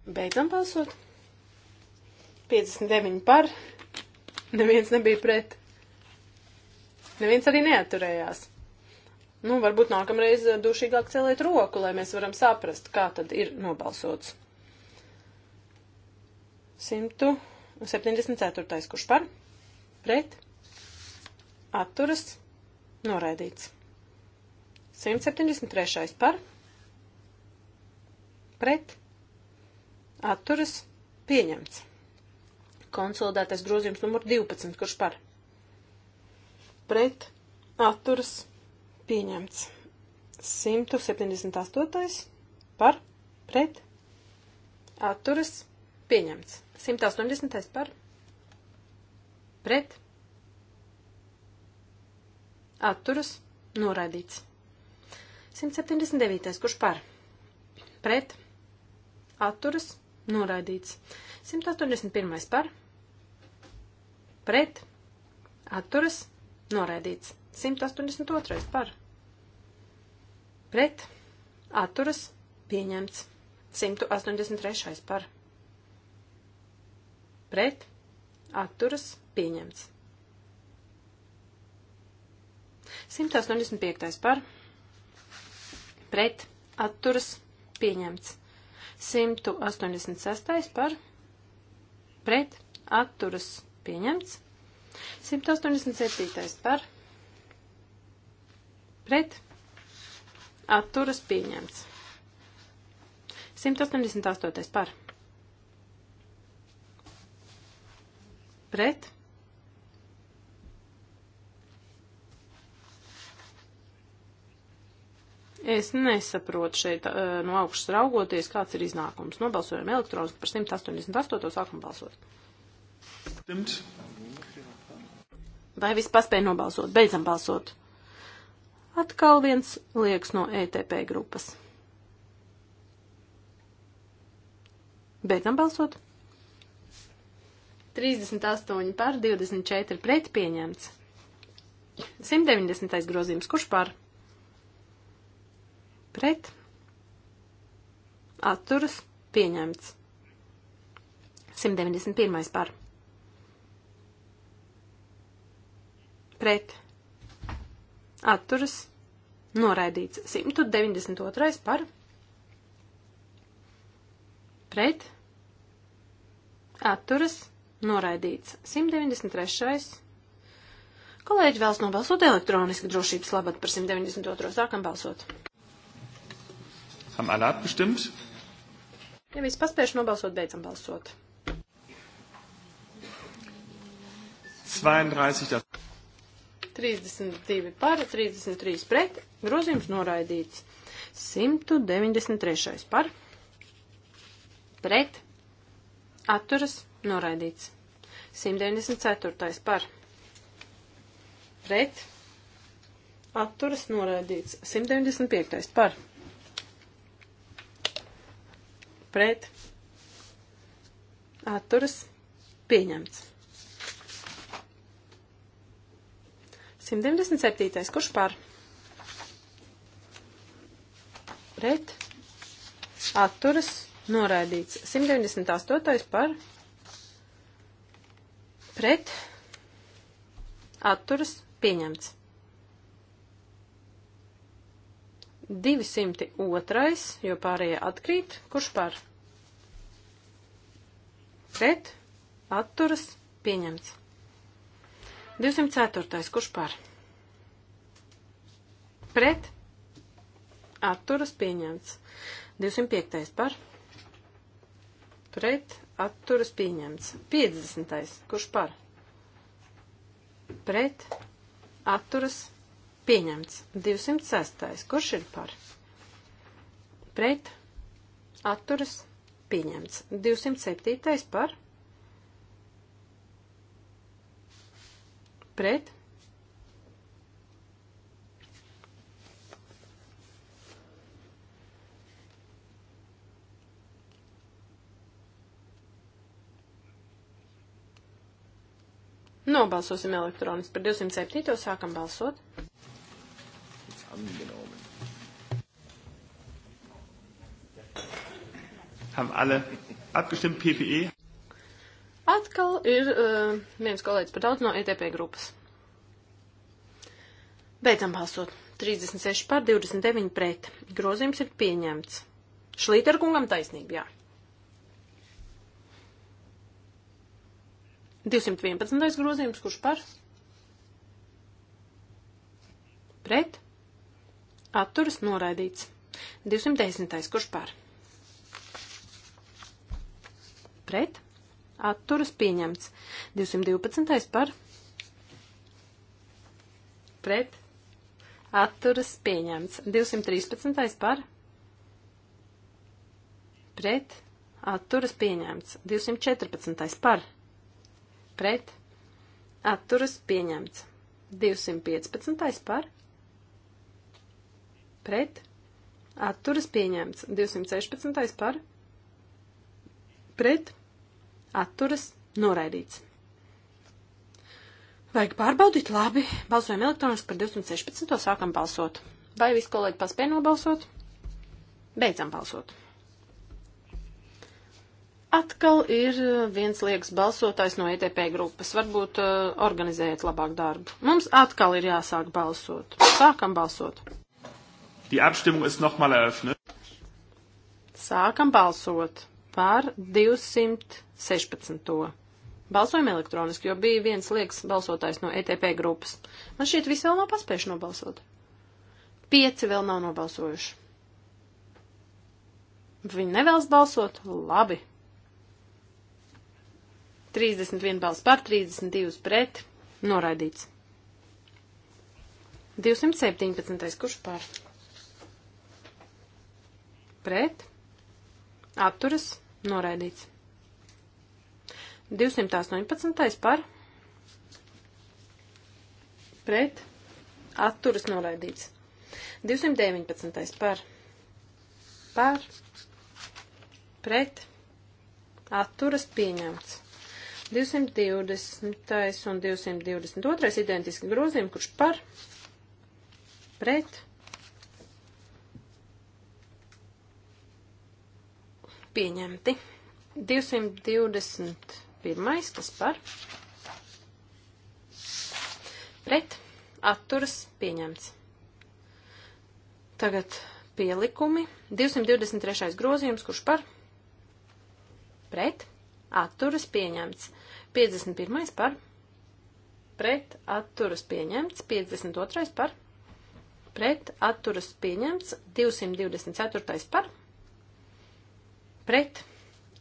Beidzam balsot. 59 par. Neviens nebija pret. Neviens arī neaturējās. Nu, varbūt nākamreiz dušīgāk celēt roku, lai mēs varam saprast, kā tad ir nobalsots. 174. kurš par? Pret? Atturas? Noraidīts. 173. par? Pret? Atturas? Pieņemts. Konsolidētais grozījums numur 12. Kurš par? Pret? Atturas? Pieņemts pieņemts. 178. par pret atturas pieņemts. 180. par pret atturas noraidīts. 179. kurš par pret atturas noraidīts. 181. par pret atturas noraidīts. 182. par pret atturas pieņemts. 183. par pret atturas pieņemts. 185. par pret atturas pieņemts. 186. par pret atturas pieņemts. 187. par pret atturas pieņemts. 188. par. Pret. Es nesaprotu šeit no augšas raugoties, kāds ir iznākums. Nobalsojam elektroniski par 188. sākam balsot. Stimt. Vai viss paspēja nobalsot? Beidzam balsot. Atkal viens liekas no ETP grupas. Beidzam balsot. 38 par, 24 pret pieņemts. 190. grozījums. Kurš par? Pret. Atturas pieņemts. 191. par. Pret. Atturas Noraidīts 192. par pret atturas noraidīts 193. Kolēģi vēlas nobalsot elektroniski drošības labad par 192. sākam balsot. Haben alle abgestimmt? Ja viss paspējuši nobalsot, beidzam balsot. 32 dafür. 32 par, 33 pret, grozījums noraidīts. 193 par, pret, atturas, noraidīts. 194 par, pret, atturas, noraidīts. 195 par, pret, atturas, pieņemts. 197. Kurš par? Pret. Atturas. Noraidīts. 198. par. Pret. Atturas. Pieņemts. 202. Jo pārējie atkrīt. Kurš par? Pret. Atturas. Pieņemts. 204. Kurš par? Pret. Atturas pieņemts. 205. par. Pret. Atturas pieņemts. 50. Kurš par? Pret. Atturas pieņemts. 206. Kurš ir par? Pret. Atturas pieņemts. 207. par. pret. Nobalsosim elektroniski par 207. sākam balsot. Haben alle abgestimmt PPE? Atkal ir uh, viens kolēģis par daudz no ETP grupas. Beidzam balsot. 36 pār 29 pret. Grozījums ir pieņemts. Šlīterkungam taisnība, jā. 211. grozījums, kurš par? Pret? Atturas noraidīts. 210. kurš par? Pret? atturas pieņemts. 212. par pret atturas pieņemts. 213. par pret atturas pieņemts. 214. par pret atturas pieņemts. 215. par pret atturas pieņemts. 216. par pret atturas, noraidīts. Vajag pārbaudīt, labi, balsojam elektroniski par 216. sākam balsot. Vai visi kolēģi paspēja nobalsot? Beidzam balsot. Atkal ir uh, viens liekas balsotājs no ETP grupas. Varbūt uh, organizējiet labāk darbu. Mums atkal ir jāsāk balsot. Sākam balsot. Die Abstimmung ist nochmal eröffnet. Sākam balsot par 216. Balsojam elektroniski, jo bija viens liekas balsotājs no ETP grupas. Man šķiet, visi vēl nav paspējuši nobalsot. Pieci vēl nav nobalsojuši. Viņi nevēlas balsot? Labi. 31 balss par, 32 pret. Noraidīts. 217. Kurš par? Pret. Atturas. Noraidīts. 218. par pret atturas noraidīts. 219. par par pret atturas pieņemts. 220. un 222. identiski grozījumi, kurš par pret pieņemti. 221. kas par pret atturas pieņemts. Tagad pielikumi. 223. grozījums, kurš par pret atturas pieņemts. 51. par pret atturas pieņemts. 52. par pret atturas pieņemts. 224. par pret pret,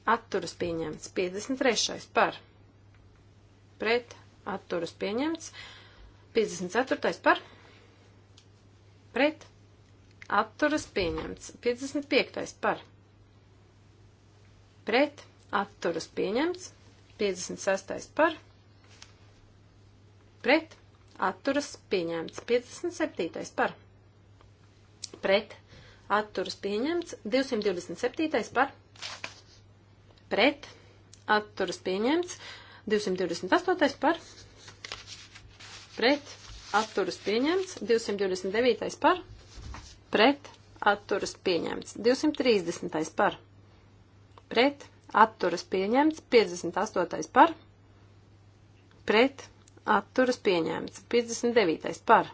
atturas pieņemts. 53. par, pret, atturas pieņemts. 54. par, pret, atturas pieņemts. 55. par, pret, atturas pieņemts. 56. par, pret, atturas pieņemts. 57. par, pret, atturas pieņemts. 227. par, pret, pret, atturas pieņemts, 228. par, pret, atturas pieņemts, 229. par, pret, atturas pieņemts, 230. par, pret, atturas pieņemts, 58. par, pret, atturas pieņemts, 59. par,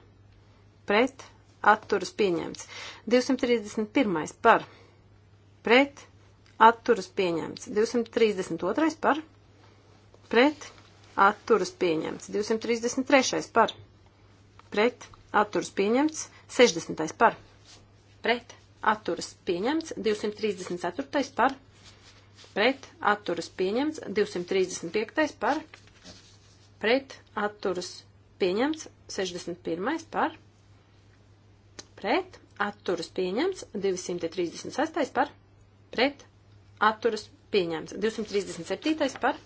pret, atturas pieņemts, 231. par, pret, atturas pieņemts. 232 par pret atturas pieņemts. 233 par pret atturas pieņemts. 60 par pret atturas pieņemts. 234 par pret atturas pieņemts. 235 par pret atturas pieņemts. 61 par pret atturas pieņemts. 236 par pret atturas pieņemts. 237. par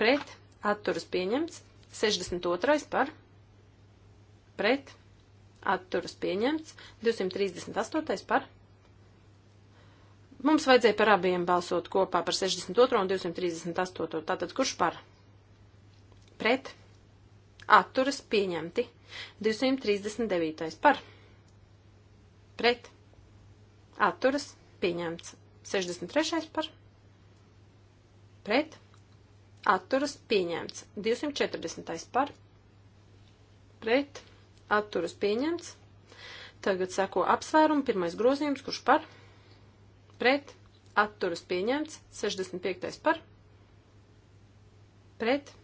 pret atturas pieņemts. 62. par pret atturas pieņemts. 238. par Mums vajadzēja par abiem balsot kopā par 62. un 238. Tātad kurš par? Pret. Atturas pieņemti. 239. par. Pret. Atturas pieņemts. 63. par pret atturas pieņemts. 240. par pret atturas pieņemts. Tagad sako apsvērumu pirmais grozījums, kurš par pret atturas pieņemts. 65. par pret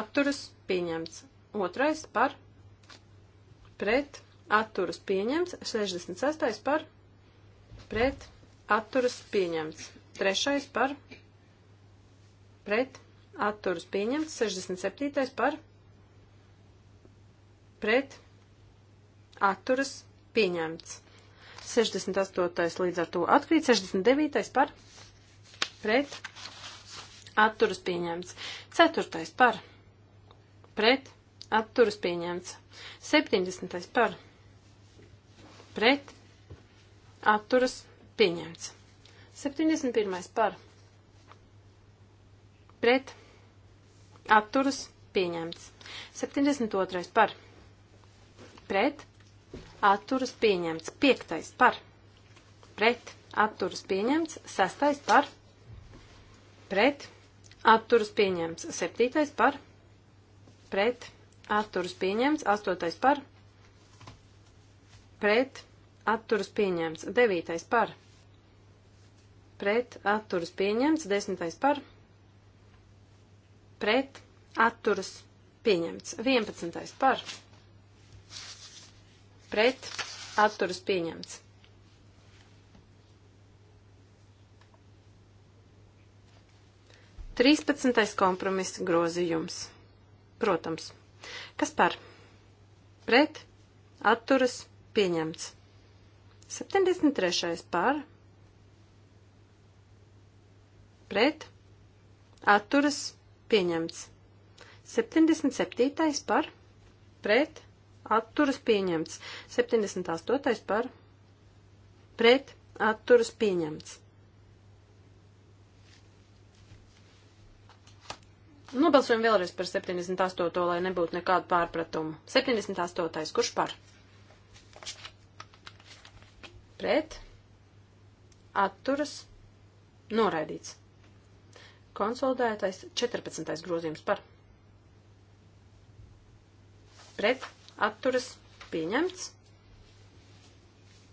atturas pieņemts. Otrais par pret atturas pieņemts. 66. par pret atturas pieņemts pret atturas pieņemts. Trešais par pret atturas pieņemts. 67. par pret atturas pieņemts. 68. līdz ar to atkrīt. 69. par pret atturas pieņemts. 4. par pret atturas pieņemts. 70. par pret atturas pieņemts atturas Pieņemts. 71. par. Pret. Atturas. Pieņemts. 72. par. Pret. Atturas. Pieņemts. 5. par. Pret. Atturas. Pieņemts. 6. par. Pret. Atturas. Pieņemts. 7. par. Pret. Atturas. Pieņemts. 8. par. Pret. Atturas. Pieņemts. 9. par. Pret, pret atturas pieņemts, desmitais par pret atturas pieņemts, vienpadsmitais par pret atturas pieņemts. Trīspadsmitais kompromiss grozījums. Protams. Kas par? Pret atturas pieņemts. 73. par pret, atturas, pieņemts. 77. par, pret, atturas, pieņemts. 78. par, pret, atturas, pieņemts. Nobalsojam vēlreiz par 78. lai nebūtu nekādu pārpratumu. 78. kurš par? Pret, atturas, noraidīts konsolidētais 14. grozījums par pret atturas pieņemts.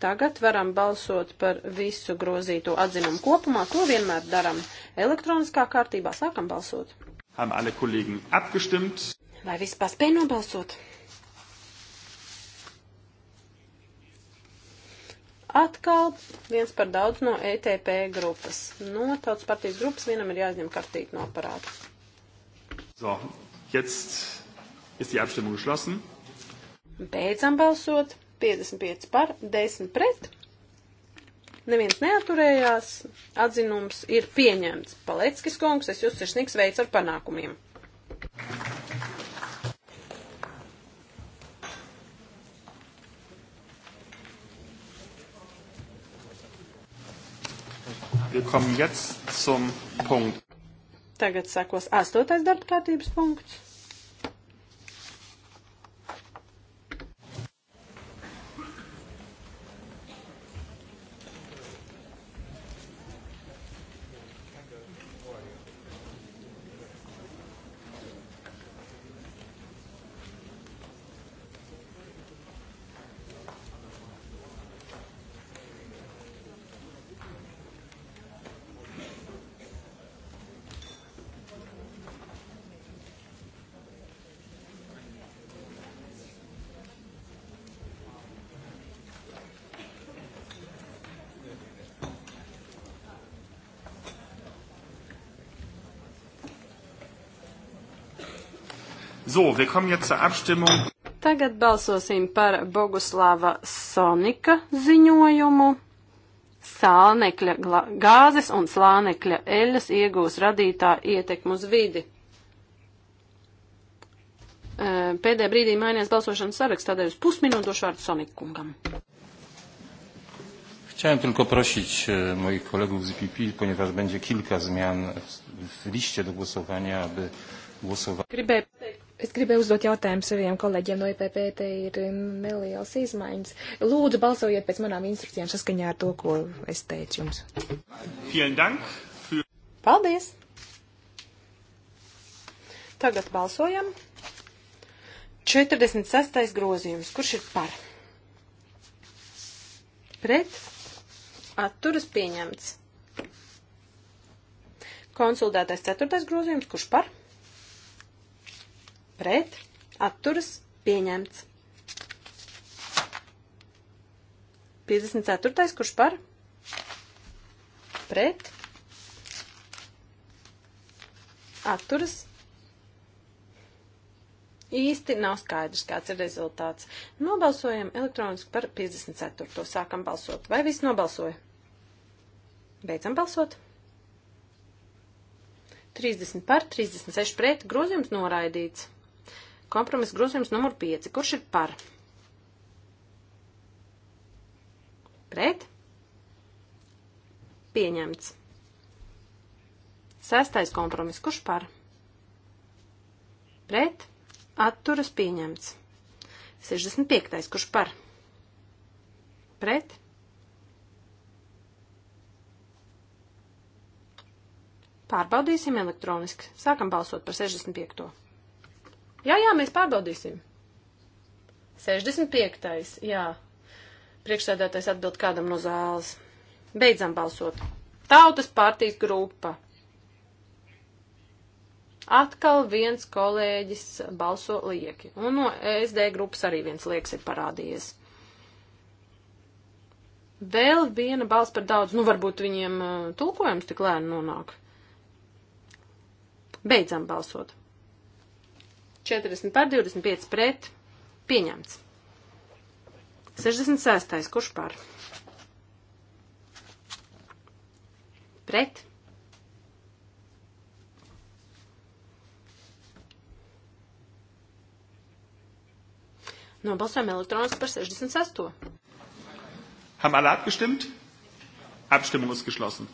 Tagad varam balsot par visu grozīto atzinumu kopumā. To vienmēr daram elektroniskā kārtībā. Sākam balsot. Haben alle Kollegen abgestimmt? Vai vispār spēj nobalsot? Atkal viens par daudz no ETP grupas. No tautas partijas grupas vienam ir jāizņem kartīt no aparāta. So, jetzt ist die Abstimmung geschlossen. Beidzam balsot. 55 par, 10 pret. Neviens neaturējās. Atzinums ir pieņemts. Paleckis kungs, es jūs sirsnīgs veids ar panākumiem. Thank you. Wir kommen jetzt zum Punkt. Tagad sākos astotais darba kārtības punkts. So, wir kommen jetzt zur Abstimmung. Tagad balsosim par Boguslava Sonika ziņojumu. Sālnekļa gāzes un slānekļa eļas iegūs radītā ietekmu uz vidi. Pēdējā brīdī mainījās balsošanas saraksts, tādēļ uz pusminūtošu vārdu Sonikungam. Chciałem tylko prosić moich kolegów z IPP, ponieważ będzie kilka zmian w liście do głosowania, aby głosować. Gribēju Es gribēju uzdot jautājumu saviem kolēģiem no IPP, e te ir um, nelielas izmaiņas. Lūdzu, balsojiet pēc manām instrukcijām saskaņā ar to, ko es teicu jums. Paldies! Tagad balsojam. 46. grozījums. Kurš ir par? Pret? Atturas pieņemts. Konsultētais 4. grozījums. Kurš par? Pret? pret, atturas, pieņemts. 54. kurš par? Pret. Atturas. Īsti nav skaidrs, kāds ir rezultāts. Nobalsojam elektroniski par 54. Sākam balsot. Vai viss nobalsoja? Beidzam balsot. 30 par, 36 pret, grozījums noraidīts. Kompromiss grozījums numur 5. Kurš ir par? Pret? Pieņemts. Sestais kompromiss. Kurš par? Pret? Atturas pieņemts. 65. Kurš par? Pret? Pārbaudīsim elektroniski. Sākam balsot par 65. Jā, jā, mēs pārbaudīsim. 65. Jā. Priekšsēdētais atbild kādam no zāles. Beidzam balsot. Tautas partijas grupa. Atkal viens kolēģis balso lieki. Un no e SD grupas arī viens liekas ir parādījies. Vēl viena balss par daudz. Nu, varbūt viņiem tulkojums tik lēni nonāk. Beidzam balsot. 40 par 25 pret. Pieņemts. 66. Kurš par? Pret. Nobalsojam elektroniski par 68. Haben alle abgestimmt? Abstimmung ist geschlossen.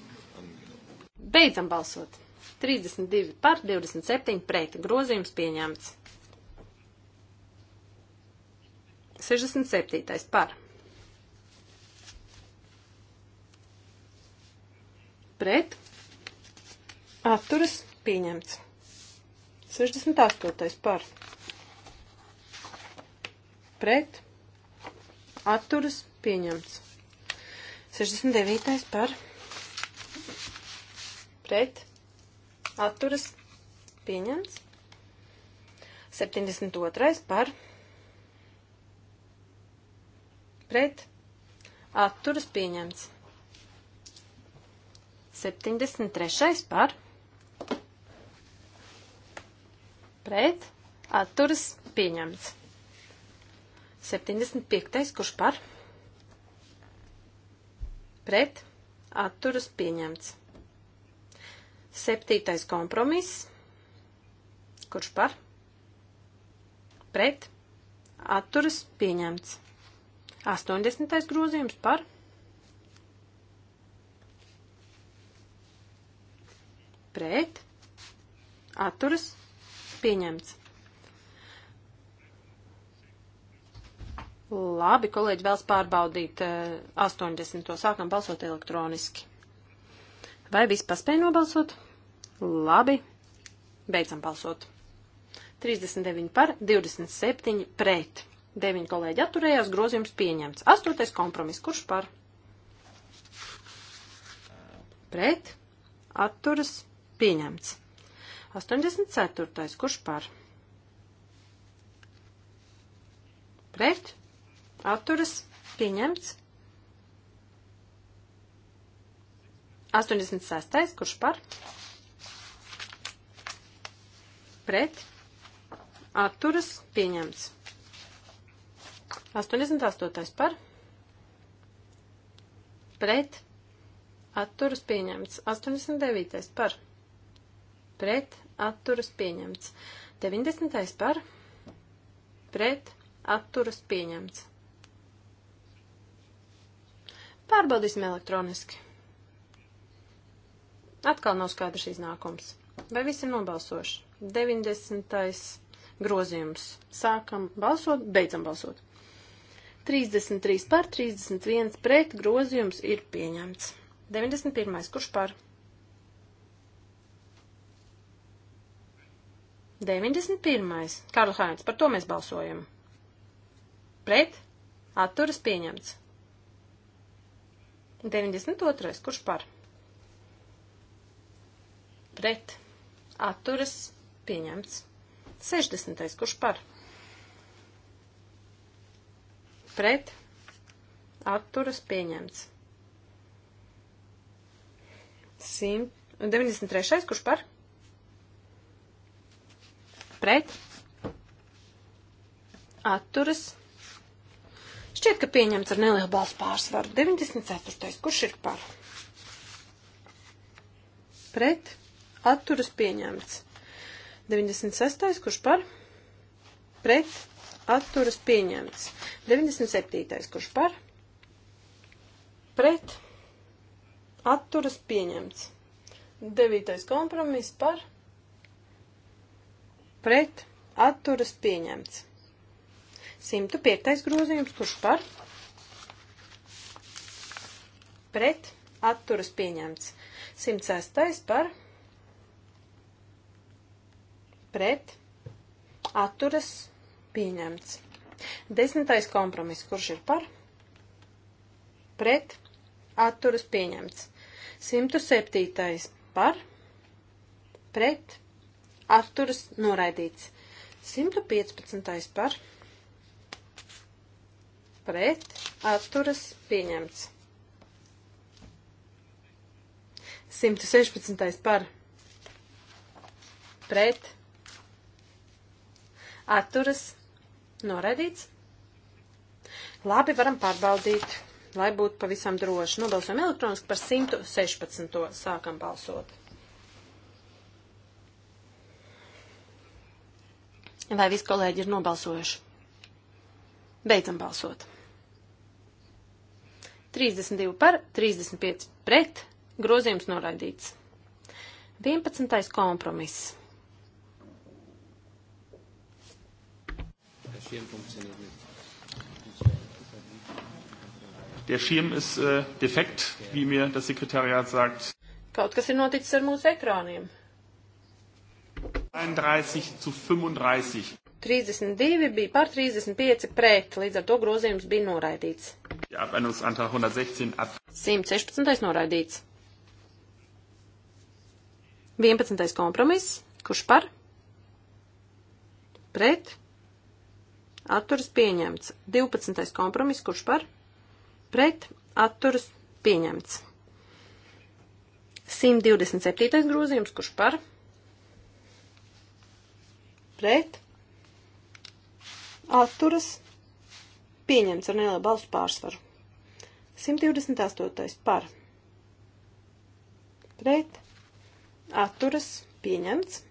Beidzam balsot. 32 par, 27 pret. Grozījums pieņemts. 67. par. Pret. Atturas pieņemts. 68. par. Pret. Atturas pieņemts. 69. par. Pret. Atturas pieņemts. 72. par pret atturas pieņemts. 73. par pret atturas pieņemts. 75. kurš par pret atturas pieņemts. 7. kompromiss kurš par pret atturas pieņemts. 80. grozījums par pret atturas pieņemts. Labi, kolēģi vēlas pārbaudīt 80. Eh, sākam balsot elektroniski. Vai viss paspēja nobalsot? Labi, beidzam balsot. 39 par, 27 pret. 9 kolēģi atturējās, grozījums pieņemts. 8. kompromis, kurš par? Pret, atturas, pieņemts. 84. kurš par? Pret, atturas, pieņemts. 86. kurš par? Pret, atturas, pieņemts. 88. par pret atturas pieņemts. 89. par pret atturas pieņemts. 90. par pret atturas pieņemts. Pārbaudīsim elektroniski. Atkal nav skaidrs iznākums. Vai visi ir nobalsoši? 90. grozījums. Sākam balsot, beidzam balsot. 33 par, 31 pret, grozījums ir pieņemts. 91. Kurš par? 91. Karl Hainz, par to mēs balsojam. Pret, atturas pieņemts. 92. Kurš par? Pret, atturas pieņemts. 60. Kurš par? pret, atturas pieņemts. 193. kurš par? Pret, atturas. Šķiet, ka pieņemts ar nelielu balsu pārsvaru. 94. kurš ir par? Pret, atturas pieņemts. 96. kurš par? Pret, atturas pieņemts. 97. kurš par, pret, atturas pieņemts. 9. kompromiss par, pret, atturas pieņemts. 105. grozījums, kurš par, pret, atturas pieņemts. 106. par, pret, atturas pieņemts pieņemts. Desmitais kompromiss, kurš ir par, pret, atturas pieņemts. 107. par, pret, atturas noraidīts. 115. par, pret, atturas pieņemts. 116. par, pret, atturas pieņemts Noraidīts. Labi, varam pārbaudīt, lai būtu pavisam droši. Nobalsojam elektroniski par 116. Sākam balsot. Vai visi kolēģi ir nobalsojuši? Beidzam balsot. 32 par, 35 pret, grozījums noraidīts. 11. kompromiss. Schirm funktioniert nicht. Der Schirm ist äh, defekt, wie mir das Sekretariat sagt. Kaut kas ir noticis ar mūsu ekrāniem. 31 zu 35. 32 bija par 35 pret, līdz ar to grozījums bija noraidīts. Ja, 116, ap... 116 noraidīts. 11. kompromiss. Kurš par? Pret? atturas pieņemts. 12. kompromiss, kurš par, pret, atturas pieņemts. 127. grozījums, kurš par, pret, atturas pieņemts ar nelielu balstu pārsvaru. 128. par, pret, atturas pieņemts.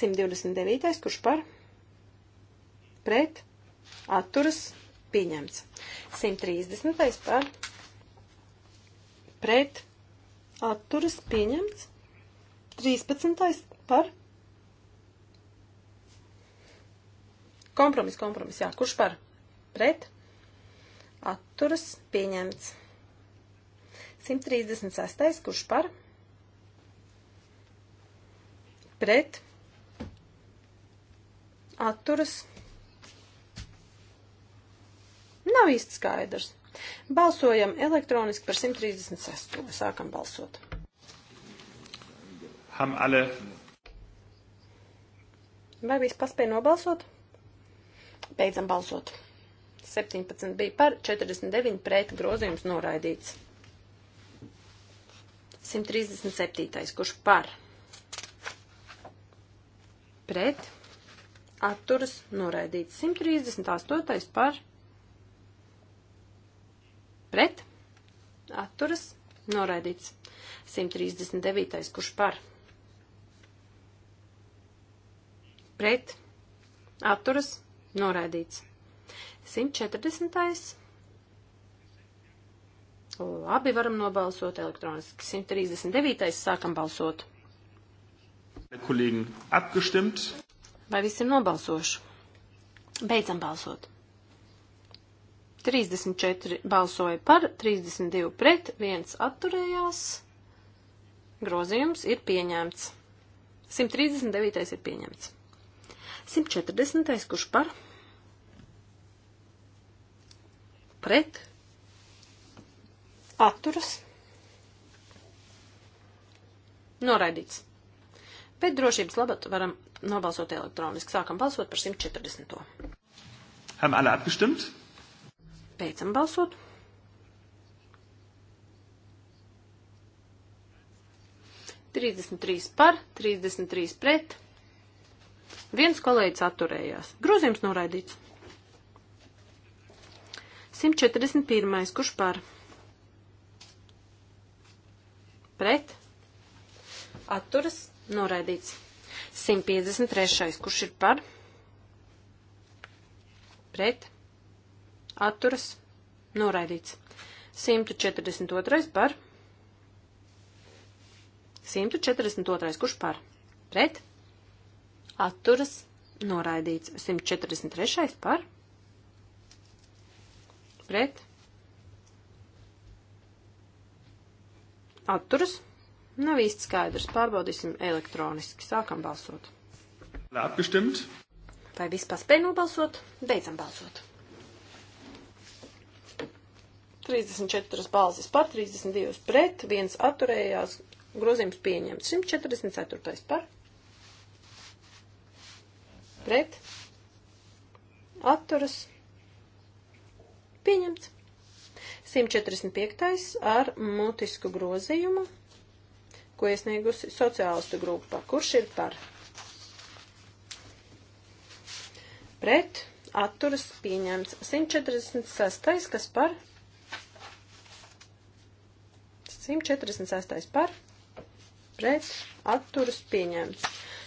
129. kurš par, pret, pret atturas pieņemts. 130. par pret atturas pieņemts. 13. par kompromis, kompromis, jā, kurš par pret atturas pieņemts. 136. kurš par pret atturas pieņemts nav īsti skaidrs. Balsojam elektroniski par 136. Sākam balsot. Ham alle. Vai visi paspēja nobalsot? Beidzam balsot. 17 bija par, 49 pret grozījums noraidīts. 137. Kurš par? Pret. Atturas noraidīts. 138. par pret, atturas, noraidīts. 139. kurš par, pret, atturas, noraidīts. 140. Labi, varam nobalsot elektroniski. 139. sākam balsot. Kolēģi, apgestimt. Vai visi ir nobalsoši? Beidzam balsot. 34 balsoja par, 32 pret, 1 atturējās. Grozījums ir pieņemts. 139. ir pieņemts. 140. kurš par? Pret. Atturas. Noraidīts. Pēc drošības labāk varam nobalsot elektroniski. Sākam balsot par 140. Haben alle abgestimmt? Beidzam balsot. Trīsdesmit trīs par, trīsdesmit trīs pret. Viens kolēģis atturējās. Grozījums noraidīts. 141. Kurš par? Pret. Atturas. Noraidīts. 153. Kurš ir par? Pret atturas noraidīts. 142. par 142. kurš par pret atturas noraidīts. 143. par pret atturas nav īsti skaidrs. Pārbaudīsim elektroniski. Sākam balsot. Abgestimmt. Vai viss paspēja nobalsot? Beidzam balsot. 34 balsis par, 32 pret, 1 atturējās, grozījums pieņemts. 144 par, pret, atturas, pieņemts. 145. ar mutisku grozījumu, ko iesniegusi sociālistu grupa. Kurš ir par? Pret, atturas, pieņemts. 146. kas par? 146. par, pret, atturas pieņemts.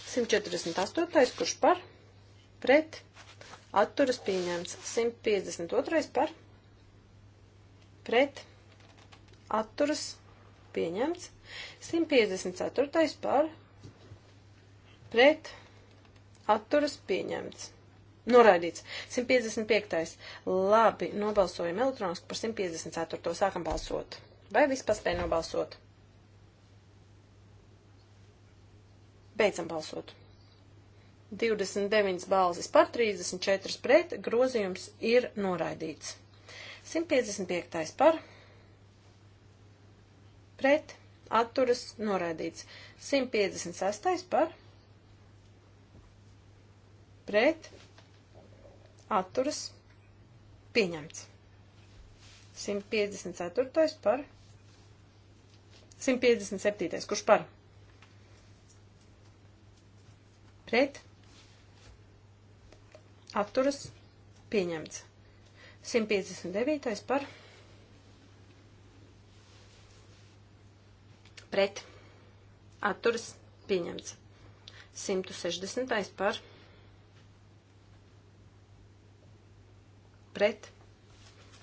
148. kurš par, pret, atturas pieņemts. 152. par, pret, atturas pieņemts. 154. par, pret, atturas pieņemts. Noraidīts. 155. Labi, nobalsojam elektroniski par 154. Sākam balsot. Vai vispār spēj nobalsot? Beidzam balsot. 29 balsis par 34 pret, grozījums ir noraidīts. 155 par, pret, atturas, noraidīts. 156 par, pret, atturas, pieņemts. 154. par. 157. Kurš par? Pret. Atturas. Pieņemts. 159. par. Pret. Atturas. Pieņemts. 160. par. Pret.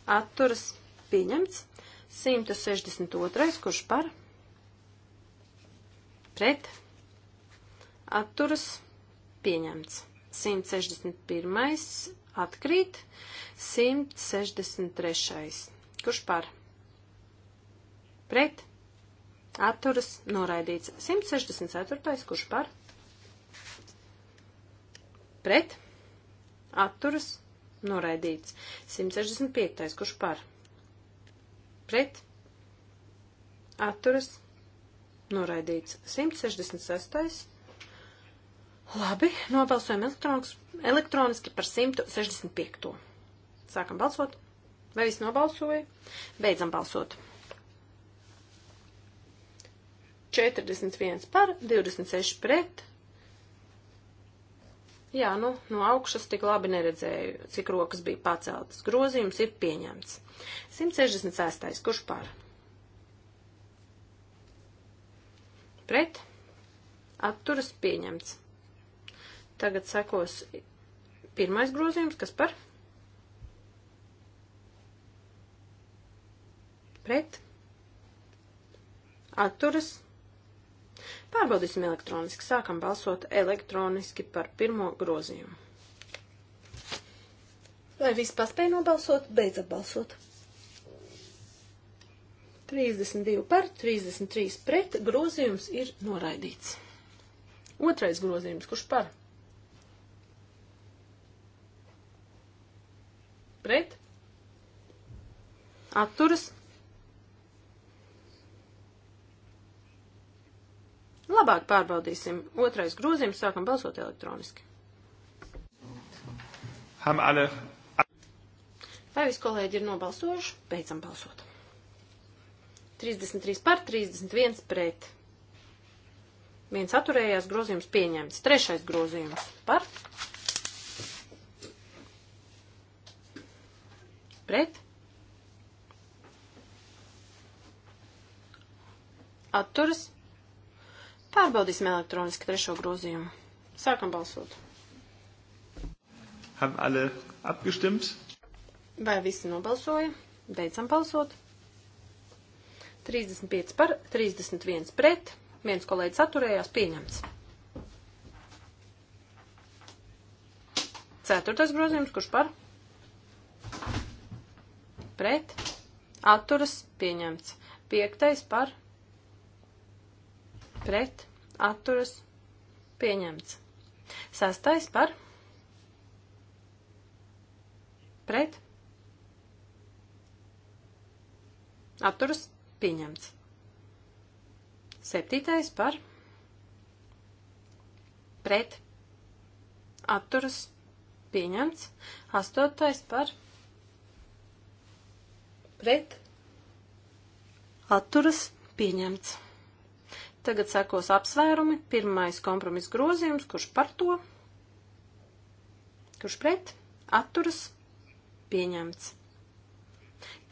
Atturas. Pieņemts pieņemts. 162. Kurš par? Pret. Atturas pieņemts. 161. Atkrīt. 163. Kurš par? Pret. Atturas noraidīts. 164. Kurš par? Pret. Atturas noraidīts. 165. Kurš par? pret atturas noraidīts. 166. Labi, nobalsojam elektroniski par 165. Sākam balsot. Vai viss nobalsoja? Beidzam balsot. 41 par, 26 pret, Jā, nu, no augšas tik labi neredzēju, cik rokas bija paceltas. Grozījums ir pieņemts. 166. Kurš par? Pret? Atturas pieņemts. Tagad sekos pirmais grozījums, kas par? Pret? Atturas pieņemts Pārbaudīsim elektroniski. Sākam balsot elektroniski par pirmo grozījumu. Lai viss paspēja nobalsot, beidzot balsot. 32 par, 33 pret, grozījums ir noraidīts. Otrais grozījums, kurš par? Pret? Atturas? Labāk pārbaudīsim. Otrais grozījums sākam balsot elektroniski. Vai visi kolēģi ir nobalsojuši? Beidzam balsot. 33 par, 31 pret. Viens atturējās, grozījums pieņemts. Trešais grozījums par. Pret. Atturas Pārbaudīsim elektroniski trešo grozījumu. Sākam balsot. Haben alle abgestimmt? Vai visi nobalsoja? Beidzam balsot. 35 par, 31 pret, viens kolēģis atturējās, pieņemts. Ceturtais grozījums, kurš par? Pret, atturas, pieņemts. Piektais par, pret, atturas, pieņemts. Sastais par, pret, atturas, pieņemts. Septītais par, pret, atturas, pieņemts. Astotais par, pret, atturas, pieņemts. Tagad sekos apsvērumi. Pirmais kompromis grozījums, kurš par to, kurš pret, atturas, pieņemts.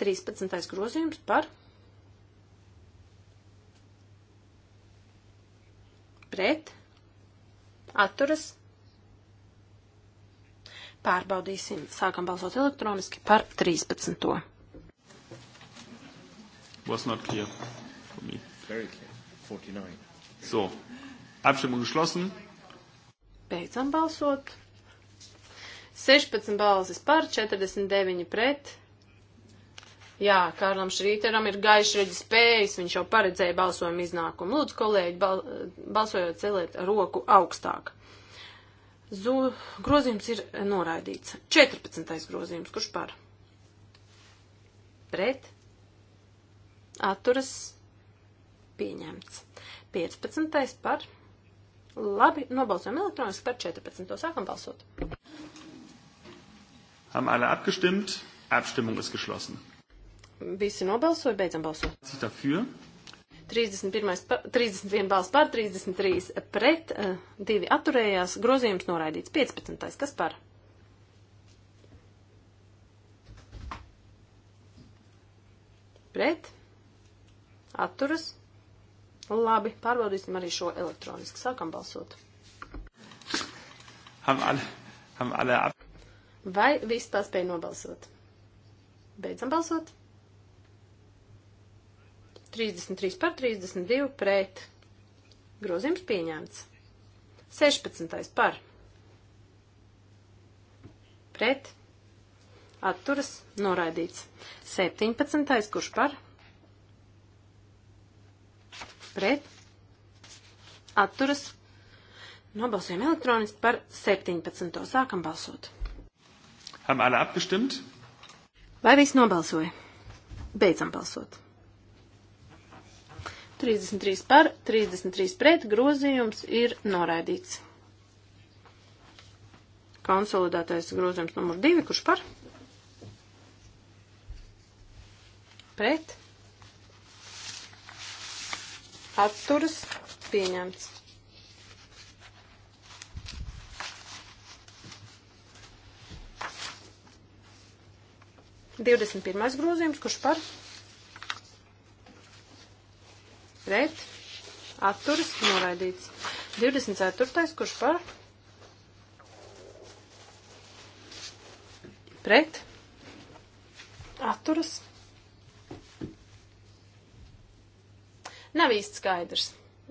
13. grozījums par pret, atturas, pārbaudīsim. Sākam balsot elektroniski par 13. Was not clear for me. Very clear. 49. So, Abstimmung geschlossen. Beidzam balsot. 16 balsis par, 49 pret. Jā, Kārlam Šrīteram ir gaišreģis spējas, viņš jau paredzēja balsojumu iznākumu. Lūdzu, kolēģi, bal, balsojot celiet roku augstāk. Zu, grozījums ir noraidīts. 14. grozījums, kurš par? Pret? Atturas? pieņemts. 15. par. Labi, nobalsojam elektroniski par 14. Sākam balsot. Haben alle abgestimmt? Abstimmung ist geschlossen. Visi nobalsoja, beidzam balsot. Dafür. 31, par, 31 balss par, 33 pret, 2 eh, atturējās, grozījums noraidīts. 15. Kas par? Pret. Atturas. Labi, pārbaudīsim arī šo elektroniski. Sākam balsot. Vai viss paspēja nobalsot? Beidzam balsot. 33 par 32 pret. Grozījums pieņemts. 16. par. Pret. Atturas noraidīts. 17. kurš par? pret atturas nobalsojam elektroniski par 17. Sākam balsot. Haben alle abgestimmt? Vai viss nobalsoja? Beidzam balsot. 33 par, 33 pret, grozījums ir noraidīts. Konsolidētais grozījums numur 2, kurš par? Pret atturas pieņemts. Divdesmit pirmais grozījums, kurš par pret atturas noraidīts. 24. kurš par pret atturas nav īsti skaidrs.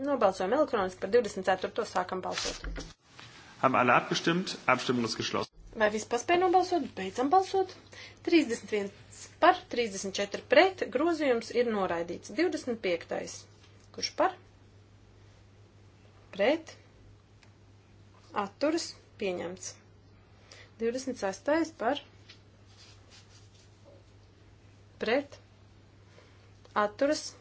Nobalsojam elektroniski par 24. sākam balsot. Haben alle abgestimmt? Abstimmung ist geschlossen. Vai viss paspēja nobalsot? Beidzam balsot. 31 par, 34 pret, grozījums ir noraidīts. 25. Kurš par? Pret. Atturas pieņemts. 26. par. Pret. Atturas pieņemts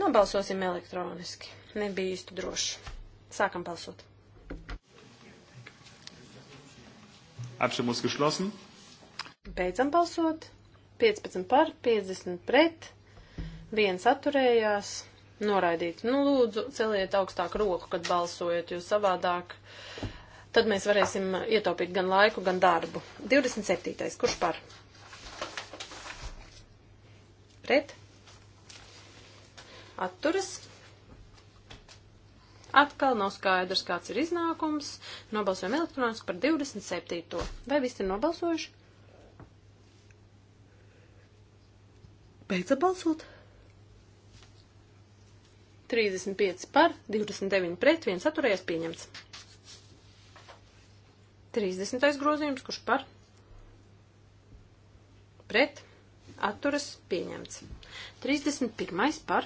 Nobalsosim elektroniski. Nebija īsti droši. Sākam balsot. Apšamos geschlossen. Beidzam balsot. 15 par, 50 pret. Viens atturējās. Noraidīt. Nu, lūdzu, celiet augstāk roku, kad balsojat, jo savādāk tad mēs varēsim ietaupīt gan laiku, gan darbu. 27. Kurš par? Pret? atturas. Atkal nav skaidrs, kāds ir iznākums. Nobalsojam elektroniski par 27. Vai visi ir nobalsojuši? Beidz balsot. 35 par, 29 pret, 1 atturējās pieņemts. 30. grozījums, kurš par? Pret atturas pieņemts. 31. par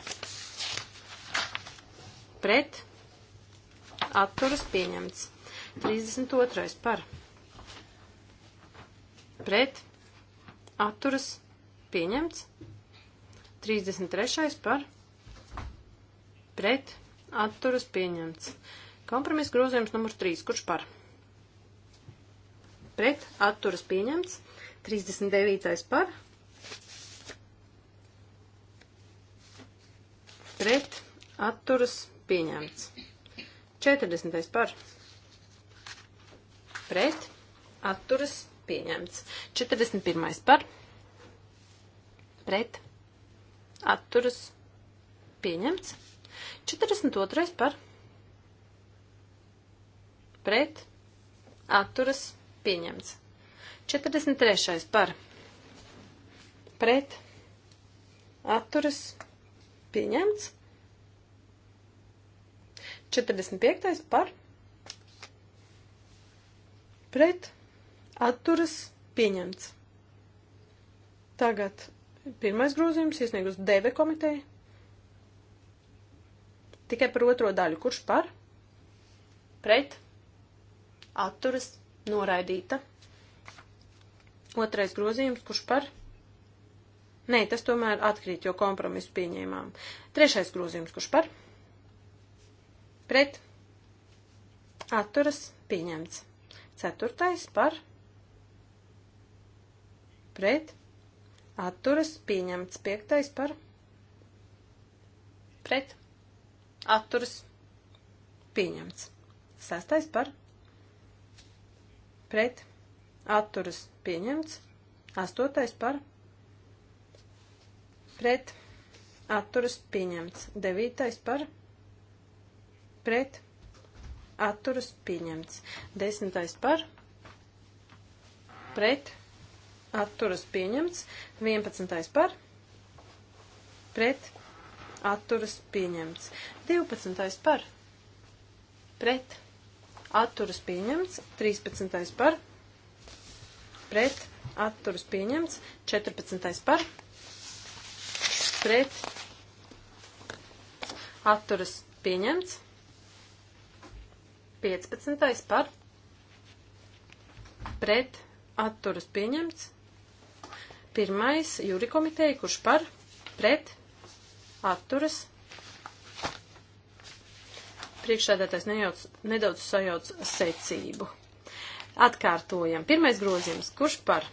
pret atturas pieņemts. 32. par pret atturas pieņemts. 33. par pret atturas pieņemts. Kompromiss grozījums numur 3. Kurš par? Pret atturas pieņemts. 39. par pret atturas pieņemts. 40. par pret atturas pieņemts. 41. par pret atturas pieņemts. 42. par pret atturas pieņemts. 43. par pret atturas pieņemts Pieņemts. 45. par pret atturas pieņemts. Tagad pirmais grozījums iesniegus DV komiteja. Tikai par otro daļu. Kurš par? Pret atturas noraidīta. Otrais grozījums, kurš par? Pret Nē, tas tomēr atkrīt, jo kompromisu pieņēmām. Trešais grozījums, kurš par? Pret. Atturas pieņemts. Ceturtais par. Pret. Atturas pieņemts. Piektais par. Pret. Atturas pieņemts. Sestais par. Pret. Atturas pieņemts. Astotais par. Pret pret atturas pieņemts. 9. par pret atturas pieņemts. 10. par pret atturas pieņemts. 11. par pret atturas pieņemts. 12. par pret atturas pieņemts. 13. par pret atturas pieņemts. 14. par pret pret atturas pieņemts. 15. par pret atturas pieņemts. Pirmais jūri komiteja, kurš par pret atturas priekšsēdētājs nejauc, nedaudz sajauc secību. Atkārtojam. Pirmais grozījums. Kurš par?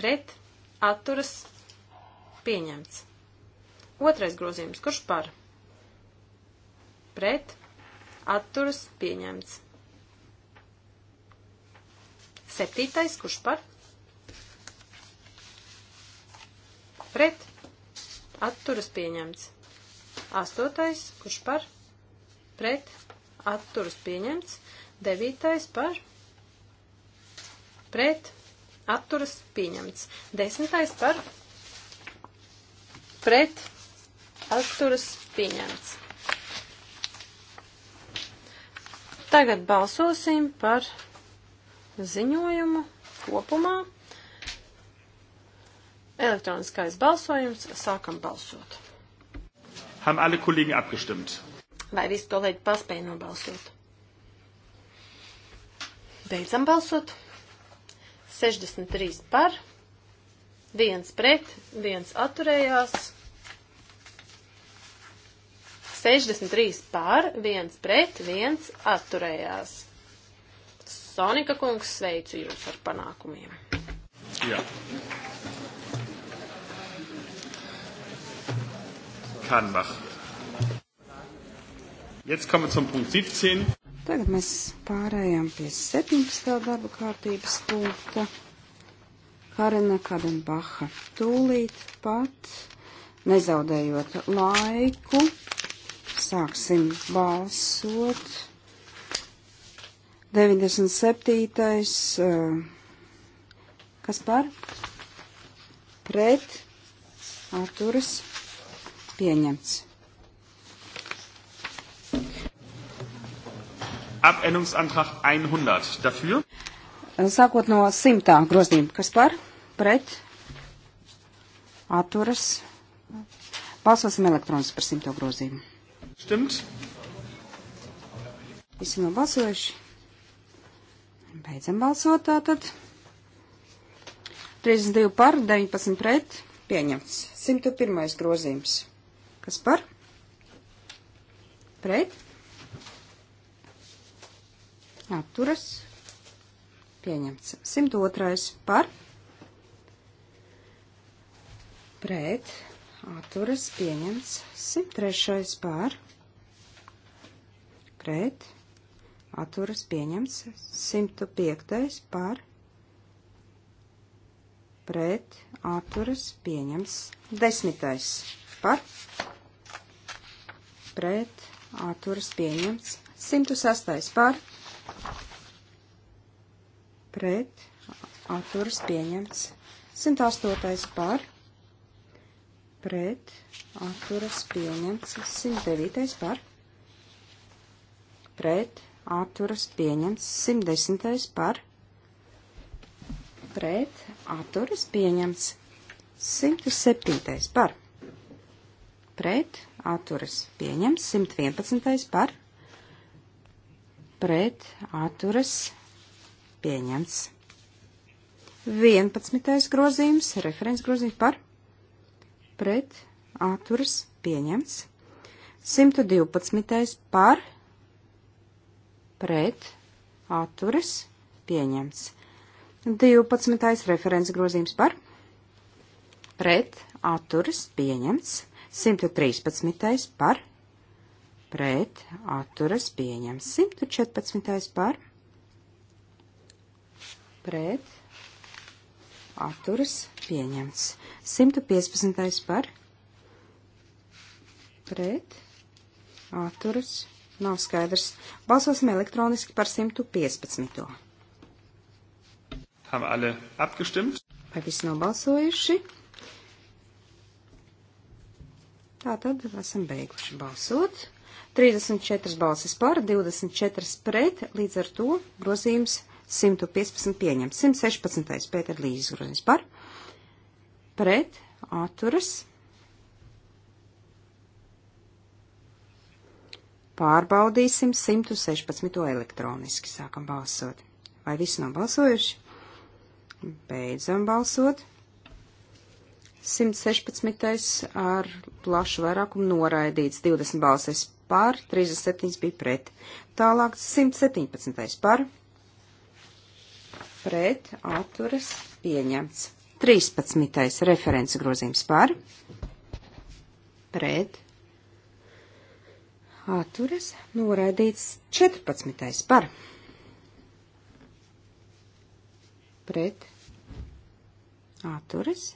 Pret atturas pieņemts. Otrais grozījums, kurš par? Pret, atturas, pieņemts. Septītais, kurš par? Pret, atturas, pieņemts. Astotais, kurš par? Pret, atturas, pieņemts. Devītais par? Pret, atturas, pieņemts. Desmitais par? Pret, pret atturas pieņemts. Tagad balsosim par ziņojumu kopumā. Elektroniskais balsojums. Sākam balsot. Haben alle Kollegen abgestimmt? Vai visi kolēģi paspēja nobalsot? Beidzam balsot. 63 par, viens pret, viens atturējās, 63 pār, viens pret, viens atturējās. Sonika kungs, sveicu jūs ar panākumiem. Jā. Kanbach. Jetzt kommen wir zum Punkt 17. Tagad mēs pārējām pie 17. darba kārtības punkta. Karina Kadenbacha. Tūlīt pat, nezaudējot laiku, sāksim balsot. 97. Eh, kas par? Pret. Atturas. Pieņemts. Abänderungsantrag 100. Dafür? Sākot no simtā grozījuma, kas par? pret, atturas. Balsosim elektroniski par simto grozījumu. Stimmt. Visi nobalsojuši. Beidzam balsot tātad. 32 par, 19 pret, pieņemts. 101 grozījums. Kas par? Pret. Atturas. Pieņemts. 102 par pret atturas pieņemts 103. pār pret atturas pieņemts 105. pār pret atturas pieņemts 10. par pret atturas pieņemts 106. par pret atturas pieņemts 108. par pret pret atturas pieņemts 109. par pret atturas pieņemts 110. par pret atturas pieņemts 107. par pret atturas pieņemts 111. par pret atturas pieņemts. 11. grozījums, referents grozījums par pret atturas pieņemts. 112. par pret atturas pieņemts. 12. referents grozījums par pret atturas pieņemts. 113. par pret atturas pieņemts. 114. par pret atturas pieņemts. 115. par pret atturas nav skaidrs. Balsosim elektroniski par 115. Haben alle abgestimmt? Vai visi nobalsojuši? Tātad esam beiguši balsot. 34 balsis par, 24 pret, līdz ar to grozījums 115 pieņemts. 116. Pēter Līzes grozījums par pret atturas pārbaudīsim 116. elektroniski sākam balsot. Vai visi nav balsojuši? Beidzam balsot. 116. ar plašu vairākumu noraidīts, 20 balsis par, 37 bija pret. Tālāk 117. par, pret, atturas, pieņemts. 13. referents grozījums par, pret, atturas, noraidīts 14. par, pret, atturas,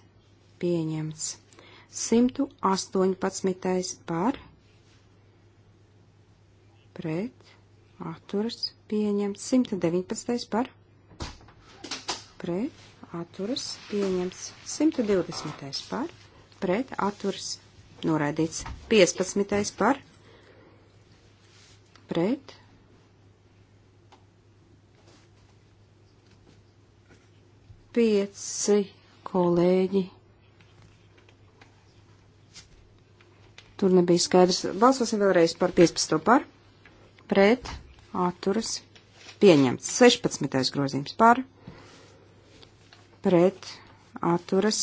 pieņemts 118. par, pret, atturas, pieņemts 119. par, pret, atturas pieņemts 120. par, pret atturas noraidīts 15. par, pret pieci kolēģi. Tur nebija skaidrs. Balsosim vēlreiz par 15. par, pret atturas pieņemts 16. grozījums par pret atturas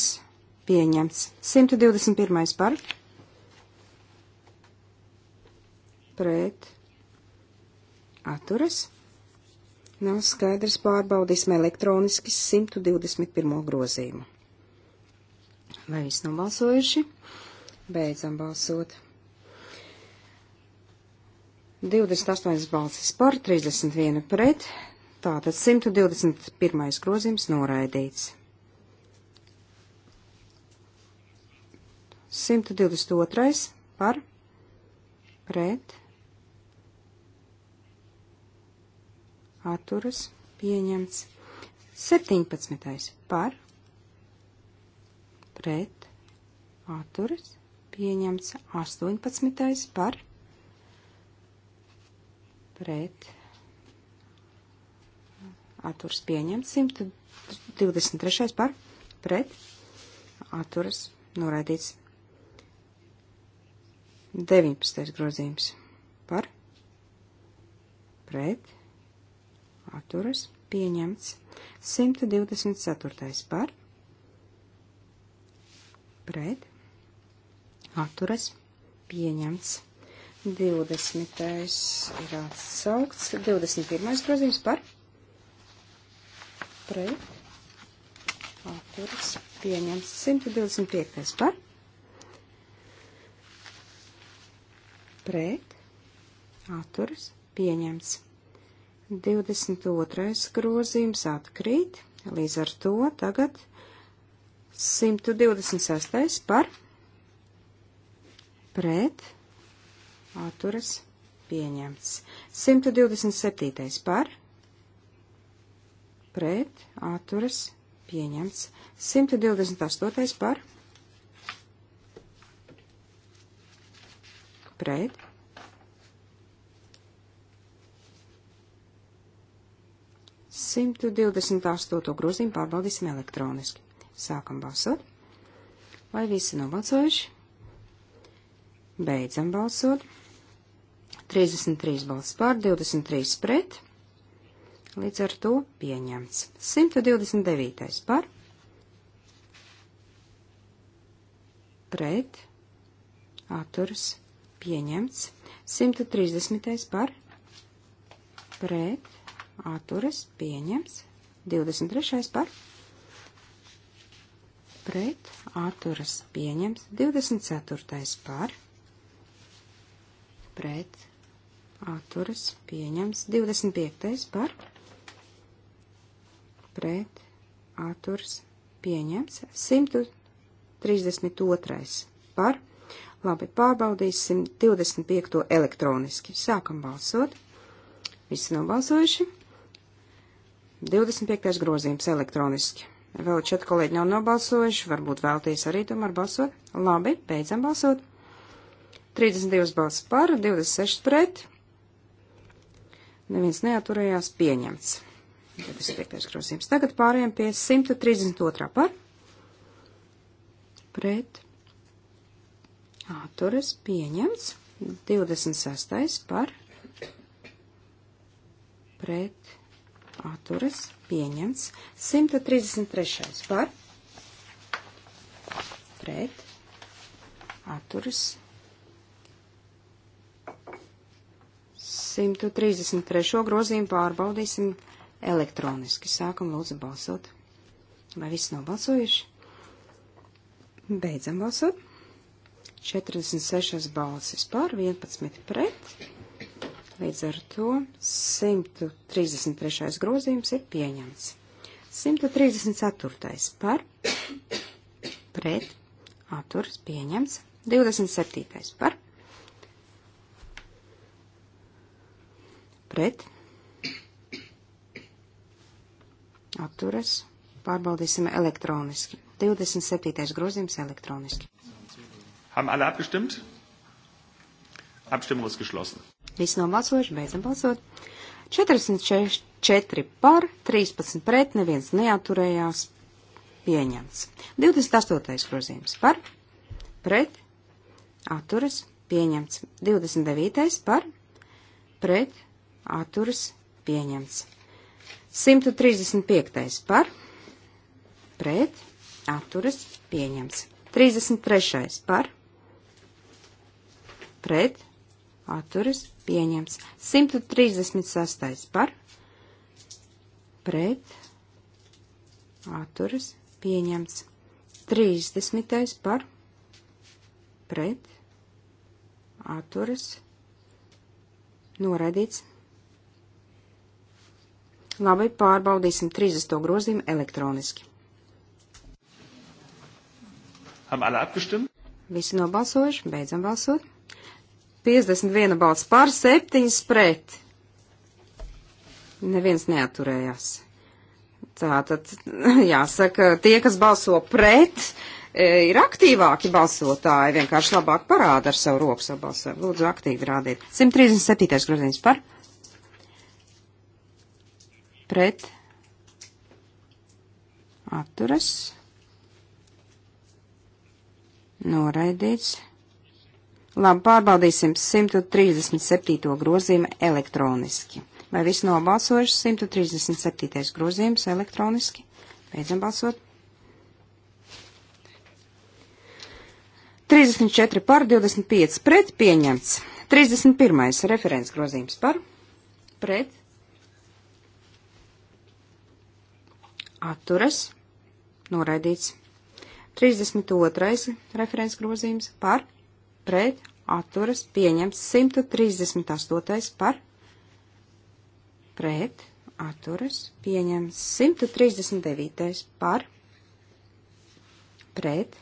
pieņemts. 121. par pret atturas. Nav skaidrs, pārbaudīsim elektroniski 121. grozījumu. Vai viss nav balsojuši? Beidzam balsot. 28 balsis par, 31 pret, Tātad 121. grozījums noraidīts. 122. par pret atturas pieņemts. 17. par pret atturas pieņemts. 18. par pret atturas pieņemts atturas pieņemts, 123. par pret atturas noraidīts. 19. grozījums par pret atturas pieņemts, 124. par pret atturas pieņemts. 20. ir atsaukts, 21. grozījums par pret, atturas, pieņemts 125. par, pret, atturas, pieņemts. 22. grozījums atkrīt, līdz ar to tagad 126. par, pret, atturas, pieņemts. 127. par, pret atturas pieņemts. 128. par pret Simtu divdesmit astoto grozījumu pārbaudīsim elektroniski. Sākam balsot. Vai visi nobalsojuši? Beidzam balsot. 33 balss pār, 23 pret. Līdz ar to pieņemts. 129. par pret atturs pieņemts. 130. par pret atturs pieņemts. 23. par pret atturas pieņemts. 24. par pret atturas pieņemts. 25. par pret pret atturs pieņemts. 132. par. Labi, pārbaudīsim 25. elektroniski. Sākam balsot. Visi nobalsojuši. 25. grozījums elektroniski. Vēl četri kolēģi nav nobalsojuši, varbūt vēlties arī tomēr balsot. Labi, beidzam balsot. 32 balss par, 26 pret. Neviens neaturējās pieņemts. 25. grozījums. Tagad pārējām pie 132. par. Pret. Atturas pieņemts. 26. par. Pret. Atturas pieņemts. 133. par. Pret. Atturas. 133. grozījumu pārbaudīsim elektroniski. Sākam lūdzu balsot. Vai viss nav balsojuši? Beidzam balsot. 46 balsis pār, 11 pret. Līdz ar to 133. grozījums ir pieņemts. 134. par, pret, atturas pieņemts. 27. par, pret, atturas, pārbaudīsim elektroniski. 27. grozījums elektroniski. Haben alle abgestimmt? Abstimmung ist geschlossen. Viss nobalsojuši, beidzam balsot. 44 par, 13 pret, neviens neaturējās. Pieņemts. 28. grozījums par, pret, atturas, pieņemts. 29. par, pret, atturas, pieņemts. 135. par, pret, atturas, pieņems. 33. par, pret, atturas, pieņems. 136. par, pret, atturas, pieņems. 30. par, pret, atturas, noraidīts. Labi, pārbaudīsim 30. grozījumu elektroniski. Visi nobalsojuši, beidzam balsot. 51 balss pār, 7 pret. Neviens neaturējās. Tātad, jāsaka, tie, kas balso pret, e, ir aktīvāki balsotāji, vienkārši labāk parāda ar savu roku sabalsojumu. Lūdzu, aktīvi rādiet. 137. grozījums par pret atturas noraidīts. Labi, pārbaudīsim 137. grozījumu elektroniski. Vai visi nobalsojuši 137. grozījums elektroniski? Beidzam balsot. 34 par, 25 pret, pieņemts. 31. referents grozījums par, pret, atturas, noraidīts. 32. referents grozījums par, pret, atturas, pieņemts. 138. par, pret, atturas, pieņemts. 139. par, pret,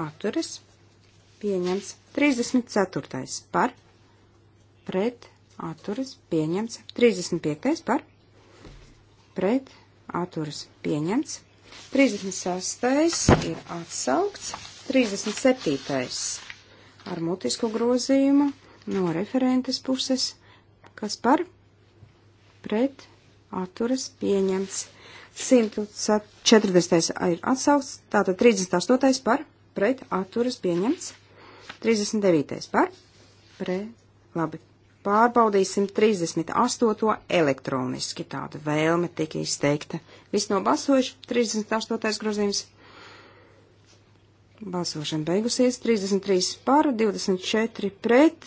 atturas, pieņemts. 34. par, pret, atturas, pieņemts. 35. par, pret pret atturas pieņemts. 36. ir atsaukts. 37. ar mutisku grozījumu no referentes puses, kas par pret atturas pieņemts. 140. ir atsaukts, tātad 38. par pret atturas pieņemts. 39. par pret labi Pārbaudīsim 38. elektroniski. Tāda vēlme tika izteikta. Viss no balsojuši 38. grozījums. Balsošana beigusies 33 pār, 24 pret,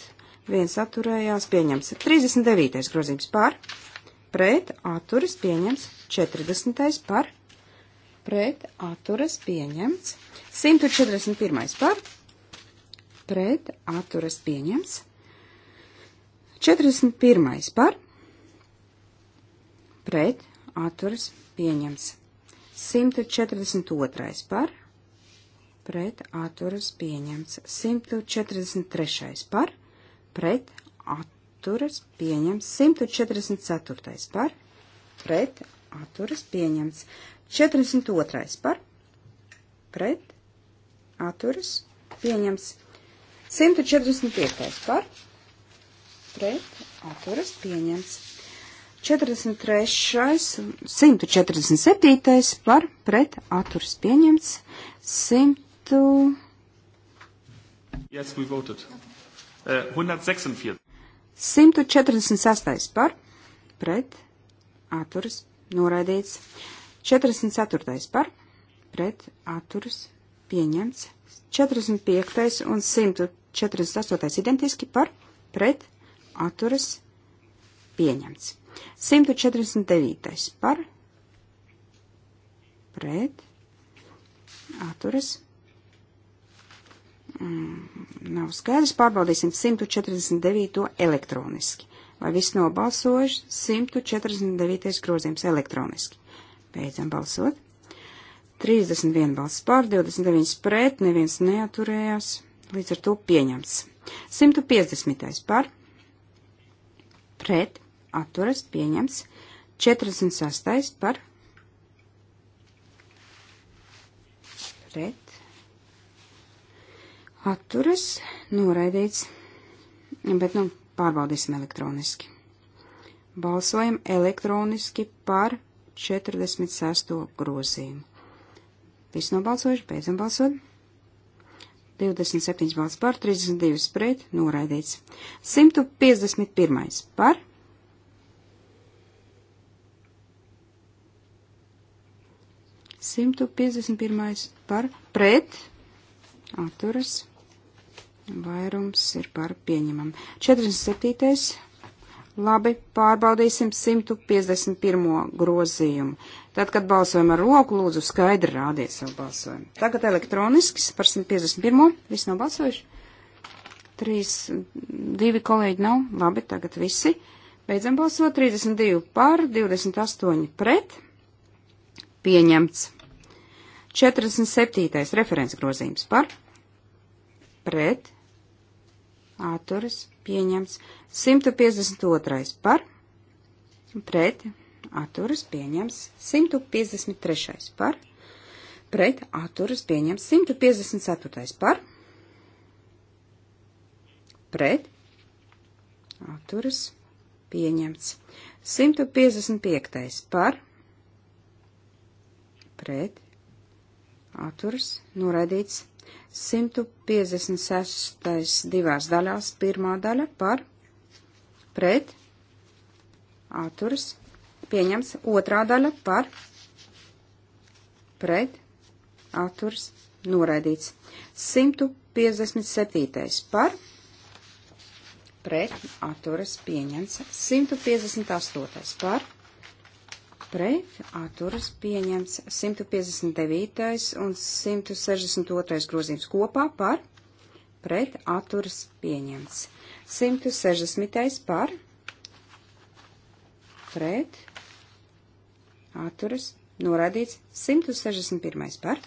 viens atturējās pieņems. 39. grozījums pār, pret, atturis pieņems. 40. par, pret, atturas pieņemts. 141. par, pret, atturas pieņemts. 41. par pret atturas pieņems. 142. par pret atturas pieņems. 143. par pret atturas pieņems. 144. par pret atturas pieņems. 42. par pret atturas pieņems. 145. par pret pret atturas pieņemts. 43. 147. par pret atturas pieņemts. 100. Yes, we voted. Uh, 146. 146. par pret atturas noraidīts. 44. par pret atturas pieņemts. 45. un 148. identiski par pret atturas pieņemts. 149. par pret atturas mm, nav skaidrs. Pārbaudīsim 149. elektroniski. Vai viss nobalsojuši 149. grozījums elektroniski? Beidzam balsot. 31 balss pār, 29 pret, neviens neaturējās, līdz ar to pieņemts. 150. par pret atturas pieņemts. 46. par pret atturas noraidīts, bet nu pārbaudīsim elektroniski. Balsojam elektroniski par 46. grozījumu. Viss nobalsojuši, beidzam balsot. 27 balsts par, 32 pret, noraidīts. 151 par. Simtu piecdesmit pirmais par pret atturas vairums ir par pieņemam. 47. Labi, pārbaudīsim 151. grozījumu. Tad, kad balsojam ar roku, lūdzu skaidri rādiet savu balsojumu. Tagad elektroniski par 151. Viss nav balsojuši. Trīs, divi kolēģi nav. Labi, tagad visi. Beidzam balsot. 32 pār, 28 pret. Pieņemts. 47. referents grozījums par. Pret. Atturis. Pieņemts. 152. par. Pret atturas pieņems 153. par, pret atturas pieņems 154. par, pret atturas pieņemts 155. par, pret atturas noraidīts 156. divās daļās pirmā daļa par, pret atturas pieņemts pieņems otrā daļa par pret atturs noraidīts. 157. par pret atturas pieņems. 158. par pret atturas pieņems. 159. un 162. grozījums kopā par pret atturas pieņems. 160. par pret pret, atturas, norādīts 161. par,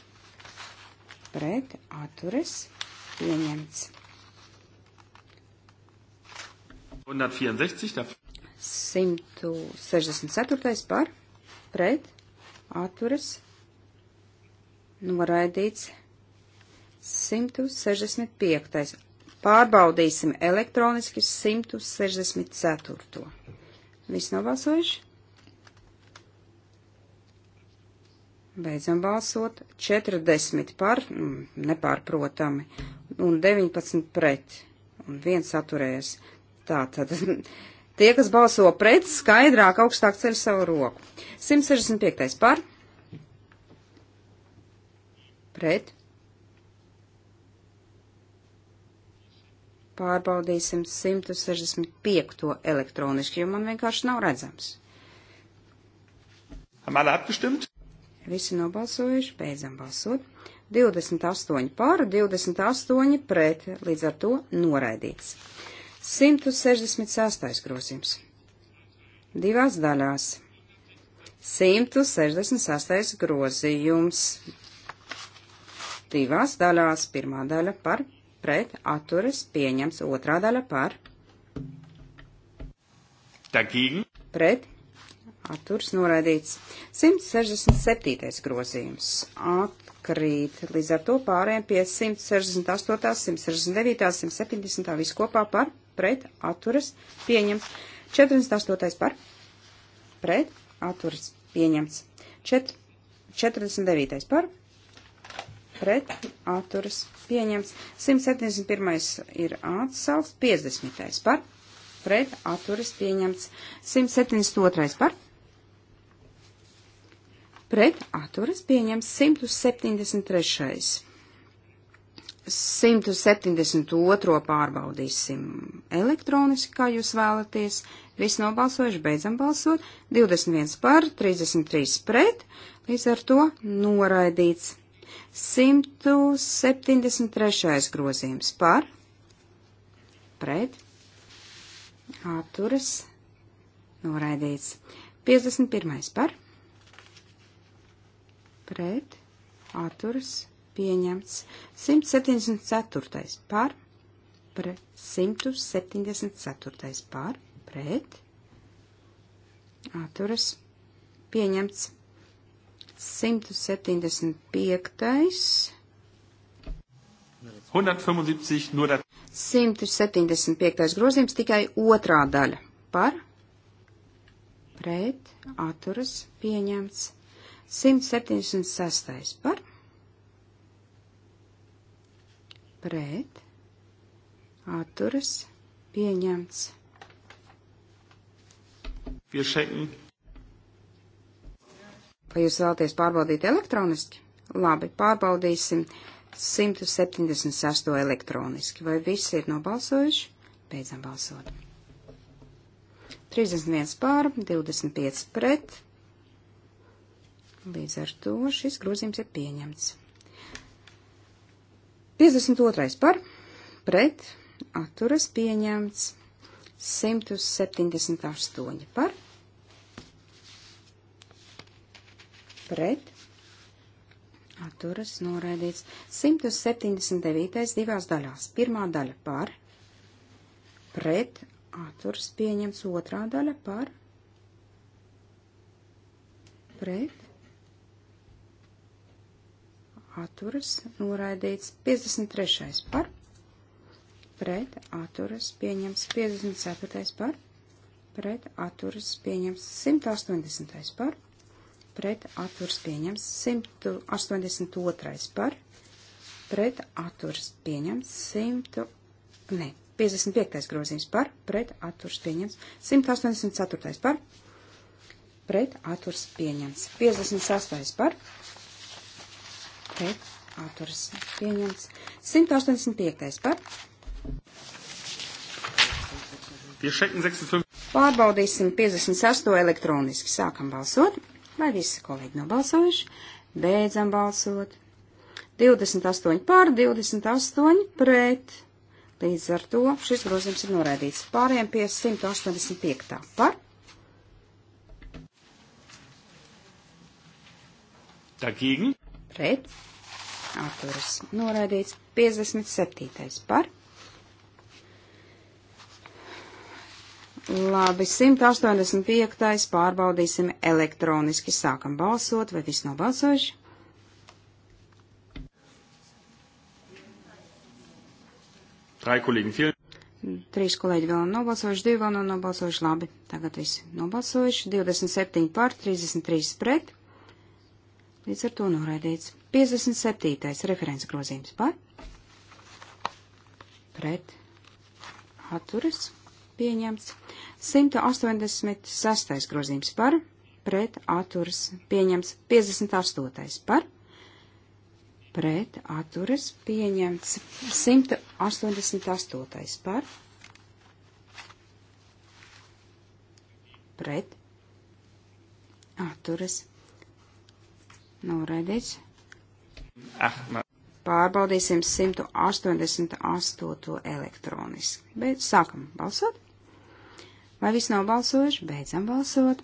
pret, atturas, pieņemts. 164. 164. par, pret, atturas, noraidīts 165. Pārbaudīsim elektroniski 164. Viss nobalsojuši? Beidzam balsot. 40 par, mm, nepārprotami, un 19 pret, un viens atturējies. Tā tad tie, kas balso pret, skaidrāk augstāk ceļ savu roku. 165 par, pret, pārbaudīsim 165. elektroniski, jo man vienkārši nav redzams. Visi nobalsojuši, beidzam balsot. 28 pār, 28 pret, līdz ar to noraidīts. 166. grozījums. Divās daļās. 168. grozījums. Divās daļās. Pirmā daļa par pret atturas pieņemts. Otrā daļa par dagegen pret atturs noraidīts. 167. grozījums atkrīt, līdz ar to pārējiem pie 168., 169., 170. viskopā par pret atturas pieņemts. 48. par pret atturas pieņemts. 49. par pret pret atturas pieņemts. 171. ir atsaukts. 50. par pret atturas pieņemts. 172. par pret atturas pieņemts. 173. 172. pārbaudīsim elektroniski, kā jūs vēlaties. Visi nobalsojuši, beidzam balsot. 21 par, 33 pret, līdz ar to noraidīts. 173. grozījums par, pret, atturas, noraidīts. 51. par, pret, atturas, pieņemts. 174. par, pret, 174. par, pret, atturas, pieņemts. 175. 175, nur dat... 175. grozījums tikai otrā daļa par, pret, atturas, pieņemts. 176. par, pret, atturas, pieņemts. Wir schenken Vai jūs vēlaties pārbaudīt elektroniski? Labi, pārbaudīsim 176. elektroniski. Vai visi ir nobalsojuši? Beidzam balsot. 31 pār, 25 pret. Līdz ar to šis grozījums ir pieņemts. 52 par, pret, atturas pieņemts. 178 par pret, atturas noraidīts. 179. divās daļās. Pirmā daļa par, pret, atturas pieņemts. Otrā daļa par, pret, atturas noraidīts. 53. par, pret, atturas pieņemts. 54. par, pret, atturas pieņemts. 180. par, pret, pret atturs pieņems 182 par, pret atturs pieņems 100, ne, 55. grozījums par, pret atturs pieņems 184 par, pret atturs pieņems 58 par, pret atturs pieņems 185 par. Pārbaudīsim 58 elektroniski. Sākam balsot. Vai visi kolēģi nobalsojuši? Beidzam balsot. 28 pār, 28 pret. Līdz ar to šis grozījums ir noraidīts. Pārējiem pie 185. par. Dagegen. Pret. Atturas noraidīts. 57. par. Labi, 185. pārbaudīsim elektroniski. Sākam balsot, vai viss nav balsojuši? Trīs kolēģi vēl nav nobalsojuši, divi vēl nav nobalsojuši. Labi, tagad visi nobalsojuši. 27 pār, 33 pret. Līdz ar to noraidīts. 57. referents grozījums par. Pret. Atturis. Pieņemts. 186. grozījums par, pret atturas pieņemts 58. par, pret atturas pieņemts 188. par, pret atturas noraidīts. Ah, Pārbaudīsim 188. elektroniski, bet sākam balsot. Vai viss nav balsojuši? Beidzam balsot.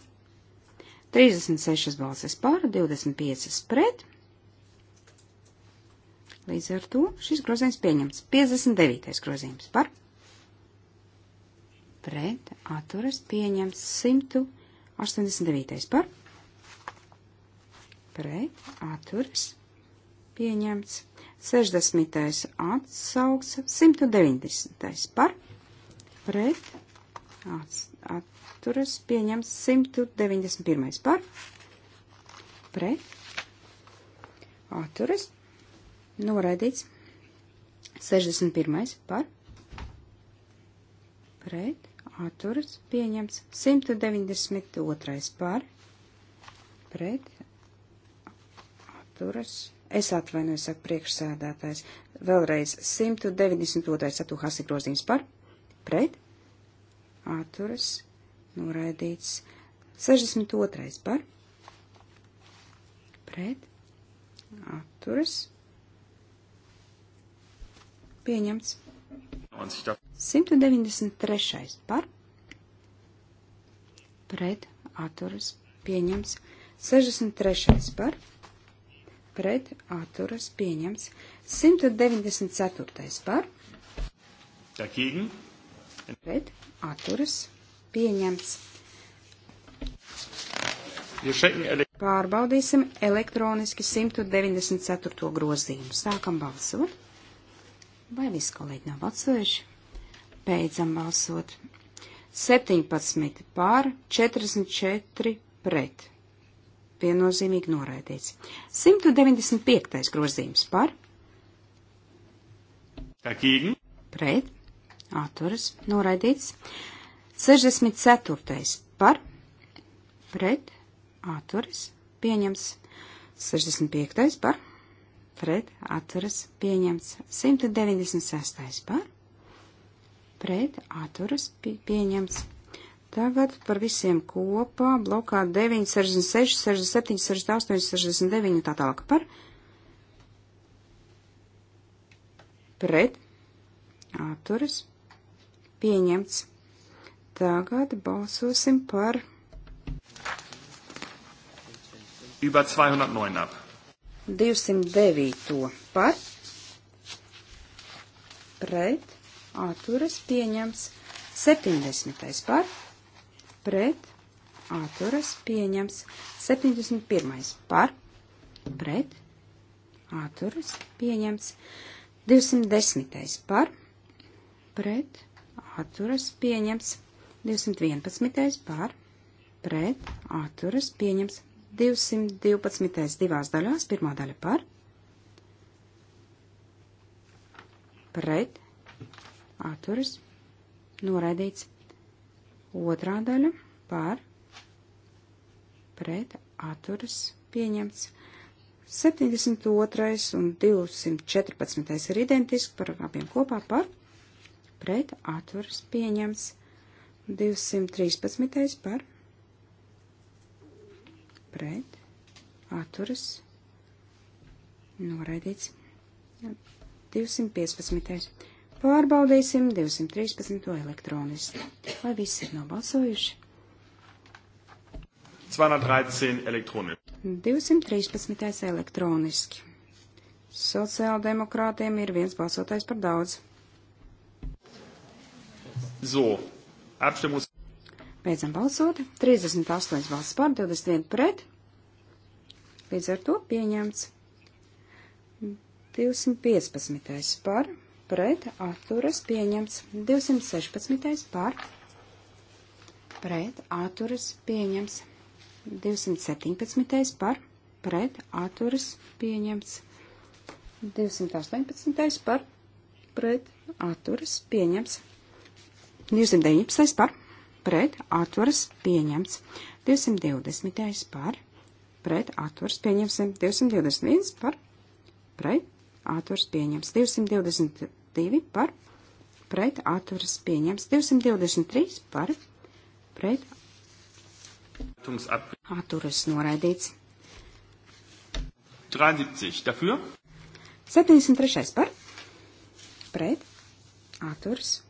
36 balsis par, 25 pret. Līdz ar to šis grozījums pieņemts. 59. grozījums par. Pret atturas pieņemts 189. par. Pret atturas pieņemts 60. atsaukts 190. par. Pret atturas pieņems 191 par pret atturas noraidīts 61 par pret atturas pieņems 192 par pret atturas Es atvainojos, saka priekšsēdētājs. Vēlreiz 192. satu hasi grozījums par pret atturas noraidīts. 62. par pret atturas pieņemts. 193. par pret atturas pieņemts. 63. par pret atturas pieņemts. 194. par Dagegen Pret atturas pieņemts. Pārbaudīsim elektroniski 194. grozījumu. Sākam balsot. Vai visi kolēģi nav balsojuši? Beidzam balsot. 17 pār, 44 pret. Viennozīmīgi noraidīts. 195. grozījums par. Dagegen. Pret atturas noraidīts. 64. par pret atturas pieņems. 65. par pret atturas pieņems. 196. par pret atturas pieņems. Tagad par visiem kopā blokā 9, 66, 67, 68, 69 un tā tālāk par pret atturas pieņems pieņemts. Tagad balsosim par. Über 209 ab. 209 par. Pret. Atturas pieņemts. 70 par. Pret. Atturas pieņemts. 71 par. Pret. Atturas pieņemts. 210 par. Pret atturas pieņems 211. par pret atturas pieņems 212. divās daļās, pirmā daļa par pret atturas noraidīts otrā daļa par pret atturas pieņemts 72. un 214. ir identiski par abiem kopā par pret atturas pieņems 213. par pret atturas noraidīts 215. Pārbaudīsim 213. elektroniski, lai visi ir nobalsojuši. 213 elektroniski. 213. elektroniski. Sociāldemokrātiem ir viens balsotais par daudz. So, apstimmung. Beidzam balsot. 38 balsts pār, 21 pret. Līdz ar to pieņemts 215 par, pret, atturas pieņemts 216 par, pret, atturas pieņemts 217 par, pret, atturas pieņemts 218 par, pret, atturas pieņemts 219. par pret atturas pieņemts. 220. par pret atturas pieņemts. 221. par pret atturas pieņemts. 222. par pret atturas pieņemts. 223. par pret atturas noraidīts. 73. Dafür? 73. par pret atturas pieņemts.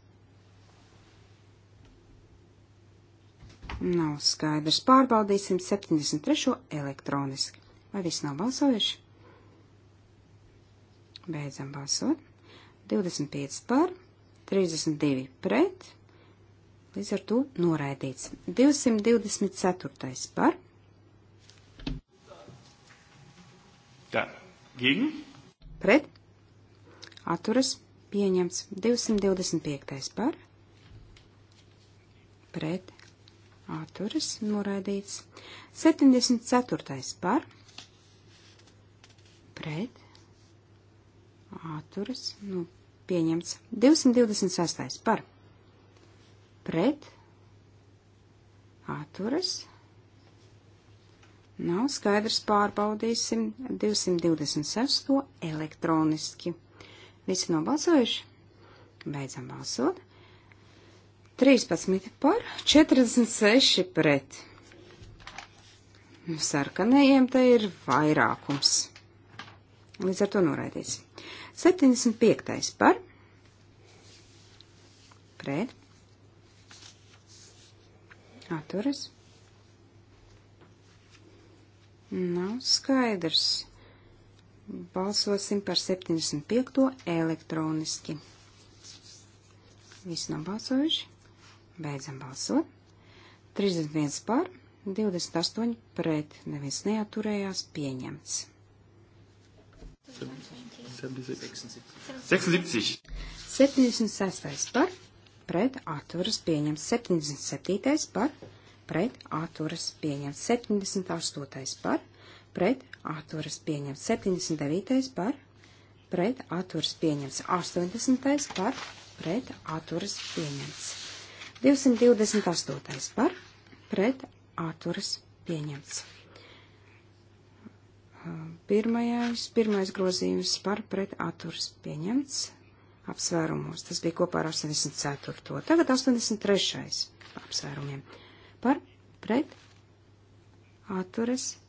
Nav skaidrs. Pārbaudīsim 73. elektroniski. Vai viss nav balsojuši? Beidzam balsot. 25 par, 32 pret, līdz ar to noraidīts. 224 par. Da. Gegen? Pret. Atturas pieņemts. 225 par. Pret Atturis noraidīts. 74. par. Pret. Atturis. Nu, pieņemts. 226. par. Pret. Atturis. Nav skaidrs pārbaudīsim 226. elektroniski. Visi nobalsojuši? Beidzam balsot. 13 par 46 pret. Sarkanējiem te ir vairākums. Līdz ar to noraidīts. 75 par pret. Atturas. Nav skaidrs. Balsosim par 75. elektroniski. Visi nav balsojuši. Beidzam balsot. 31 par, 28 pret, neviens neaturējās, pieņemts. 76. 76 par, pret, atturas, pieņemts. 77 par, pret, atturas, pieņemts. 78 par, pret, atturas, pieņemts. 79 par, pret, atturas, pieņemts. 80 par, pret, atturas, pieņemts. 228. par pret atturas pieņemts. Pirmais, pirmais grozījums par pret atturas pieņemts apsvērumos. Tas bija kopā ar 84. Tagad 83. apsvērumiem par pret atturas pieņemts.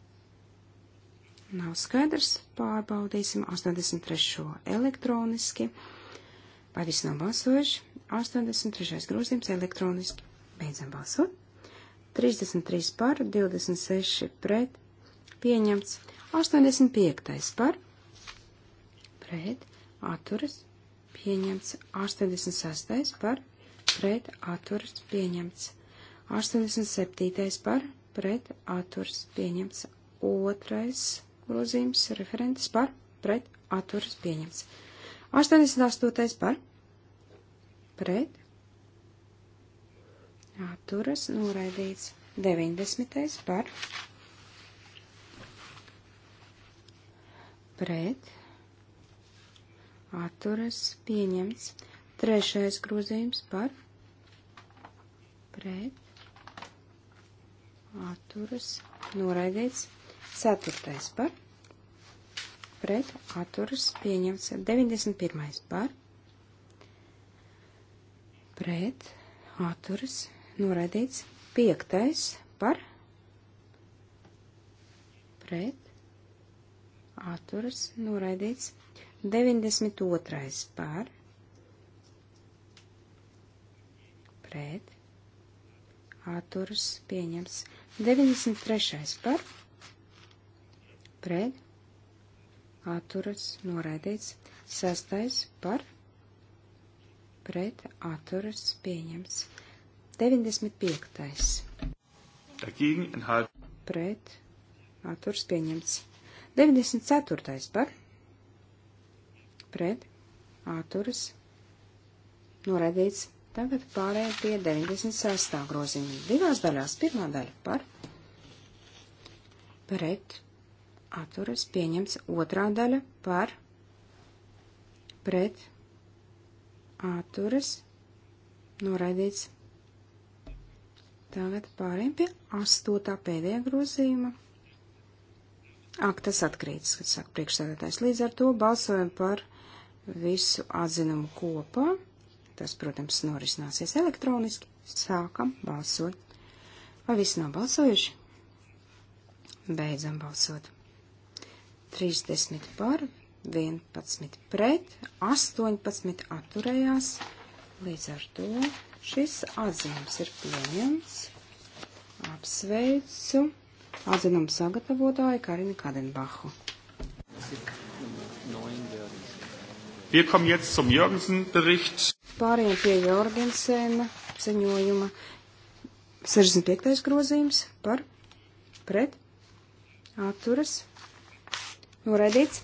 Nav skaidrs, pārbaudīsim 83. elektroniski. Vai viss nav balsojuši? 83. grozījums elektroniski. Beidzam balsot. 33 par, 26 pret. Pieņemts. 85. par. Pret. Atturas. Pieņemts. 86. par. Pret. Atturas. Pieņemts. 87. par. Pret. Atturas. Pieņemts. Otrais grozījums referents par. Pret. Atturas. Pieņemts. 88. par pret atturas noraidīts 90. par pret atturas pieņemts trešais grozījums par pret atturas noraidīts ceturtais par pret pret atturas pieņemts 91. par pret atturas noraidīts 5. par pret atturas noraidīts 92. par pret atturas pieņemts 93. par pret atturas noraidīts, sastais par pret atturas pieņems. 95. Pret atturas pieņemts. 94. par pret atturas noraidīts. Tagad pārējām pie 96. groziņa. Divās daļās. Pirmā daļa par pret atturas pieņems otrā daļa par pret atturas noraidīts. Tagad pārējiem pie astotā pēdējā grozījuma. Ak, tas atkrītas, kad saka priekšsēdētājs. Līdz ar to balsojam par visu atzinumu kopā. Tas, protams, norisināsies elektroniski. Sākam balsot. Vai visi nav balsojuši? Beidzam balsot. 30 par, 11 pret, 18 atturējās. Līdz ar to šis atzinums ir pieņemts. Apsveicu atzinumu sagatavotāju Karinu Kadenbachu. Wir kommen jetzt zum Jorgensen-Bericht. Pārējiem pie Jorgensena ziņojuma 65. grozījums par pret atturas Noraidīts.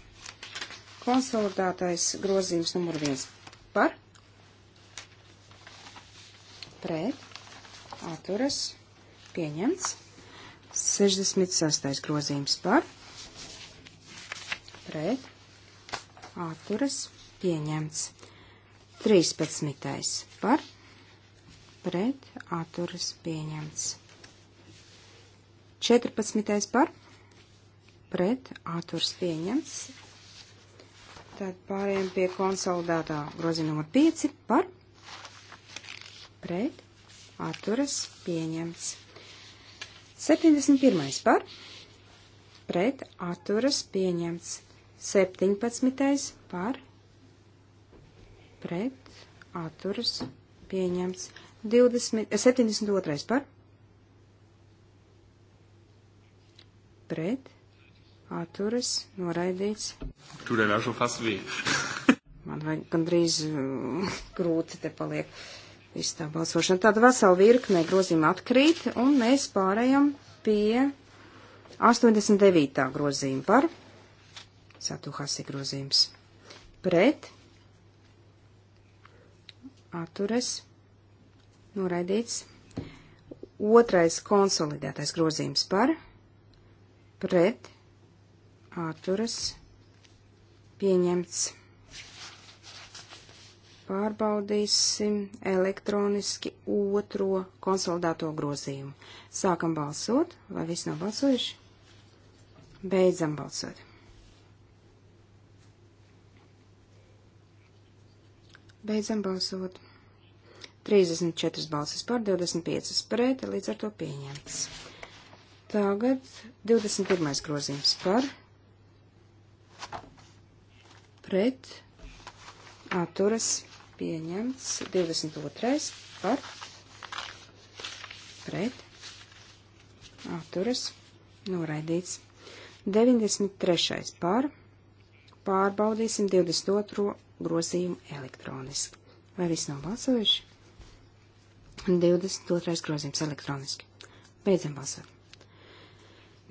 Konsolidētais grozījums numur viens par. Pret. Atturas. Pieņemts. 66. grozījums par. Pret. Atturas. Pieņemts. 13. par. Pret. Atturas. Pieņemts. 14. par pret atturs pieņemts. Tad pārējiem pie konsolidētā grozījuma numur 5 par pret atturas pieņemts. 71. par pret atturas pieņemts. 17. par pret atturas pieņemts. 20, 72. Eh, par pret atturas, noraidīts. Tur ir jau fast bija. Man vajag gandrīz mm, grūti te paliek viss tā balsošana. Tāda vesela virknē grozījuma atkrīt, un mēs pārējam pie 89. grozījuma par Satuhasi grozījums. Pret atturas, noraidīts. Otrais konsolidētais grozījums par pret atturas pieņemts. Pārbaudīsim elektroniski otro konsolidēto grozījumu. Sākam balsot, vai viss nav balsojuši? Beidzam balsot. Beidzam balsot. 34 balsis par, 25 pret, līdz ar to pieņemts. Tagad 21. grozījums par pret atturas pieņemts 22. par pret atturas noraidīts 93. par pārbaudīsim 22. grozījumu elektroniski. Vai viss nav balsojuši? 22. grozījums elektroniski. Beidzam balsot.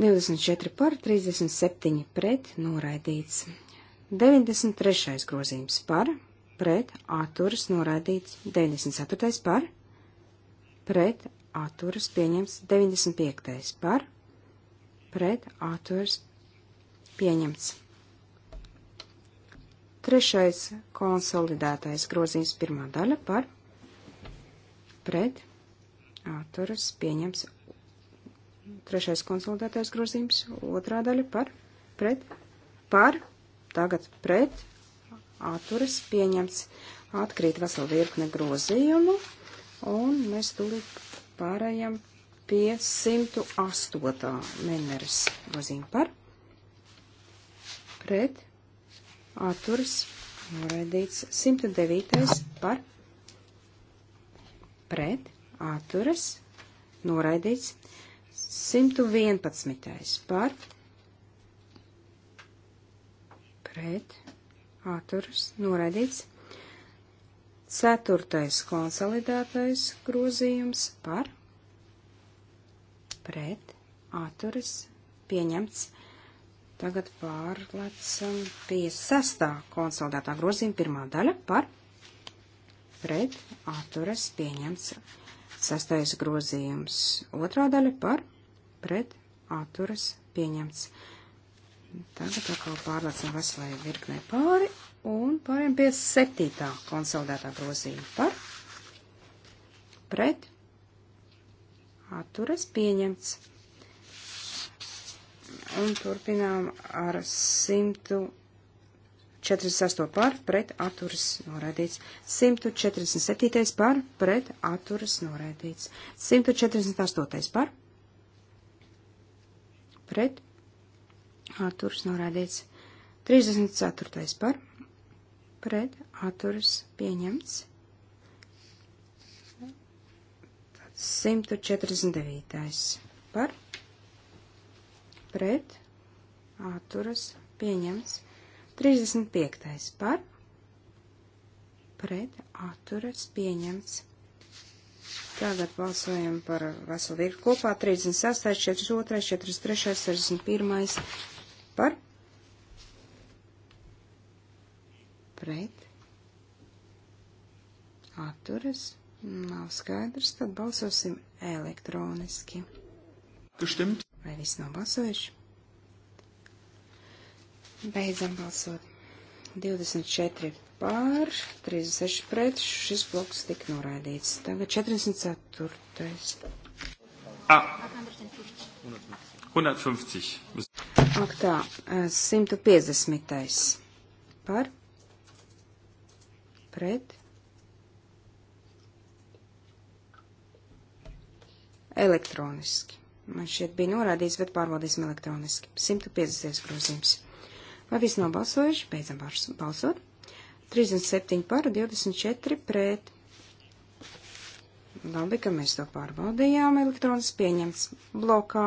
24 par 37 pret noraidīts. 93. grozījums par, pret, atturas noraidīts, 94. par, pret, atturas pieņemts, 95. par, pret, atturas pieņemts. Trešais konsolidētais grozījums pirmā daļa par, pret, atturas pieņemts. Trešais konsolidētais grozījums otrā daļa par, pret, par, pret tagad pret, atturas pieņemts, atkrīt vesela virkne grozījumu, un mēs tūlīt pārējām pie 108. meneres grozījuma par, pret, atturas, noraidīts 109. par, pret, atturas, noraidīts 111. par, pret, atturas, noraidīts. Ceturtais konsolidētais grozījums par, pret, atturas, pieņemts. Tagad pārlecam pie sestā konsolidētā grozījuma pirmā daļa par, pret, atturas, pieņemts. Sastais grozījums otrā daļa par, pret, atturas, pieņemts. Tagad atkal pārlecam veselai virknei pāri un pāriem pie septītā konsolidētā grozījuma par pret atturas pieņemts. Un turpinām ar 148 par pret atturas norēdīts. 147 par pret atturas norēdīts. 148 par pret atturas norādīts. 34. par pret atturas pieņemts. 149. par pret atturas pieņemts. 35. par pret atturas pieņemts. Tagad balsojam par veselu virkni kopā 36, 42, 43, 61, par pret atturas nav skaidrs, tad balsosim elektroniski. Gestimt. Vai viss nav balsojuši? Beidzam balsot. 24 pār, 36 pret, šis bloks tika noraidīts. Tagad 44. Ah. 150. Ak tā, 150. Par? Pret? Elektroniski. Man šeit bija norādīts, bet pārbaudīsim elektroniski. 150 grozījums. Vai viss nav balsojuši? Beidzam balsot. 37 par, 24 pret. Labi, ka mēs to pārbaudījām. Elektronis pieņemts blokā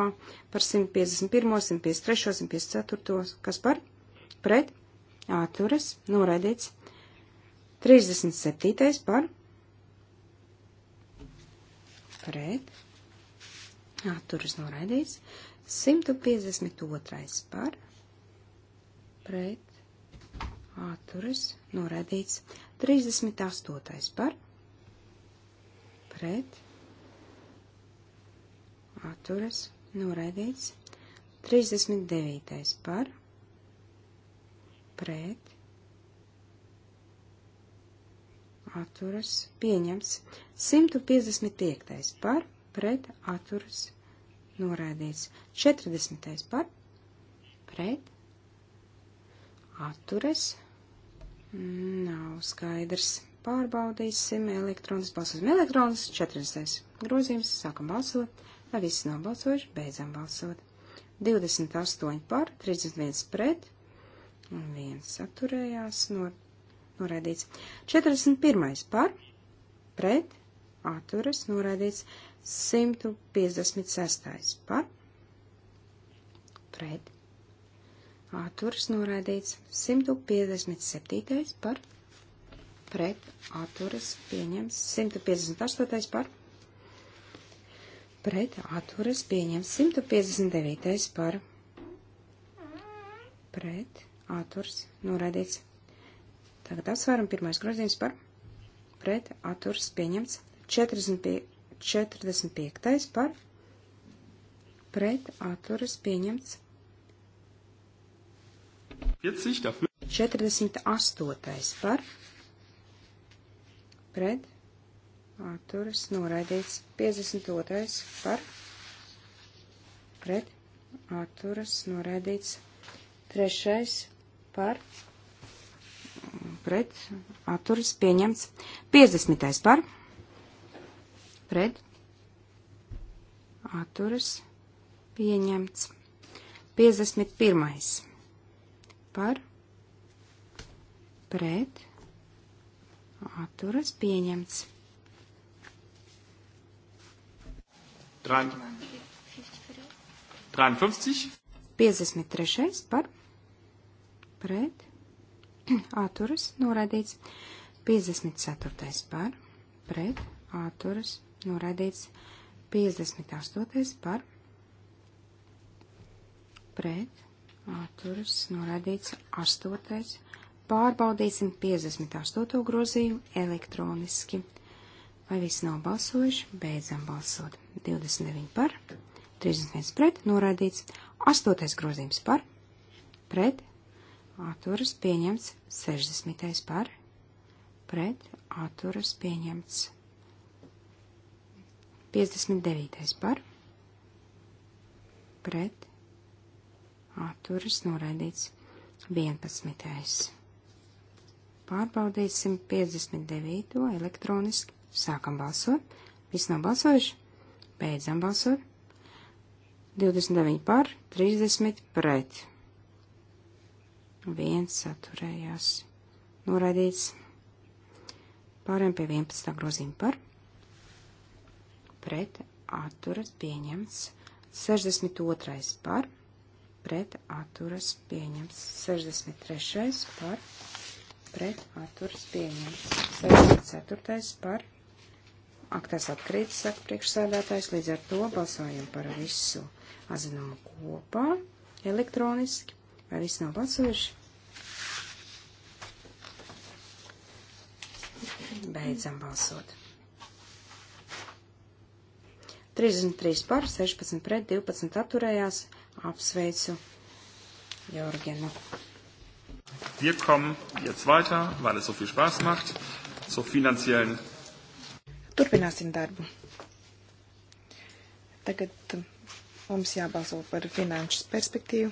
par 151, 153, 154. Kas par? Pret? Atturas? Noraidīts. 37. par? Pret? Atturas noraidīts. 152. par? Pret? Atturas noraidīts. 38. par? pret, atturas, noraidīts. 39. par, pret, atturas, pieņems. 155. par, pret, atturas, noraidīts. 40. par, pret, atturas, nav skaidrs. Pārbaudīsim elektronas balsojumu. Elektronas 40. grozījums. Sākam balsot. Vai visi nobalsojuši? Beidzam balsot. 28 par, 31 pret, un viens atturējās, nor, noraidīts. 41 par, pret, atturas, noraidīts. 156 par, pret, atturas, noraidīts. 157 par, pret pret atturas pieņems 158. par pret atturas pieņems 159. par pret atturs norādīts. Tagad atsvēram pirmais grozījums par pret atturs pieņemts 45, 45. par pret atturas pieņemts 48. par pret, atturas noraidīts 52. par, pret, atturas noraidīts 3. par, pret, atturas pieņemts 50. par, pret, atturas pieņemts 51. par, pret, atturas pieņemts. Drei. 53. 53. par pret āturas noraidīts. 54. par pret āturas noraidīts. 58. par pret āturas noraidīts. 8. Pārbaudīsim 58. grozījumu elektroniski. Vai visi nav balsojuši? Beidzam balsot. 29 par, 31 pret, noraidīts. 8. grozījums par, pret, atturas pieņemts. 60. par, pret, atturas pieņemts. 59. par, pret, atturas noraidīts. 11. Pārbaudīt 159. elektroniski. Sākam balsot. Viss nav balsojuši. Beidzam balsot. 29 par, 30 pret. Viens saturējās. Noraidīts. Pārējām pie 11. grozījuma par. Pret atturas pieņemts. 62. par. Pret atturas pieņemts. 63. par pret atturas pieņemts. 64. par aktās atkrīt, saka priekšsēdētājs, līdz ar to balsojam par visu azinumu kopā elektroniski. Vai viss nav balsojuši? Beidzam balsot. 33 par, 16 pret, 12 atturējās. Apsveicu Jorgenu. Wir kommen jetzt weiter, weil es so viel Spaß macht, zur finanziellen. Turpināsim darbu. Tagad um, mums jābalso par finanšu perspektīvu.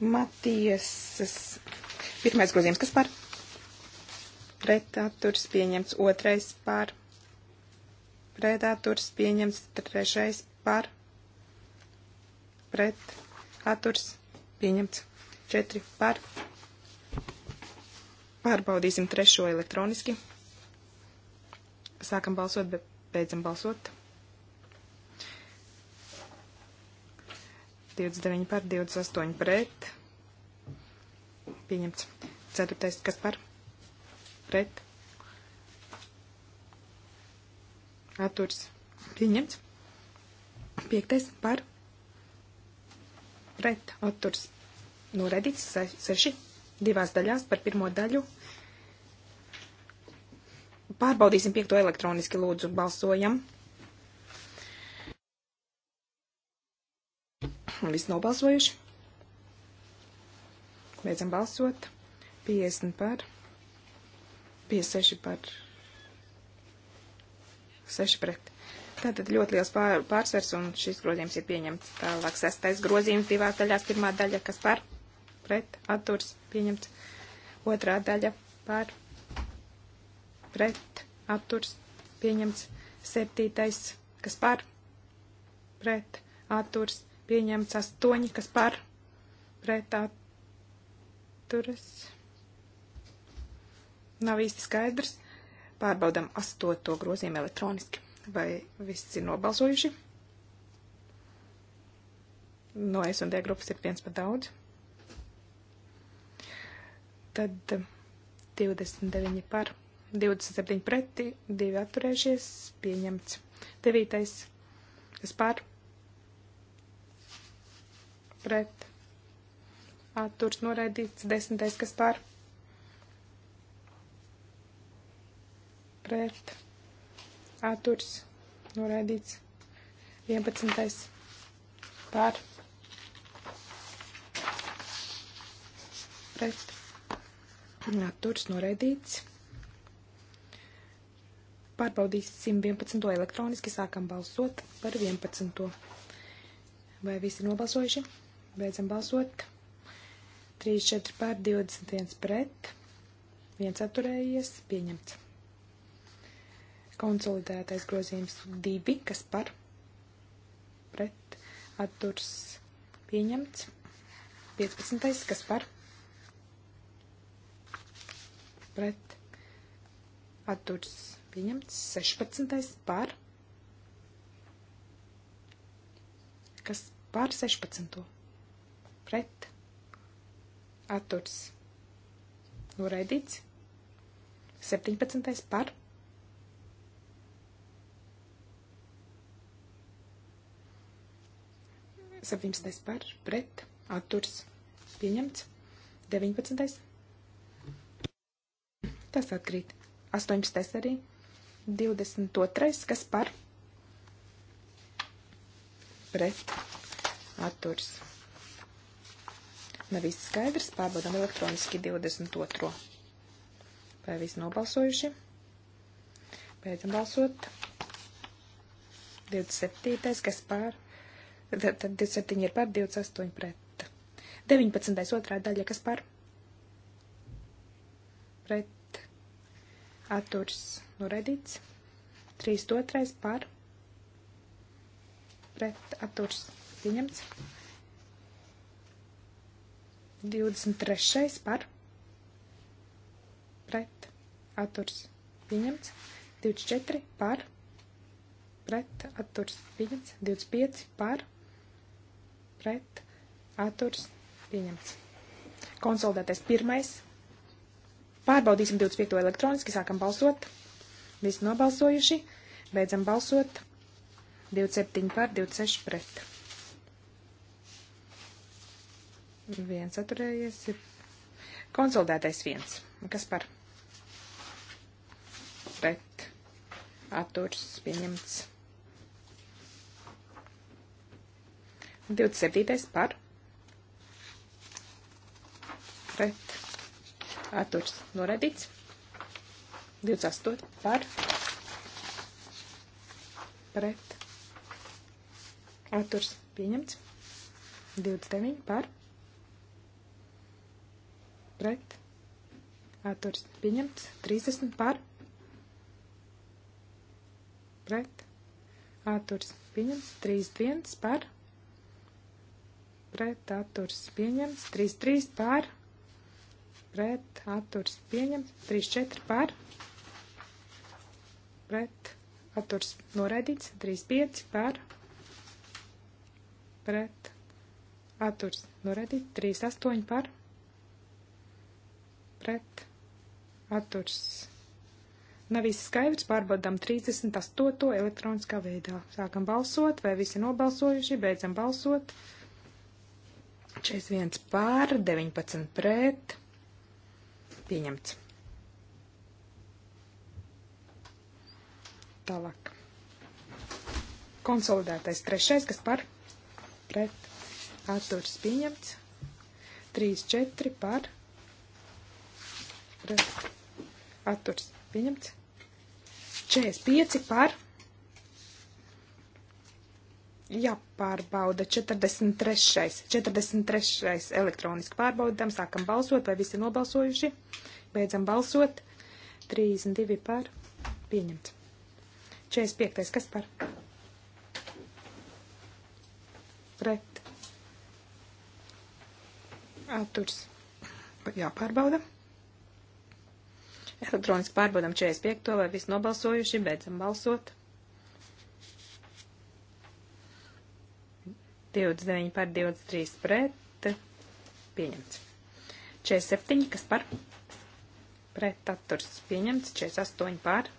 Matiesas pirmais grozījums, kas par? Pretāturs pieņemts, otrais par. Pretāturs pieņemts, trešais par. Pretāturs pieņemts. 4 par. Pārbaudīsim trešo elektroniski. Sākam balsot, bet beidzam balsot. 29 par, 28 pret. Pieņemts. Ceturtais, kas par? Pret. Atturs. Pieņemts. Piektais par. Pret. Atturs noraidīts 6 divās daļās par pirmo daļu. Pārbaudīsim piekto elektroniski lūdzu, balsojam. Viss nobalsojuši. Beidzam balsot. 50 par. 56 par. 6 pret. Tātad ļoti liels pār, pārsvers un šis grozījums ir pieņemts. Tālāk sestais grozījums divās daļās. Pirmā daļa, kas par? pret atturs pieņemts. Otrā daļa par pret atturs pieņemts. Septītais, kas par pret atturs pieņemts. Astoņi, kas par pret atturs. Nav īsti skaidrs. Pārbaudam astoto grozījumu elektroniski. Vai viss ir nobalsojuši? No S un D grupas ir viens par daudz. Tad 29 par, 27 preti, 2 atturējušies, pieņemts. 9. kas par, pret, atturs noraidīts, 10. kas par, pret, atturs noraidīts, 11. par, pret, Atturs noraidīts. Pārbaudīsim 11. elektroniski, sākam balsot par 11. Vai visi ir nobalsojuši? Beidzam balsot. 3, 4 pār 21 pret, 1 atturējies, pieņemts. Konsolidētais grozījums 2, kas par pret atturs pieņemts. 15. kas par pret pret atturs pieņemts 16. par, kas par 16. pret atturs noraidīts 17. par. Septiņpadsmitais par pret atturs pieņemts. Deviņpadsmitais Tas atkrīt. 18. arī. 22. kas par? Pret. Atturs. Nav viss skaidrs. Pārbaudām elektroniski 22. Vai visi nobalsojuši? Beidzam balsot. 27. kas pār? Tad 27 ir pār, 28 pret. 19. otrā daļa, kas pār? Pret atturs noraidīts. 32. par pret atturs pieņemts. 23. par pret atturs pieņemts. 24. par pret atturs pieņemts. 25. par pret atturs pieņemts. Konsolidētais pirmais Pārbaudīsim 25. elektroniski, sākam balsot. Visi nobalsojuši, beidzam balsot. 27 pār 26 pret. Viens atturējies ir konsolidētais viens. Kas par? Pret. Atturs pieņemts. 27. par. Pret atturs noraidīts. 28 par pret atturs pieņemts. 29 par pret atturs pieņemts. 30 par pret atturs pieņemts. 31 par pret atturs pieņemts. 33 par pret pret atturs pieņemts, 3-4 par, pret atturs noraidīts, 3-5 par, pret atturs noraidīts, 3-8 par, pret atturs. Nav viss skaidrs, pārbaudām 38. elektroniskā veidā. Sākam balsot, vai visi nobalsojuši, beidzam balsot. 41 pār, 19 pret. Pieņemts. Tālāk. Konsolidētais trešais, kas par pret atturs pieņemts. 3, 4 par pret atturs pieņemts. 45 par pret jāpārbauda 43. 43. elektroniski pārbaudām, sākam balsot, vai visi nobalsojuši, beidzam balsot, 32 par, pieņemt. 45. kas par? Pret. Atturs. Jāpārbauda. Elektroniski pārbaudām 45. vai visi nobalsojuši, beidzam balsot. 29 par 23 pret. Pieņemts. 47, kas par? Pret atturs pieņemts. 48 par.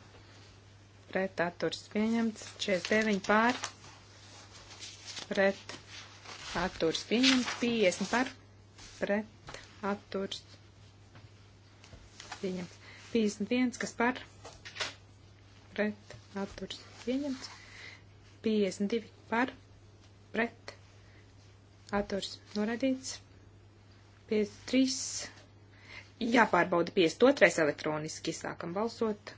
Pret atturs pieņemts. 49 par. Pret atturs pieņemts. 50 par. Pret atturs pieņemts. 51, kas par? Pret atturs pieņemts. 52 par. Pret Atturs norādīts. 53. Jāpārbauda 52. elektroniski. Sākam balsot.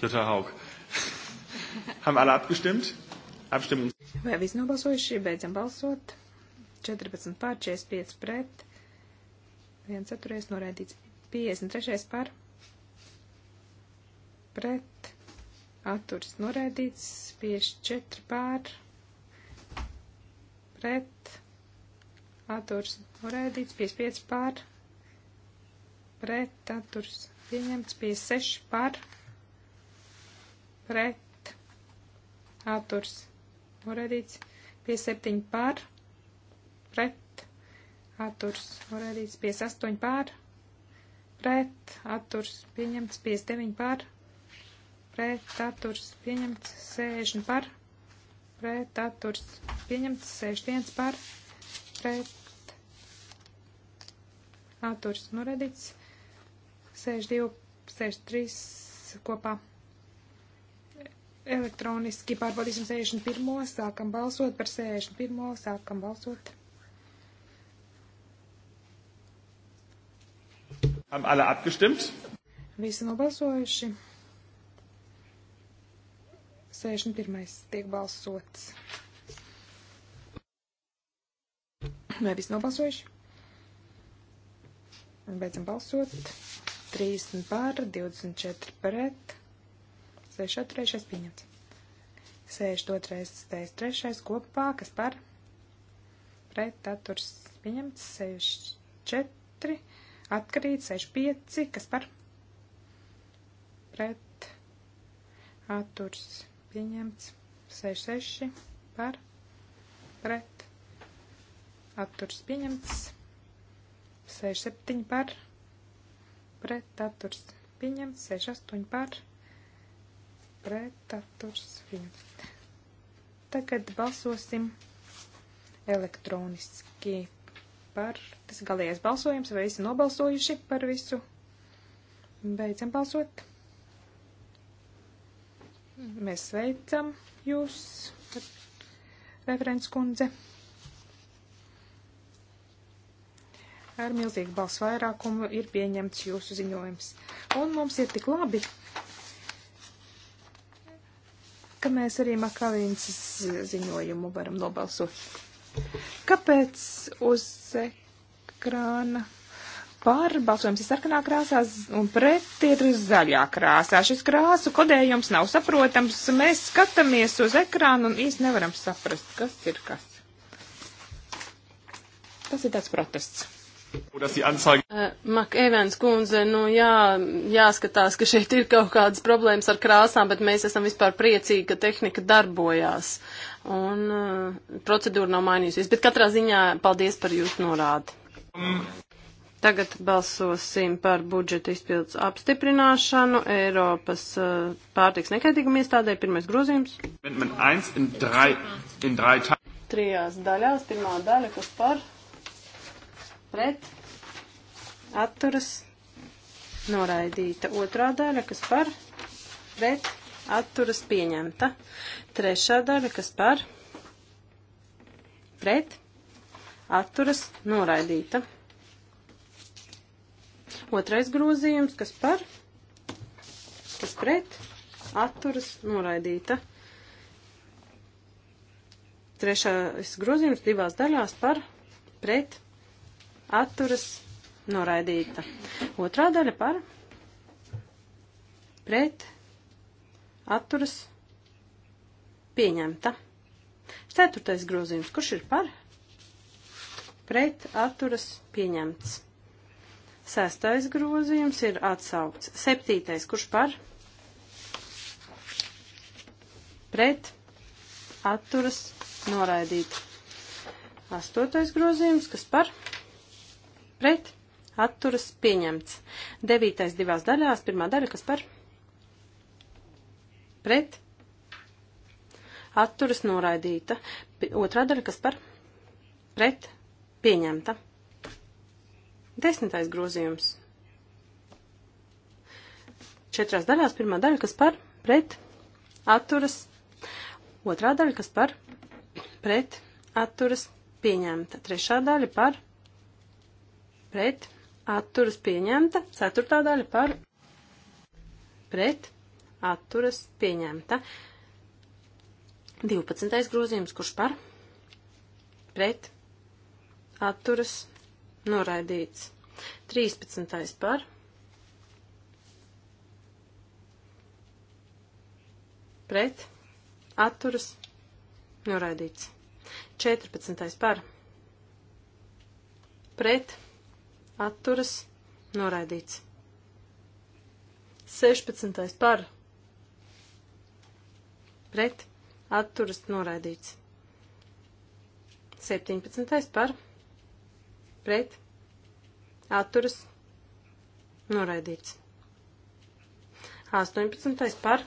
Jutta Haug. Haben alle abgestimmt? Abstimmung. Vai viss nobalsojuši? Beidzam balsot. 14 pār, 45 pret. 1 atturies norēdīts. 53 pār pret atturs norēdīts, 54 pār pret atturs norēdīts, 55 pār pret atturs pieņemts, 56 pār pret atturs norēdīts, 57 pār pret atturs norēdīts, 58 pār pret atturs pieņemts, 59 pār pret pret atturs pieņemts 60 par, pret atturs pieņemts 61 par, pret atturs noredīts 62, 63 kopā. Elektroniski pārbaudīsim 61, sākam balsot par 61, sākam balsot. Haben alle abgestimmt? Visi nobalsojuši. 61. tiek balsots. Vai viss nobalsojuši? Beidzam balsot. 30 pār, 24 pret. 63. pieņemts. 62. 63. kopā, kas par? Pret atturs pieņemts. 64. Atkarīt. 65. Kas par? Pret atturs pieņemts pieņemts 66 par pret atturs pieņemts 67 par pret atturs pieņemts 68 par pret atturs pieņemts. Tagad balsosim elektroniski par tas galējais balsojums, vai visi nobalsojuši par visu. Beidzam balsot. Mēs sveicam jūs, referents kundze. Ar milzīgu balsu vairākumu ir pieņemts jūsu ziņojums. Un mums ir tik labi, ka mēs arī Makavīnas ziņojumu varam nobalsot. Kāpēc uz ekrāna? par, balsojums ir sarkanā krāsā un pret ir zaļā krāsā. Šis krāsu kodējums nav saprotams. Mēs skatāmies uz ekrānu un īsti nevaram saprast, kas ir kas. Tas ir tāds protests. Uh, eh, Makēvens kundze, nu jā, jāskatās, ka šeit ir kaut kādas problēmas ar krāsām, bet mēs esam vispār priecīgi, ka tehnika darbojās. Un uh, procedūra nav mainījusies. Bet katrā ziņā paldies par jūsu norādi. Um, Tagad balsosim par budžeta izpildus apstiprināšanu Eiropas uh, pārtiks nekaitīguma iestādē. Pirmais grozījums. Trijās daļās. Pirmā daļa, kas par pret atturas noraidīta. Otrā daļa, kas par pret atturas pieņemta. Trešā daļa, kas par pret atturas noraidīta. Otrais grozījums, kas par, kas pret, atturas, noraidīta. Trešais grozījums divās daļās par, pret, atturas, noraidīta. Otrā daļa par, pret, atturas, pieņemta. Ceturtais grozījums, kurš ir par, pret, atturas, pieņemts. Sestais grozījums ir atsaukts. Septītais, kurš par? Pret, atturas, noraidīt. Astotais grozījums, kas par? Pret, atturas, pieņemts. Devītais divās daļās, pirmā daļa, kas par? Pret, atturas, noraidīta. Otrā daļa, kas par? Pret, pieņemta. Desmitais grozījums. Četrās daļās pirmā daļa, kas par pret atturas, otrā daļa, kas par pret atturas pieņemta, trešā daļa par pret atturas pieņemta, ceturtā daļa par pret atturas pieņemta. 12. grozījums, kurš par pret atturas pieņemta noraidīts. 13. par. Pret, atturas, noraidīts. 14. par. Pret, atturas, noraidīts. 16. par. Pret, atturas, noraidīts. 17. par pret, atturas, noraidīts. 18. par,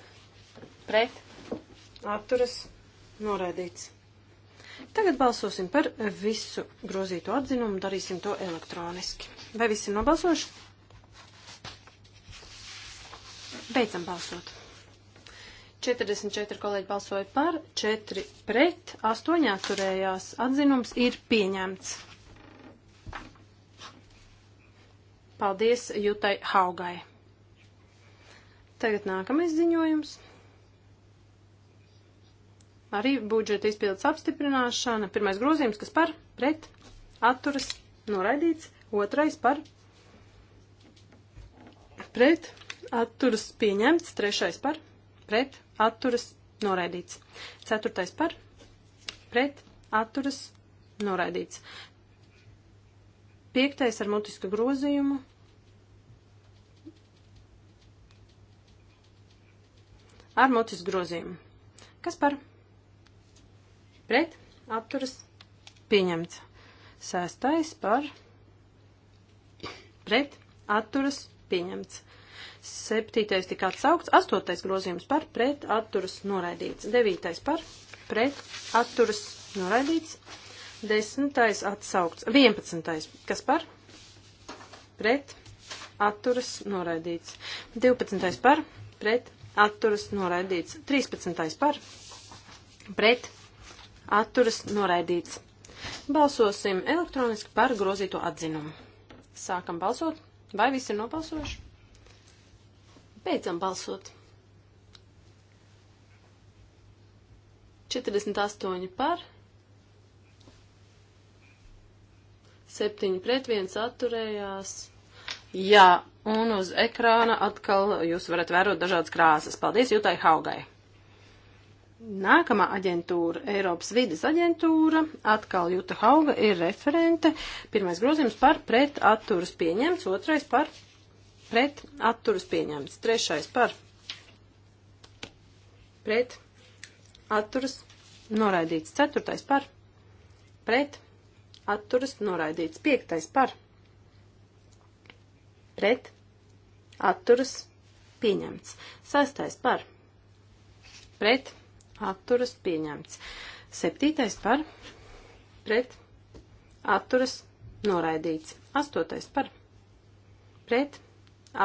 pret, atturas, noraidīts. Tagad balsosim par visu grozīto atzinumu, darīsim to elektroniski. Vai visi ir nobalsojuši? Beidzam balsot. 44 kolēģi balsoja par, 4 pret, 8 atturējās. Atzinums ir pieņemts. Paldies Jutai Haugai. Tagad nākamais ziņojums. Arī budžeta izpildes apstiprināšana. Pirmais grozījums, kas par, pret, atturas, noraidīts. Otrais par, pret, atturas, pieņemts. Trešais par, pret, atturas, noraidīts. Ceturtais par, pret, atturas, noraidīts. Piektais ar mutisku grozījumu ar mutis grozījumu. Kas par? Pret atturas pieņemts. Sēstais par pret atturas pieņemts. Septītais tika atsaukts, astotais grozījums par pret atturas noraidīts. Devītais par pret atturas noraidīts. Desmitais atsaukts. Vienpadsmitais. Kas par? Pret atturas noraidīts. Divpadsmitais par pret atturas noraidīts. 13. par pret atturas noraidīts. Balsosim elektroniski par grozīto atzinumu. Sākam balsot. Vai visi ir nobalsojuši? Beidzam balsot. 48 par, 7 pret 1 atturējās. Jā, un uz ekrāna atkal jūs varat vērot dažādas krāsas. Paldies Jūtai Haugai! Nākamā aģentūra, Eiropas vides aģentūra, atkal Juta Hauga ir referente. Pirmais grozījums par pret atturas pieņemts, otrais par pret atturas pieņemts, trešais par pret atturas noraidīts, ceturtais par pret atturas noraidīts, piektais par pret pret, atturas, pieņemts. Sastais par, pret, atturas, pieņemts. Septītais par, pret, atturas, noraidīts. Astotais par, pret,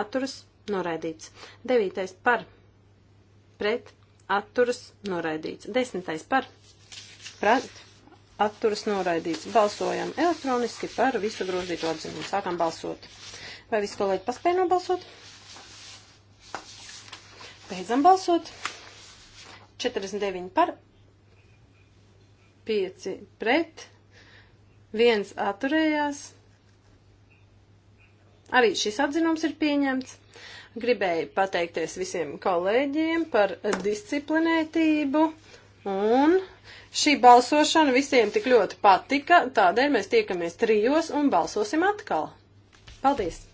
atturas, noraidīts. Devītais par, pret, atturas, noraidīts. Desmitais par, pret, atturas, noraidīts. Balsojam elektroniski par visu grozītu atzinumu. Sākam balsot. Vai visi kolēģi paspēja nobalsot? Beidzam balsot. 49 par, 5 pret, 1 atturējās. Arī šis atzinums ir pieņemts. Gribēju pateikties visiem kolēģiem par disciplinētību un šī balsošana visiem tik ļoti patika, tādēļ mēs tiekamies trijos un balsosim atkal. Paldies!